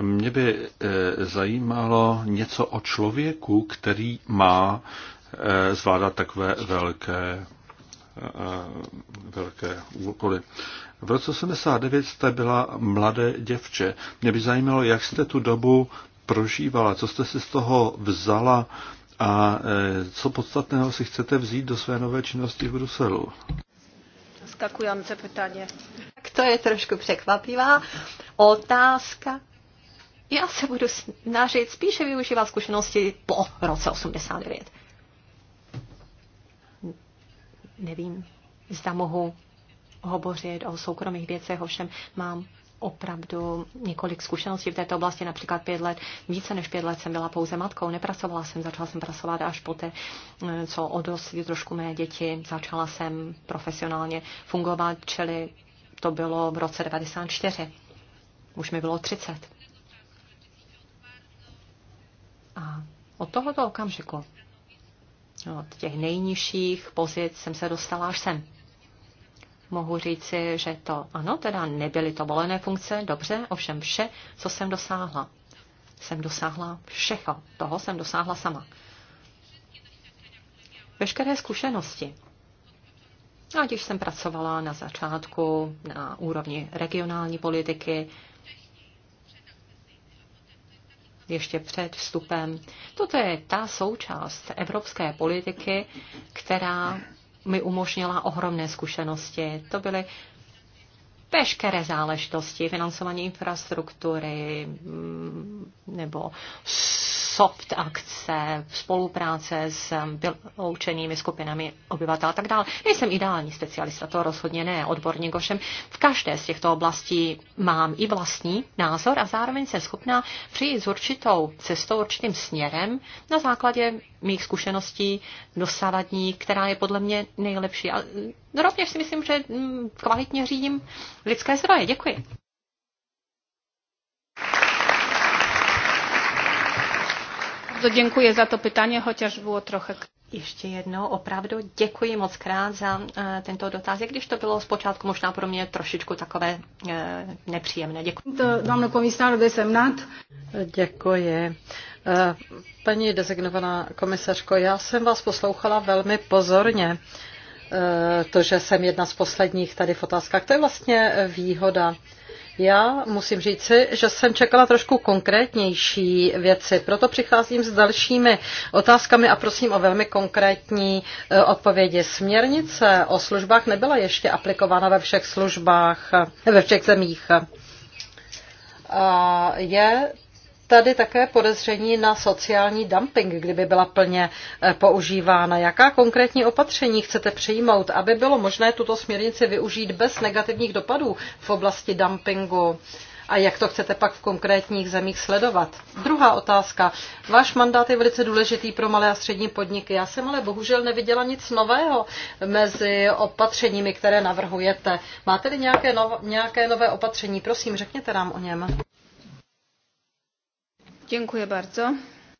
Mě by eh, zajímalo něco o člověku, který má eh, zvládat takové velké, eh, velké úkoly. V roce 79 jste byla mladé děvče. Mě by zajímalo, jak jste tu dobu prožívala, co jste si z toho vzala a co podstatného si chcete vzít do své nové činnosti v Bruselu. Skakujúce pytanie. Tak to je trošku překvapivá otázka já se budu snažit spíše využívat zkušenosti po roce 89. Nevím, zda mohu hovořit o soukromých věcech, ovšem mám opravdu několik zkušeností v této oblasti, například pět let, více než pět let jsem byla pouze matkou, nepracovala jsem, začala jsem pracovat až poté, co odrostly trošku mé děti, začala jsem profesionálně fungovat, čili to bylo v roce 94. Už mi bylo 30. A od tohoto okamžiku, od těch nejnižších pozic, jsem se dostala až sem. Mohu říci, že to, ano, teda nebyly to volené funkce, dobře, ovšem vše, co jsem dosáhla. Jsem dosáhla všeho, toho jsem dosáhla sama. Veškeré zkušenosti, ať už jsem pracovala na začátku na úrovni regionální politiky, ještě před vstupem. Toto je ta součást evropské politiky, která mi umožnila ohromné zkušenosti. To byly veškeré záležitosti, financování infrastruktury mm, nebo soft akce, spolupráce s vyloučenými um, skupinami obyvatel a tak dále. Nejsem ideální specialista, to rozhodně ne, odborník ovšem. V každé z těchto oblastí mám i vlastní názor a zároveň jsem schopná přijít s určitou cestou, určitým směrem na základě mých zkušeností dosavadní, která je podle mě nejlepší. A hm, rovněž si myslím, že hm, kvalitně řídím lidské zdroje. Děkuji. bardzo dziękuję za to pytanie, chociaż było trochę. Ještě jednou opravdu děkuji moc krát za uh, tento dotaz, když to bylo zpočátku možná pro mě trošičku takové uh, nepříjemné. Děkuji. Dámno komisár desemnat. Děkuji. Uh, paní designovaná komisařko, já jsem vás poslouchala velmi pozorně. Uh, to, že jsem jedna z posledních tady v otázkách, to je vlastně výhoda já musím říci, že jsem čekala trošku konkrétnější věci, proto přicházím s dalšími otázkami a prosím o velmi konkrétní eh, odpovědi. Směrnice o službách nebyla ještě aplikována ve všech službách, ve všech zemích. je tady také podezření na sociální dumping, kdyby byla plně eh, používána. Jaká konkrétní opatření chcete přijmout, aby bylo možné tuto směrnici využít bez negativních dopadů v oblasti dumpingu? a jak to chcete pak v konkrétních zemích sledovat. Druhá otázka. Váš mandát je velice důležitý pro malé a střední podniky. Já jsem ale bohužel neviděla nic nového mezi opatřeními, které navrhujete. Máte-li nějaké, no, nějaké nové opatření? Prosím, řekněte nám o něm. Děkuji bardzo.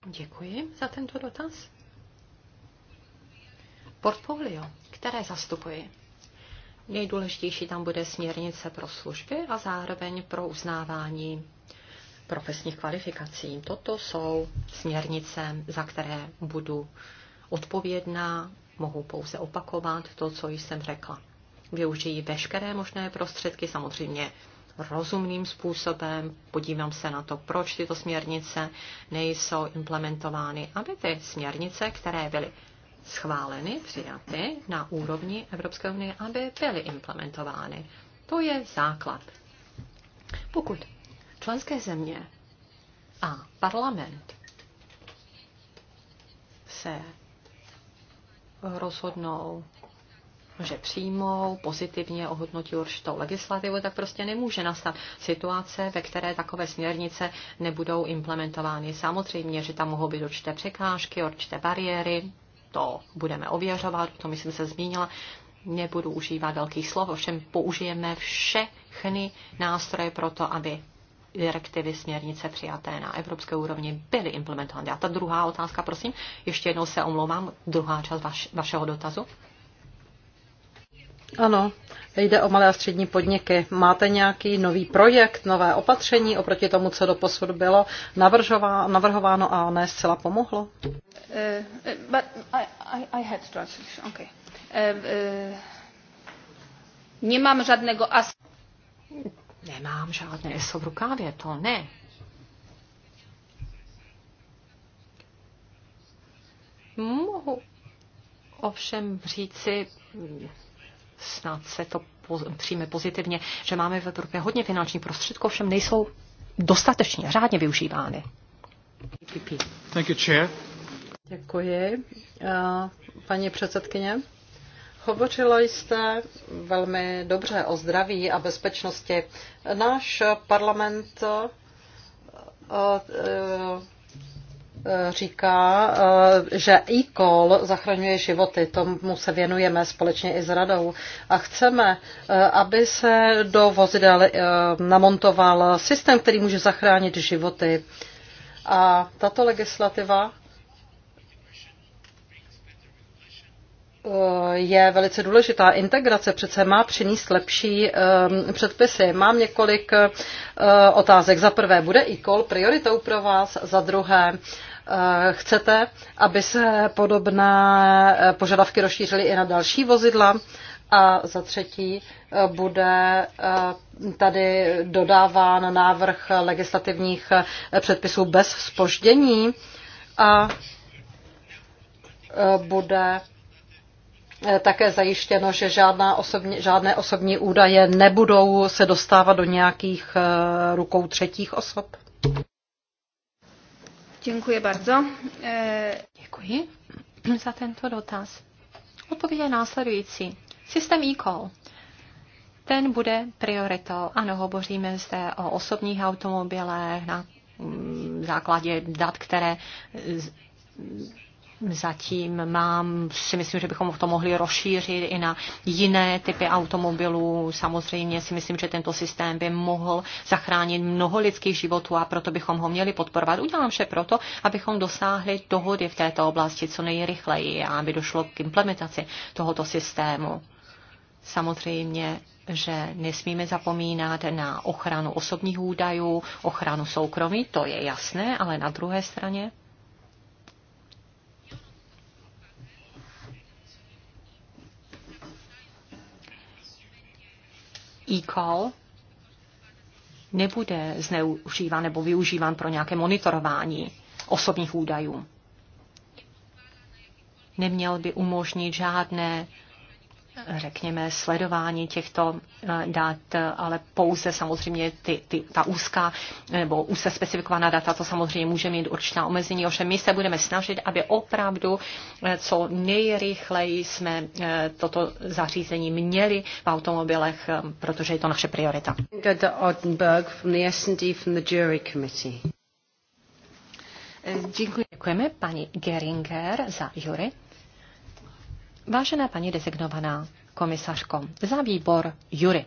Děkuji za tento dotaz. Portfolio, které zastupuji. Nejdůležitější tam bude směrnice pro služby a zároveň pro uznávání profesních kvalifikací. Toto jsou směrnice, za které budu odpovědná, mohu pouze opakovat to, co jsem řekla. Využijí veškeré možné prostředky, samozřejmě rozumným způsobem, podívám se na to, proč tyto směrnice nejsou implementovány, aby ty směrnice, které byly schváleny, přijaty na úrovni Evropské unie, aby byly implementovány. To je základ. Pokud členské země a parlament se rozhodnou že přijmou, pozitivně ohodnotí určitou legislativu, tak prostě nemůže nastat situace, ve které takové směrnice nebudou implementovány. Samozřejmě, že tam mohou být určité překážky, určité bariéry, to budeme ověřovat, o tom jsem se zmínila, nebudu užívat velkých slov, ovšem použijeme všechny nástroje pro to, aby direktivy, směrnice přijaté na evropské úrovni byly implementovány. A ta druhá otázka, prosím, ještě jednou se omlouvám, druhá část vaš, vašeho dotazu. Ano, jde o malé a střední podniky. Máte nějaký nový projekt, nové opatření oproti tomu, co do posud bylo navrhováno a ne zcela pomohlo? Uh, but I, I, I had Okay. Uh, uh, nemám žádného as... Nemám žádné ESO v rukávě, to ne. Mohu ovšem říci, snad se to přijme pozitivně, že máme v Evropě hodně finančních prostředků, všem nejsou dostatečně, řádně využívány. Thank you, chair. Děkuji. Eh, paní předsedkyně, hovořila jste velmi dobře o zdraví a bezpečnosti. Náš parlament eh, eh, E, říká, e, že e-call zachraňuje životy. Tomu se věnujeme společně i s radou. A chceme, e, aby se do vozidel namontoval systém, který může zachránit životy. A tato legislativa je velice důležitá. Integrace přece má přinést lepší předpisy. Mám několik otázek. Za prvé, bude e-call prioritou pro vás? Za druhé, Eh, chcete, aby se podobné eh, požadavky rozšířily i na další vozidla? A za třetí eh, bude tady dodáván návrh legislativních předpisů bez spoždění a bude také zajištěno, že žádná osobní, žádné osobní údaje nebudou se dostávat do nějakých rukou třetích osob? Děkuji bardzo. Eh, Děkuji *clears throat* za tento dotaz. Odpověď je následující. Systém e-call. Ten bude prioritou. Ano, hovoříme zde o osobních automobilech na mm, základě dat, které zatím mám, si myslím, že bychom to mohli rozšířit i na jiné typy automobilů. Samozřejmě si myslím, že tento systém by mohl zachránit mnoho lidských životů a proto bychom ho měli podporovat. Udělám vše proto, abychom dosáhli dohody v této oblasti co nejrychleji a aby došlo k implementaci tohoto systému. Samozřejmě že nesmíme zapomínat na ochranu osobních údajů, ochranu soukromí, to je jasné, ale na druhé straně e-call nebude zneužíván nebo využíván pro nějaké monitorování osobních údajů. Neměl by umožnit žádné řekněme, sledování těchto eh, dat, ale pouze samozřejmě ty, ty, ta úzká nebo úzce specifikovaná data, to samozřejmě může mít určitá omezení, ovšem my se budeme snažit, aby opravdu eh, co nejrychleji jsme eh, toto zařízení měli v automobilech, protože je to naše priorita. Děkujeme paní Geringer za jury. Vážená paní designovaná komisařko, za výbor Jury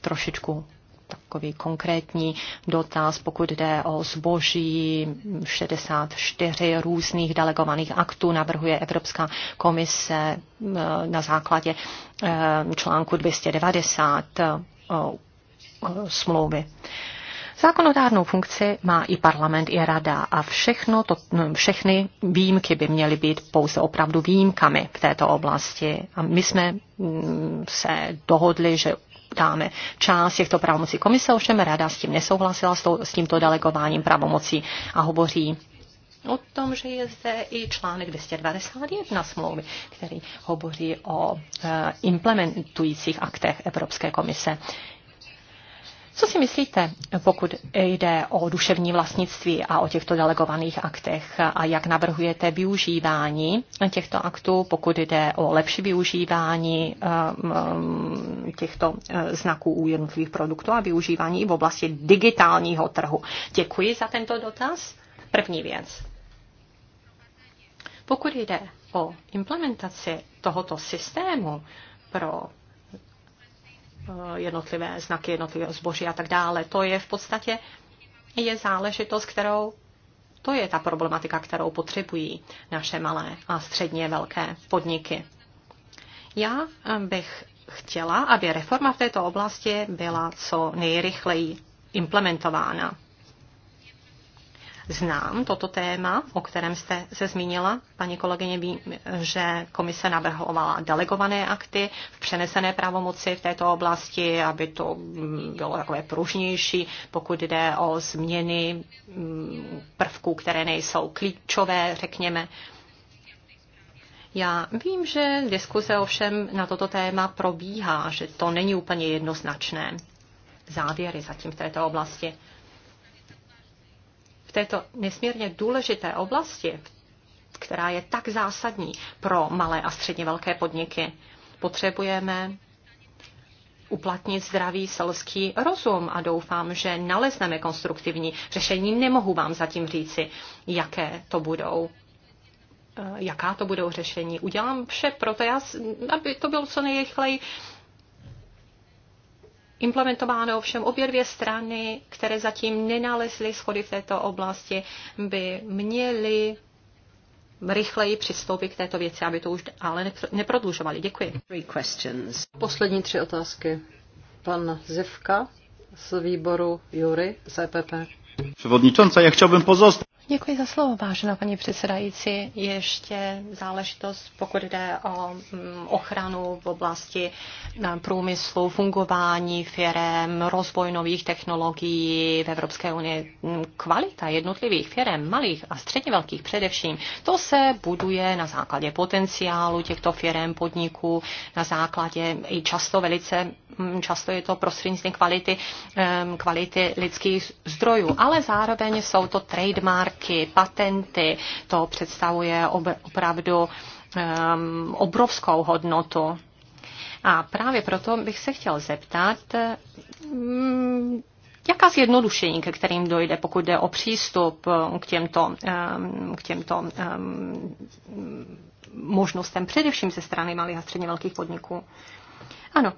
trošičku takový konkrétní dotaz, pokud jde o zboží 64 různých delegovaných aktů, navrhuje Evropská komise eh, na základě eh, článku 290 eh, smlouvy. Zákonodárnou funkci má i parlament, i rada a všechno to, všechny výjimky by měly být pouze opravdu výjimkami v této oblasti. A my jsme mm, se dohodli, že dáme část těchto pravomocí komise, ovšem rada s tím nesouhlasila, s, to, s tímto delegováním pravomocí a hovoří o tom, že je zde i článek 291 smlouvy, který hovoří o eh, implementujících aktech Evropské komise. Co si myslíte, pokud jde o duševní vlastnictví a o těchto delegovaných aktech a jak navrhujete využívání těchto aktů, pokud jde o lepší využívání ehm, ehm, těchto eh, znaků u jednotlivých produktů a využívání v oblasti digitálního trhu? Děkuji za tento dotaz. První věc. Pokud jde o implementaci tohoto systému pro Eh, jednotlivé znaky jednotlivé zboží a tak dále. To je v podstatě je záležitost, kterou to je ta problematika, kterou potřebují naše malé a středně velké podniky. Já eh, bych chtěla, aby reforma v této oblasti byla co nejrychleji implementována znám toto téma, o kterém jste se zmínila, paní kolegyně, vím, že komise navrhovala delegované akty v přenesené pravomoci v této oblasti, aby to mm, bylo takové pružnější, pokud jde o změny mm, prvků, které nejsou klíčové, řekněme. Já vím, že diskuse ovšem na toto téma probíhá, že to není úplně jednoznačné závěry zatím v této oblasti této nesmírně důležité oblasti, která je tak zásadní pro malé a středně velké podniky, potřebujeme uplatnit zdravý selský rozum a doufám, že nalezneme konstruktivní řešení. Nemohu vám zatím říci, jaké to budou eh, jaká to budou řešení. Udělám vše pro to, aby to bylo co nejrychleji implementováno, ovšem obě dvě strany, které zatím nenalezly schody v této oblasti, by měly rychleji přistoupit k této věci, aby to už ale neprodlužovali. Děkuji. Poslední tři otázky. Pan Zivka z výboru Jury z EPP. Já chtěl bych pozostat. Děkuji za slovo, vážená paní předsedající. Ještě záležitost, pokud jde o mm, ochranu v oblasti mm, průmyslu, fungování firm, rozvoj nových technologií v Evropské unii, mm, kvalita jednotlivých firm, malých a středně velkých především, to se buduje na základě potenciálu těchto firm, podniků, na základě i často velice, často je to prostřednictvím kvality, kvality lidských zdrojů, ale zároveň jsou to trademark výrobky, patenty, to představuje opravdu um, obrovskou hodnotu. A právě proto bych se chtěl zeptat, mm, Jaká zjednodušení, ke kterým dojde, pokud jde o přístup eh, k těmto, ehm, k těmto ehm, možnostem, především ze strany malých a středně velkých podniků? Ano,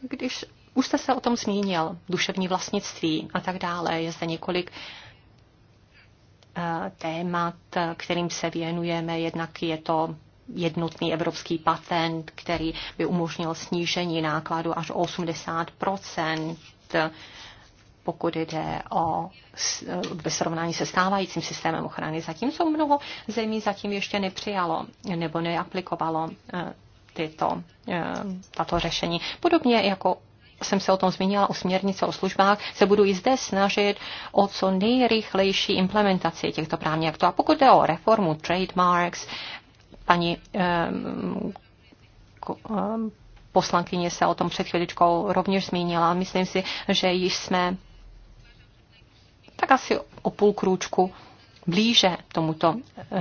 když už jste se o tom zmínil, duševní vlastnictví a tak dále, je zde několik témat, kterým se věnujeme. Jednak je to jednotný evropský patent, který by umožnil snížení nákladu až 80 pokud jde o ve srovnání se stávajícím systémem ochrany. Zatímco mnoho zemí zatím ještě nepřijalo nebo neaplikovalo eh, tyto, eh, tato řešení. Podobně jako jsem se o tom zmínila, o směrnice o službách, se budu i zde snažit o co nejrychlejší implementaci těchto právních aktů. A pokud jde o reformu trademarks, paní um, ko, um, poslankyně se o tom před chvíličkou rovněž zmínila. Myslím si, že již jsme tak asi o půl krůčku blíže tomuto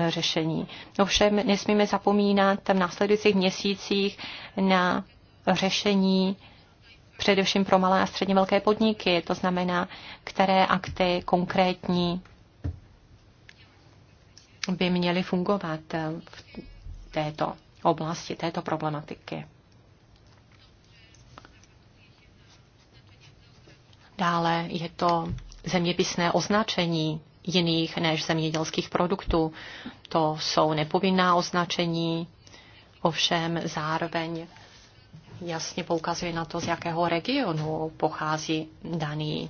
e, řešení. Ovšem nesmíme zapomínat v následujících měsících na řešení především pro malé a středně velké podniky, to znamená, které akty konkrétní by měly fungovat v této oblasti, této problematiky. Dále je to zeměpisné označení jiných než zemědělských produktů. To jsou nepovinná označení, ovšem zároveň jasně poukazuje na to, z jakého regionu pochází daný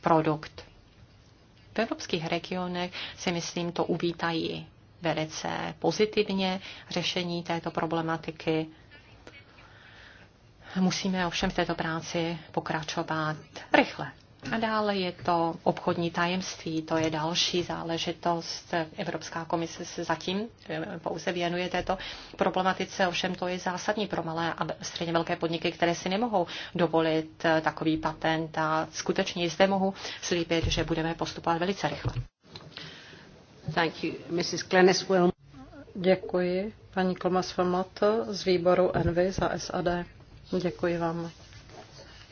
produkt. V evropských regionech si myslím, to uvítají velice pozitivně řešení této problematiky. Musíme ovšem v této práci pokračovat rychle. A dále je to obchodní tajemství, to je další záležitost. Evropská komise se zatím eh, pouze věnuje této problematice, ovšem to je zásadní pro malé a středně velké podniky, které si nemohou dovolit eh, takový patent a skutečně zde mohu slíbit, že budeme postupovat velice rychle. Thank you, Mrs. Glenis Will. Děkuji, paní Klomas z výboru Envy za SAD. Děkuji vám.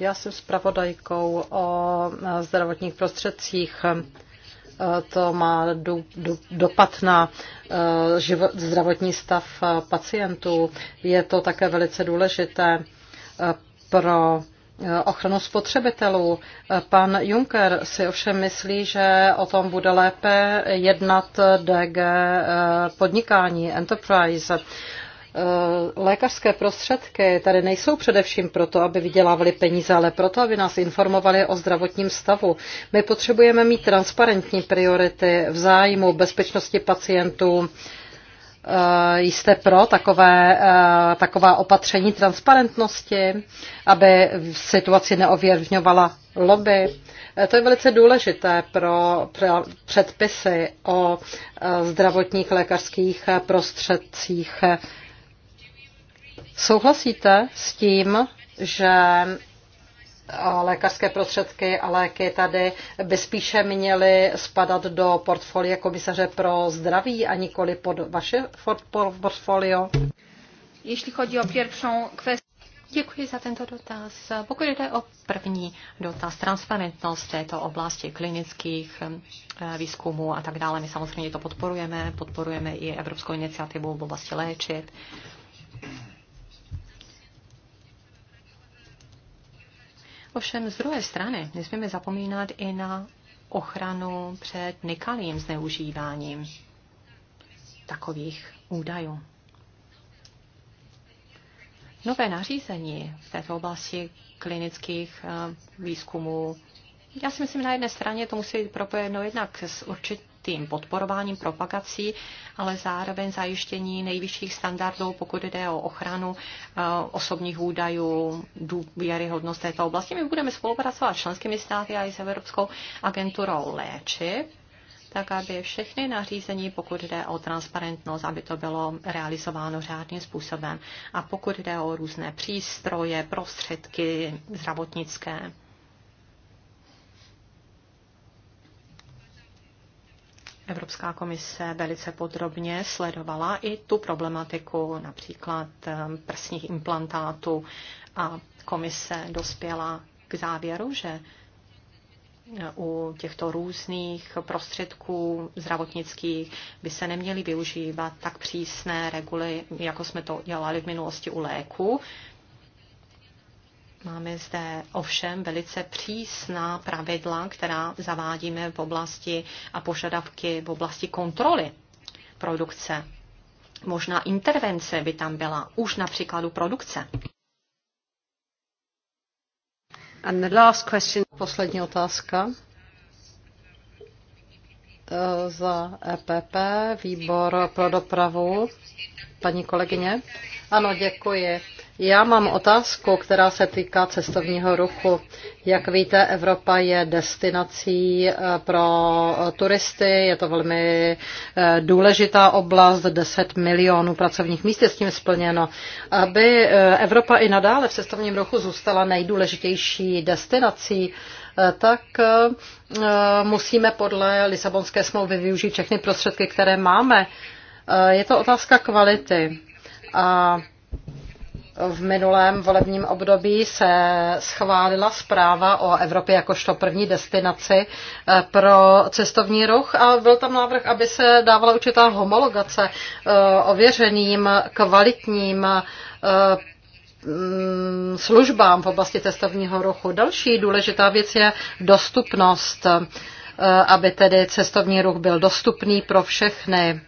Já jsem zpravodajkou o e, zdravotních prostředcích. E, to má do, do, dopad na e, živo, zdravotní stav pacientů. Je to také velice důležité pro ochranu spotřebitelů. Pan Juncker si ovšem myslí, že o tom bude lépe jednat DG podnikání Enterprise. Eh, lékařské prostředky tady nejsou především proto, aby vydělávali peníze, ale proto, aby nás informovali o zdravotním stavu. My potřebujeme mít transparentní priority v zájmu bezpečnosti pacientů. Eh, jste pro takové, eh, taková opatření transparentnosti, aby situaci neověrňovala lobby. To je velice důležité pro předpisy o zdravotních lékařských prostředcích Souhlasíte s tím, že eh, lékařské prostředky a léky tady by spíše měly spadat do portfolia komisaře pro zdraví a nikoli pod vaše portfolio? Jestli chodí o pierwszą kvěst... Děkuji za tento dotaz. Pokud jde o první dotaz, transparentnost této oblasti klinických eh, výzkumů a tak dále, my samozřejmě to podporujeme, podporujeme i Evropskou iniciativu v oblasti léčit Ovšem z druhé strany nesmíme zapomínat i na ochranu před nekalým zneužíváním takových údajů. Nové nařízení v této oblasti klinických eh, výzkumů, já si myslím, na jedné straně to musí být propojeno jednak s určitým tím podporováním, propagací, ale zároveň zajištění nejvyšších standardů, pokud jde o ochranu eh, osobních údajů, důvěryhodnost této oblasti. My budeme spolupracovat s členskými státy a i s Evropskou agenturou léčiv tak aby všechny nařízení, pokud jde o transparentnost, aby to bylo realizováno řádným způsobem. A pokud jde o různé přístroje, prostředky zdravotnické, Evropská komise velice podrobně sledovala i tu problematiku například eh, prsních implantátů a komise dospěla k závěru, že eh, u těchto různých prostředků zdravotnických by se neměly využívat tak přísné reguly, jako jsme to dělali v minulosti u léku, Máme zde ovšem velice přísná pravidla, která zavádíme v oblasti a požadavky v oblasti kontroly produkce. Možná intervence by tam byla už na příkladu produkce. And the last question. Poslední otázka eh, za EPP, výbor pro dopravu. Paní kolegyně? Ano, děkuji. Já mám otázku, která se týká cestovního ruchu. Jak víte, Evropa je destinací eh, pro eh, turisty, je to velmi eh, důležitá oblast, 10 milionů pracovních míst je s tím splněno. Aby Evropa i nadále v cestovním ruchu zůstala nejdůležitější destinací, tak musíme podle Lisabonské smlouvy využít všechny prostředky, které máme Eh, je to otázka kvality. A v minulém volebním období se schválila zpráva o Evropě jakožto první destinaci eh, pro cestovní ruch a byl tam návrh, aby se dávala určitá homologace eh, ověřeným kvalitním mm, službám v oblasti cestovního ruchu. Další důležitá věc je dostupnost, aby tedy cestovní ruch byl dostupný pro všechny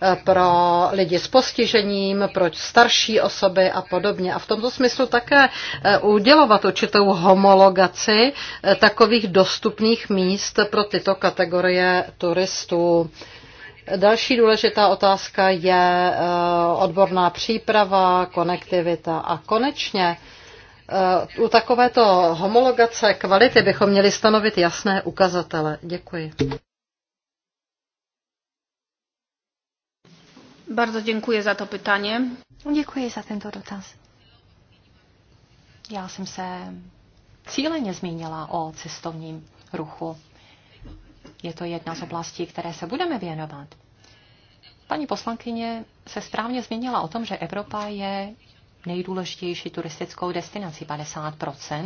pro lidi s postižením, pro starší osoby a podobně. A v tomto smyslu také eh, udělovat určitou homologaci eh, takových dostupných míst pro tyto kategorie turistů. Další důležitá otázka je eh, odborná příprava, konektivita a konečně u takovéto homologace kvality bychom měli stanovit jasné ukazatele. Děkuji. Bardzo děkuji za to pytanie. Děkuji za tento dotaz. Já jsem se cíleně zmínila o cestovním ruchu. Je to jedna z oblastí, které se budeme věnovat. Paní poslankyně se správně zmínila o tom, že Evropa je nejdůležitější turistickou destinací. 50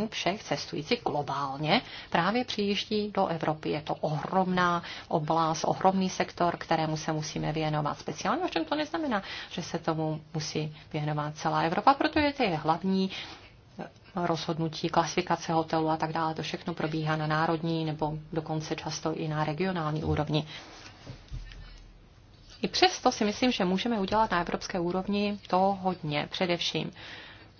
všech cestujících globálně právě přijíždí do Evropy. Je to ohromná oblast, ohromný sektor, kterému se musíme věnovat speciálně. Ovšem to neznamená, že se tomu musí věnovat celá Evropa, protože to je hlavní eh, rozhodnutí, klasifikace hotelu a tak dále. To všechno probíhá na národní nebo dokonce často i na regionální úrovni. I přesto si myslím, že můžeme udělat na evropské úrovni to hodně, především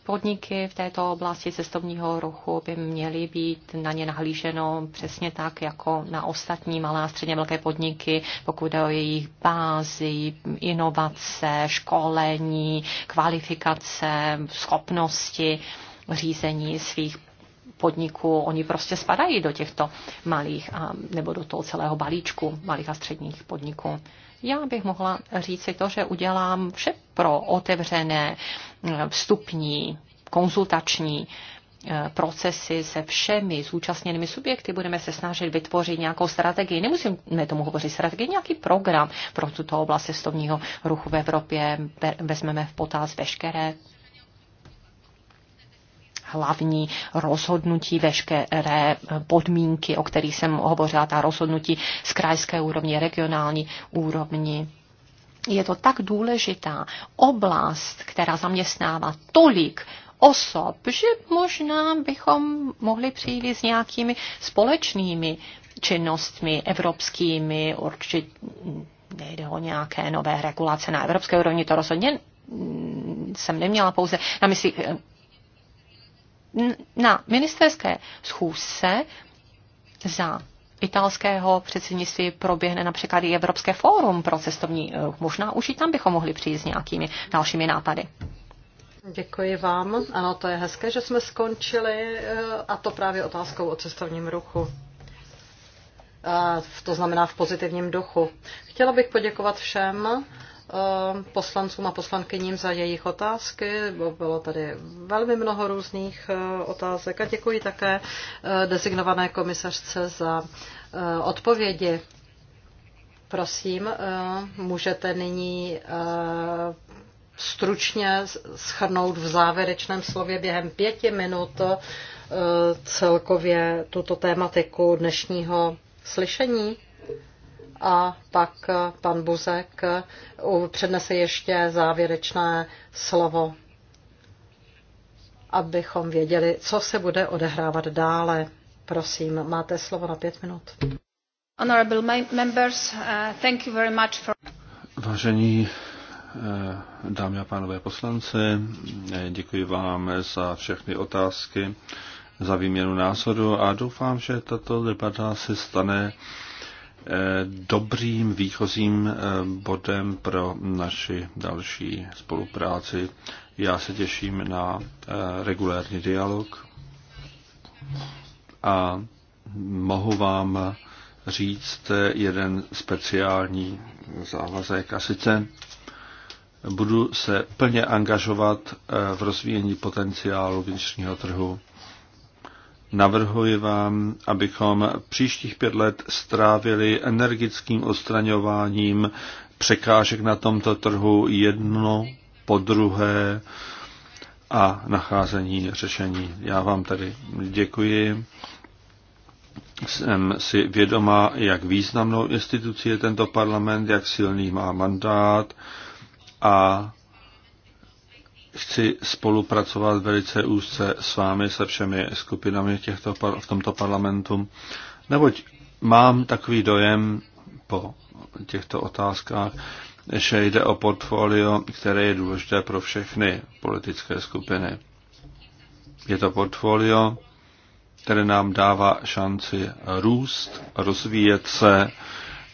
podniky v této oblasti cestovního ruchu by měly být na ně nahlíženo přesně tak, jako na ostatní malé a středně velké podniky, pokud jde o jejich bázi, inovace, školení, kvalifikace, schopnosti řízení svých podniků. Oni prostě spadají do těchto malých a, nebo do toho celého balíčku malých a středních podniků. Já bych mohla říct to, že udělám vše pro otevřené eh, vstupní, konzultační eh, procesy se všemi zúčastněnými subjekty, budeme se snažit vytvořit nějakou strategii, nemusíme tomu hovořit strategii, nějaký program pro tuto oblast cestovního ruchu v Evropě, vezmeme v potaz veškeré hlavní rozhodnutí, veškeré eh, podmínky, o kterých jsem hovořila, ta rozhodnutí z krajské úrovni, regionální úrovni. Je to tak důležitá oblast, která zaměstnává tolik osob, že možná bychom mohli přijít s nějakými společnými činnostmi evropskými, určitě nejde o nějaké nové regulace na evropské úrovni, to rozhodně mm, jsem neměla pouze na mysli eh, na ministerské schůzce za italského předsednictví proběhne například i Evropské fórum pro cestovní ruch. Eh, možná už i tam bychom mohli přijít s nějakými dalšími nápady. Děkuji vám. Ano, to je hezké, že jsme skončili eh, a to právě otázkou o cestovním ruchu. A eh, to znamená v pozitivním duchu. Chtěla bych poděkovat všem Eh, poslancům a poslankyním za jejich otázky. Bylo tady velmi mnoho různých eh, otázek a děkuji také eh, designované komisařce za odpovědi. Prosím, můžete nyní stručně schrnout v závěrečném slově během pěti minut celkově tuto tématiku dnešního slyšení a pak eh, pan Buzek eh, přednese ještě závěrečné slovo, abychom věděli, co se bude odehrávat dále. Prosím, máte slovo na pět minut. Honorable members, eh, thank you very much for... Vážení dámy a pánové poslanci, děkuji vám za všechny otázky, za výměnu názoru a doufám, že tato debata se stane dobrým výchozím eh, bodem pro naši další spolupráci. Já se těším na eh, regulární dialog a mohu vám říct jeden speciální závazek a sice budu se plně angažovat eh, v rozvíjení potenciálu vnitřního trhu Navrhuji vám, abychom příštích pět let strávili energickým odstraňováním překážek na tomto trhu jedno po druhé a nacházení řešení. Já vám tady děkuji. Jsem si vědoma, jak významnou institucí je tento parlament, jak silný má mandát a chci spolupracovat velice úzce s vámi, se všemi skupinami těchto, v tomto parlamentu, neboť mám takový dojem po těchto otázkách, že jde o portfolio, které je důležité pro všechny politické skupiny. Je to portfolio, které nám dává šanci růst, rozvíjet se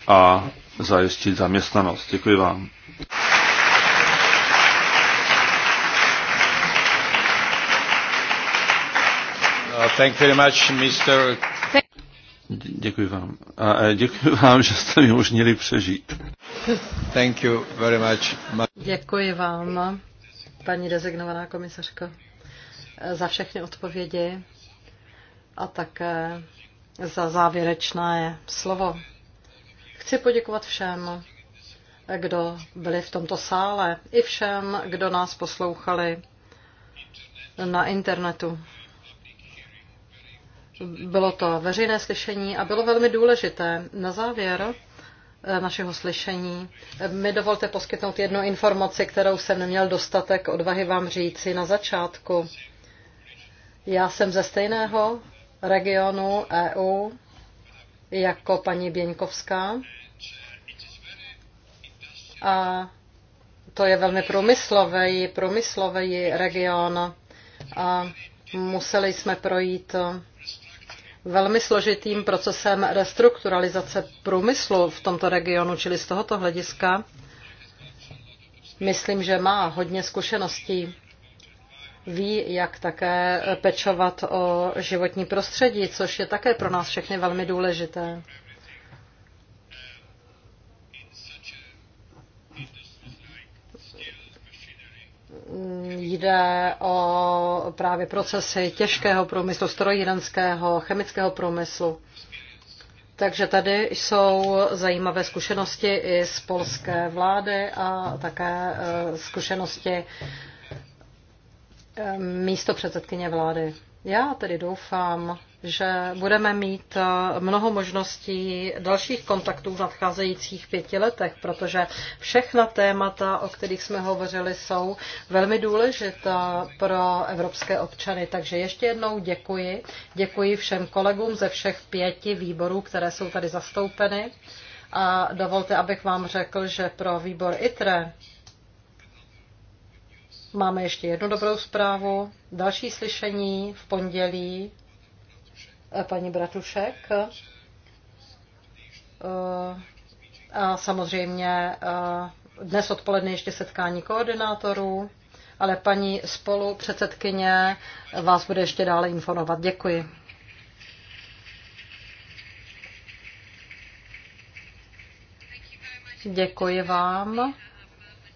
a zajistit zaměstnanost. Děkuji vám. Uh, thank very much, Mr. Děkuji vám. A eh, děkuji vám, že jste mi umožnili přežít. Thank you very much. Děkuji vám, paní rezignovaná komisařko, eh, za všechny odpovědi a také za závěrečné slovo. Chci poděkovat všem, kdo byli v tomto sále, i všem, kdo nás poslouchali na internetu. Bylo to veřejné slyšení a bylo velmi důležité. Na závěr eh, našeho slyšení eh, mi dovolte poskytnout jednu informaci, kterou jsem neměl dostatek odvahy vám říci na začátku. Já jsem ze stejného regionu EU jako paní Běňkovská a to je velmi průmyslový, průmyslový region a museli jsme projít velmi složitým procesem restrukturalizace průmyslu v tomto regionu, čili z tohoto hlediska myslím, že má hodně zkušeností. Ví, jak také pečovat o životní prostředí, což je také pro nás všechny velmi důležité. jde o právě procesy těžkého průmyslu, strojírenského, chemického průmyslu. Takže tady jsou zajímavé zkušenosti i z polské vlády a také eh, zkušenosti eh, místo předsedkyně vlády. Já tedy doufám, že budeme mít eh, mnoho možností dalších kontaktů v nadcházejících pěti letech, protože všechna témata, o kterých jsme hovořili, jsou velmi důležitá pro evropské občany. Takže ještě jednou děkuji. Děkuji všem kolegům ze všech pěti výborů, které jsou tady zastoupeny. A dovolte, abych vám řekl, že pro výbor ITRE máme ještě jednu dobrou zprávu. Další slyšení v pondělí Eh, paní Bratušek. Eh, a samozřejmě eh, dnes odpoledne ještě setkání koordinátorů, ale paní spolu předsedkyně vás bude ještě dále informovat. Děkuji. Děkuji vám.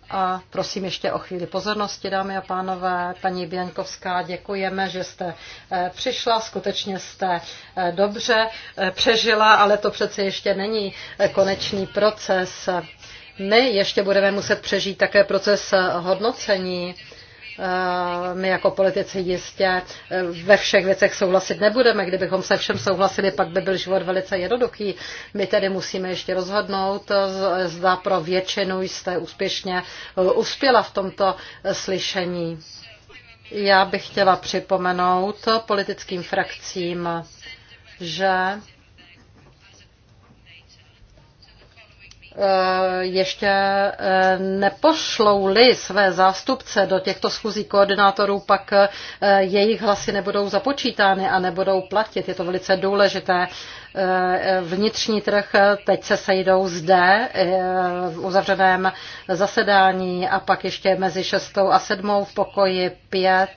A prosím ještě o chvíli pozornosti, dámy a pánové. Paní Běňkovská, děkujeme, že jste eh, přišla. Skutečně jste eh, dobře eh, přežila, ale to přece ještě není konečný proces. My ještě budeme muset přežít také proces hodnocení Eh, my jako politici jistě eh, ve všech věcech souhlasit nebudeme. Kdybychom se všem souhlasili, pak by byl život velice jednoduchý. My tedy musíme ještě rozhodnout, eh, zda pro většinu jste úspěšně uspěla v tomto slyšení. Já bych chtěla připomenout politickým frakcím, že Eh, ještě eh, nepošlou-li své zástupce do těchto schůzí koordinátorů, pak eh, jejich hlasy nebudou započítány a nebudou platit. Je to velice důležité. Vnitřní trh teď se sejdou zde v uzavřeném zasedání a pak ještě mezi 6 a 7 v pokoji 5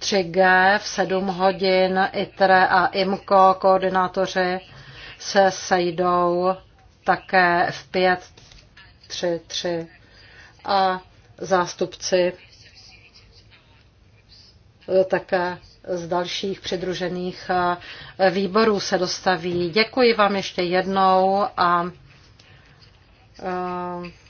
3G v 7 hodin ITRE a IMCO koordinátoři se sejdou také F5, 3, 3 a zástupci eh, také z dalších přidružených eh, výborů se dostaví. Děkuji vám ještě jednou a uh,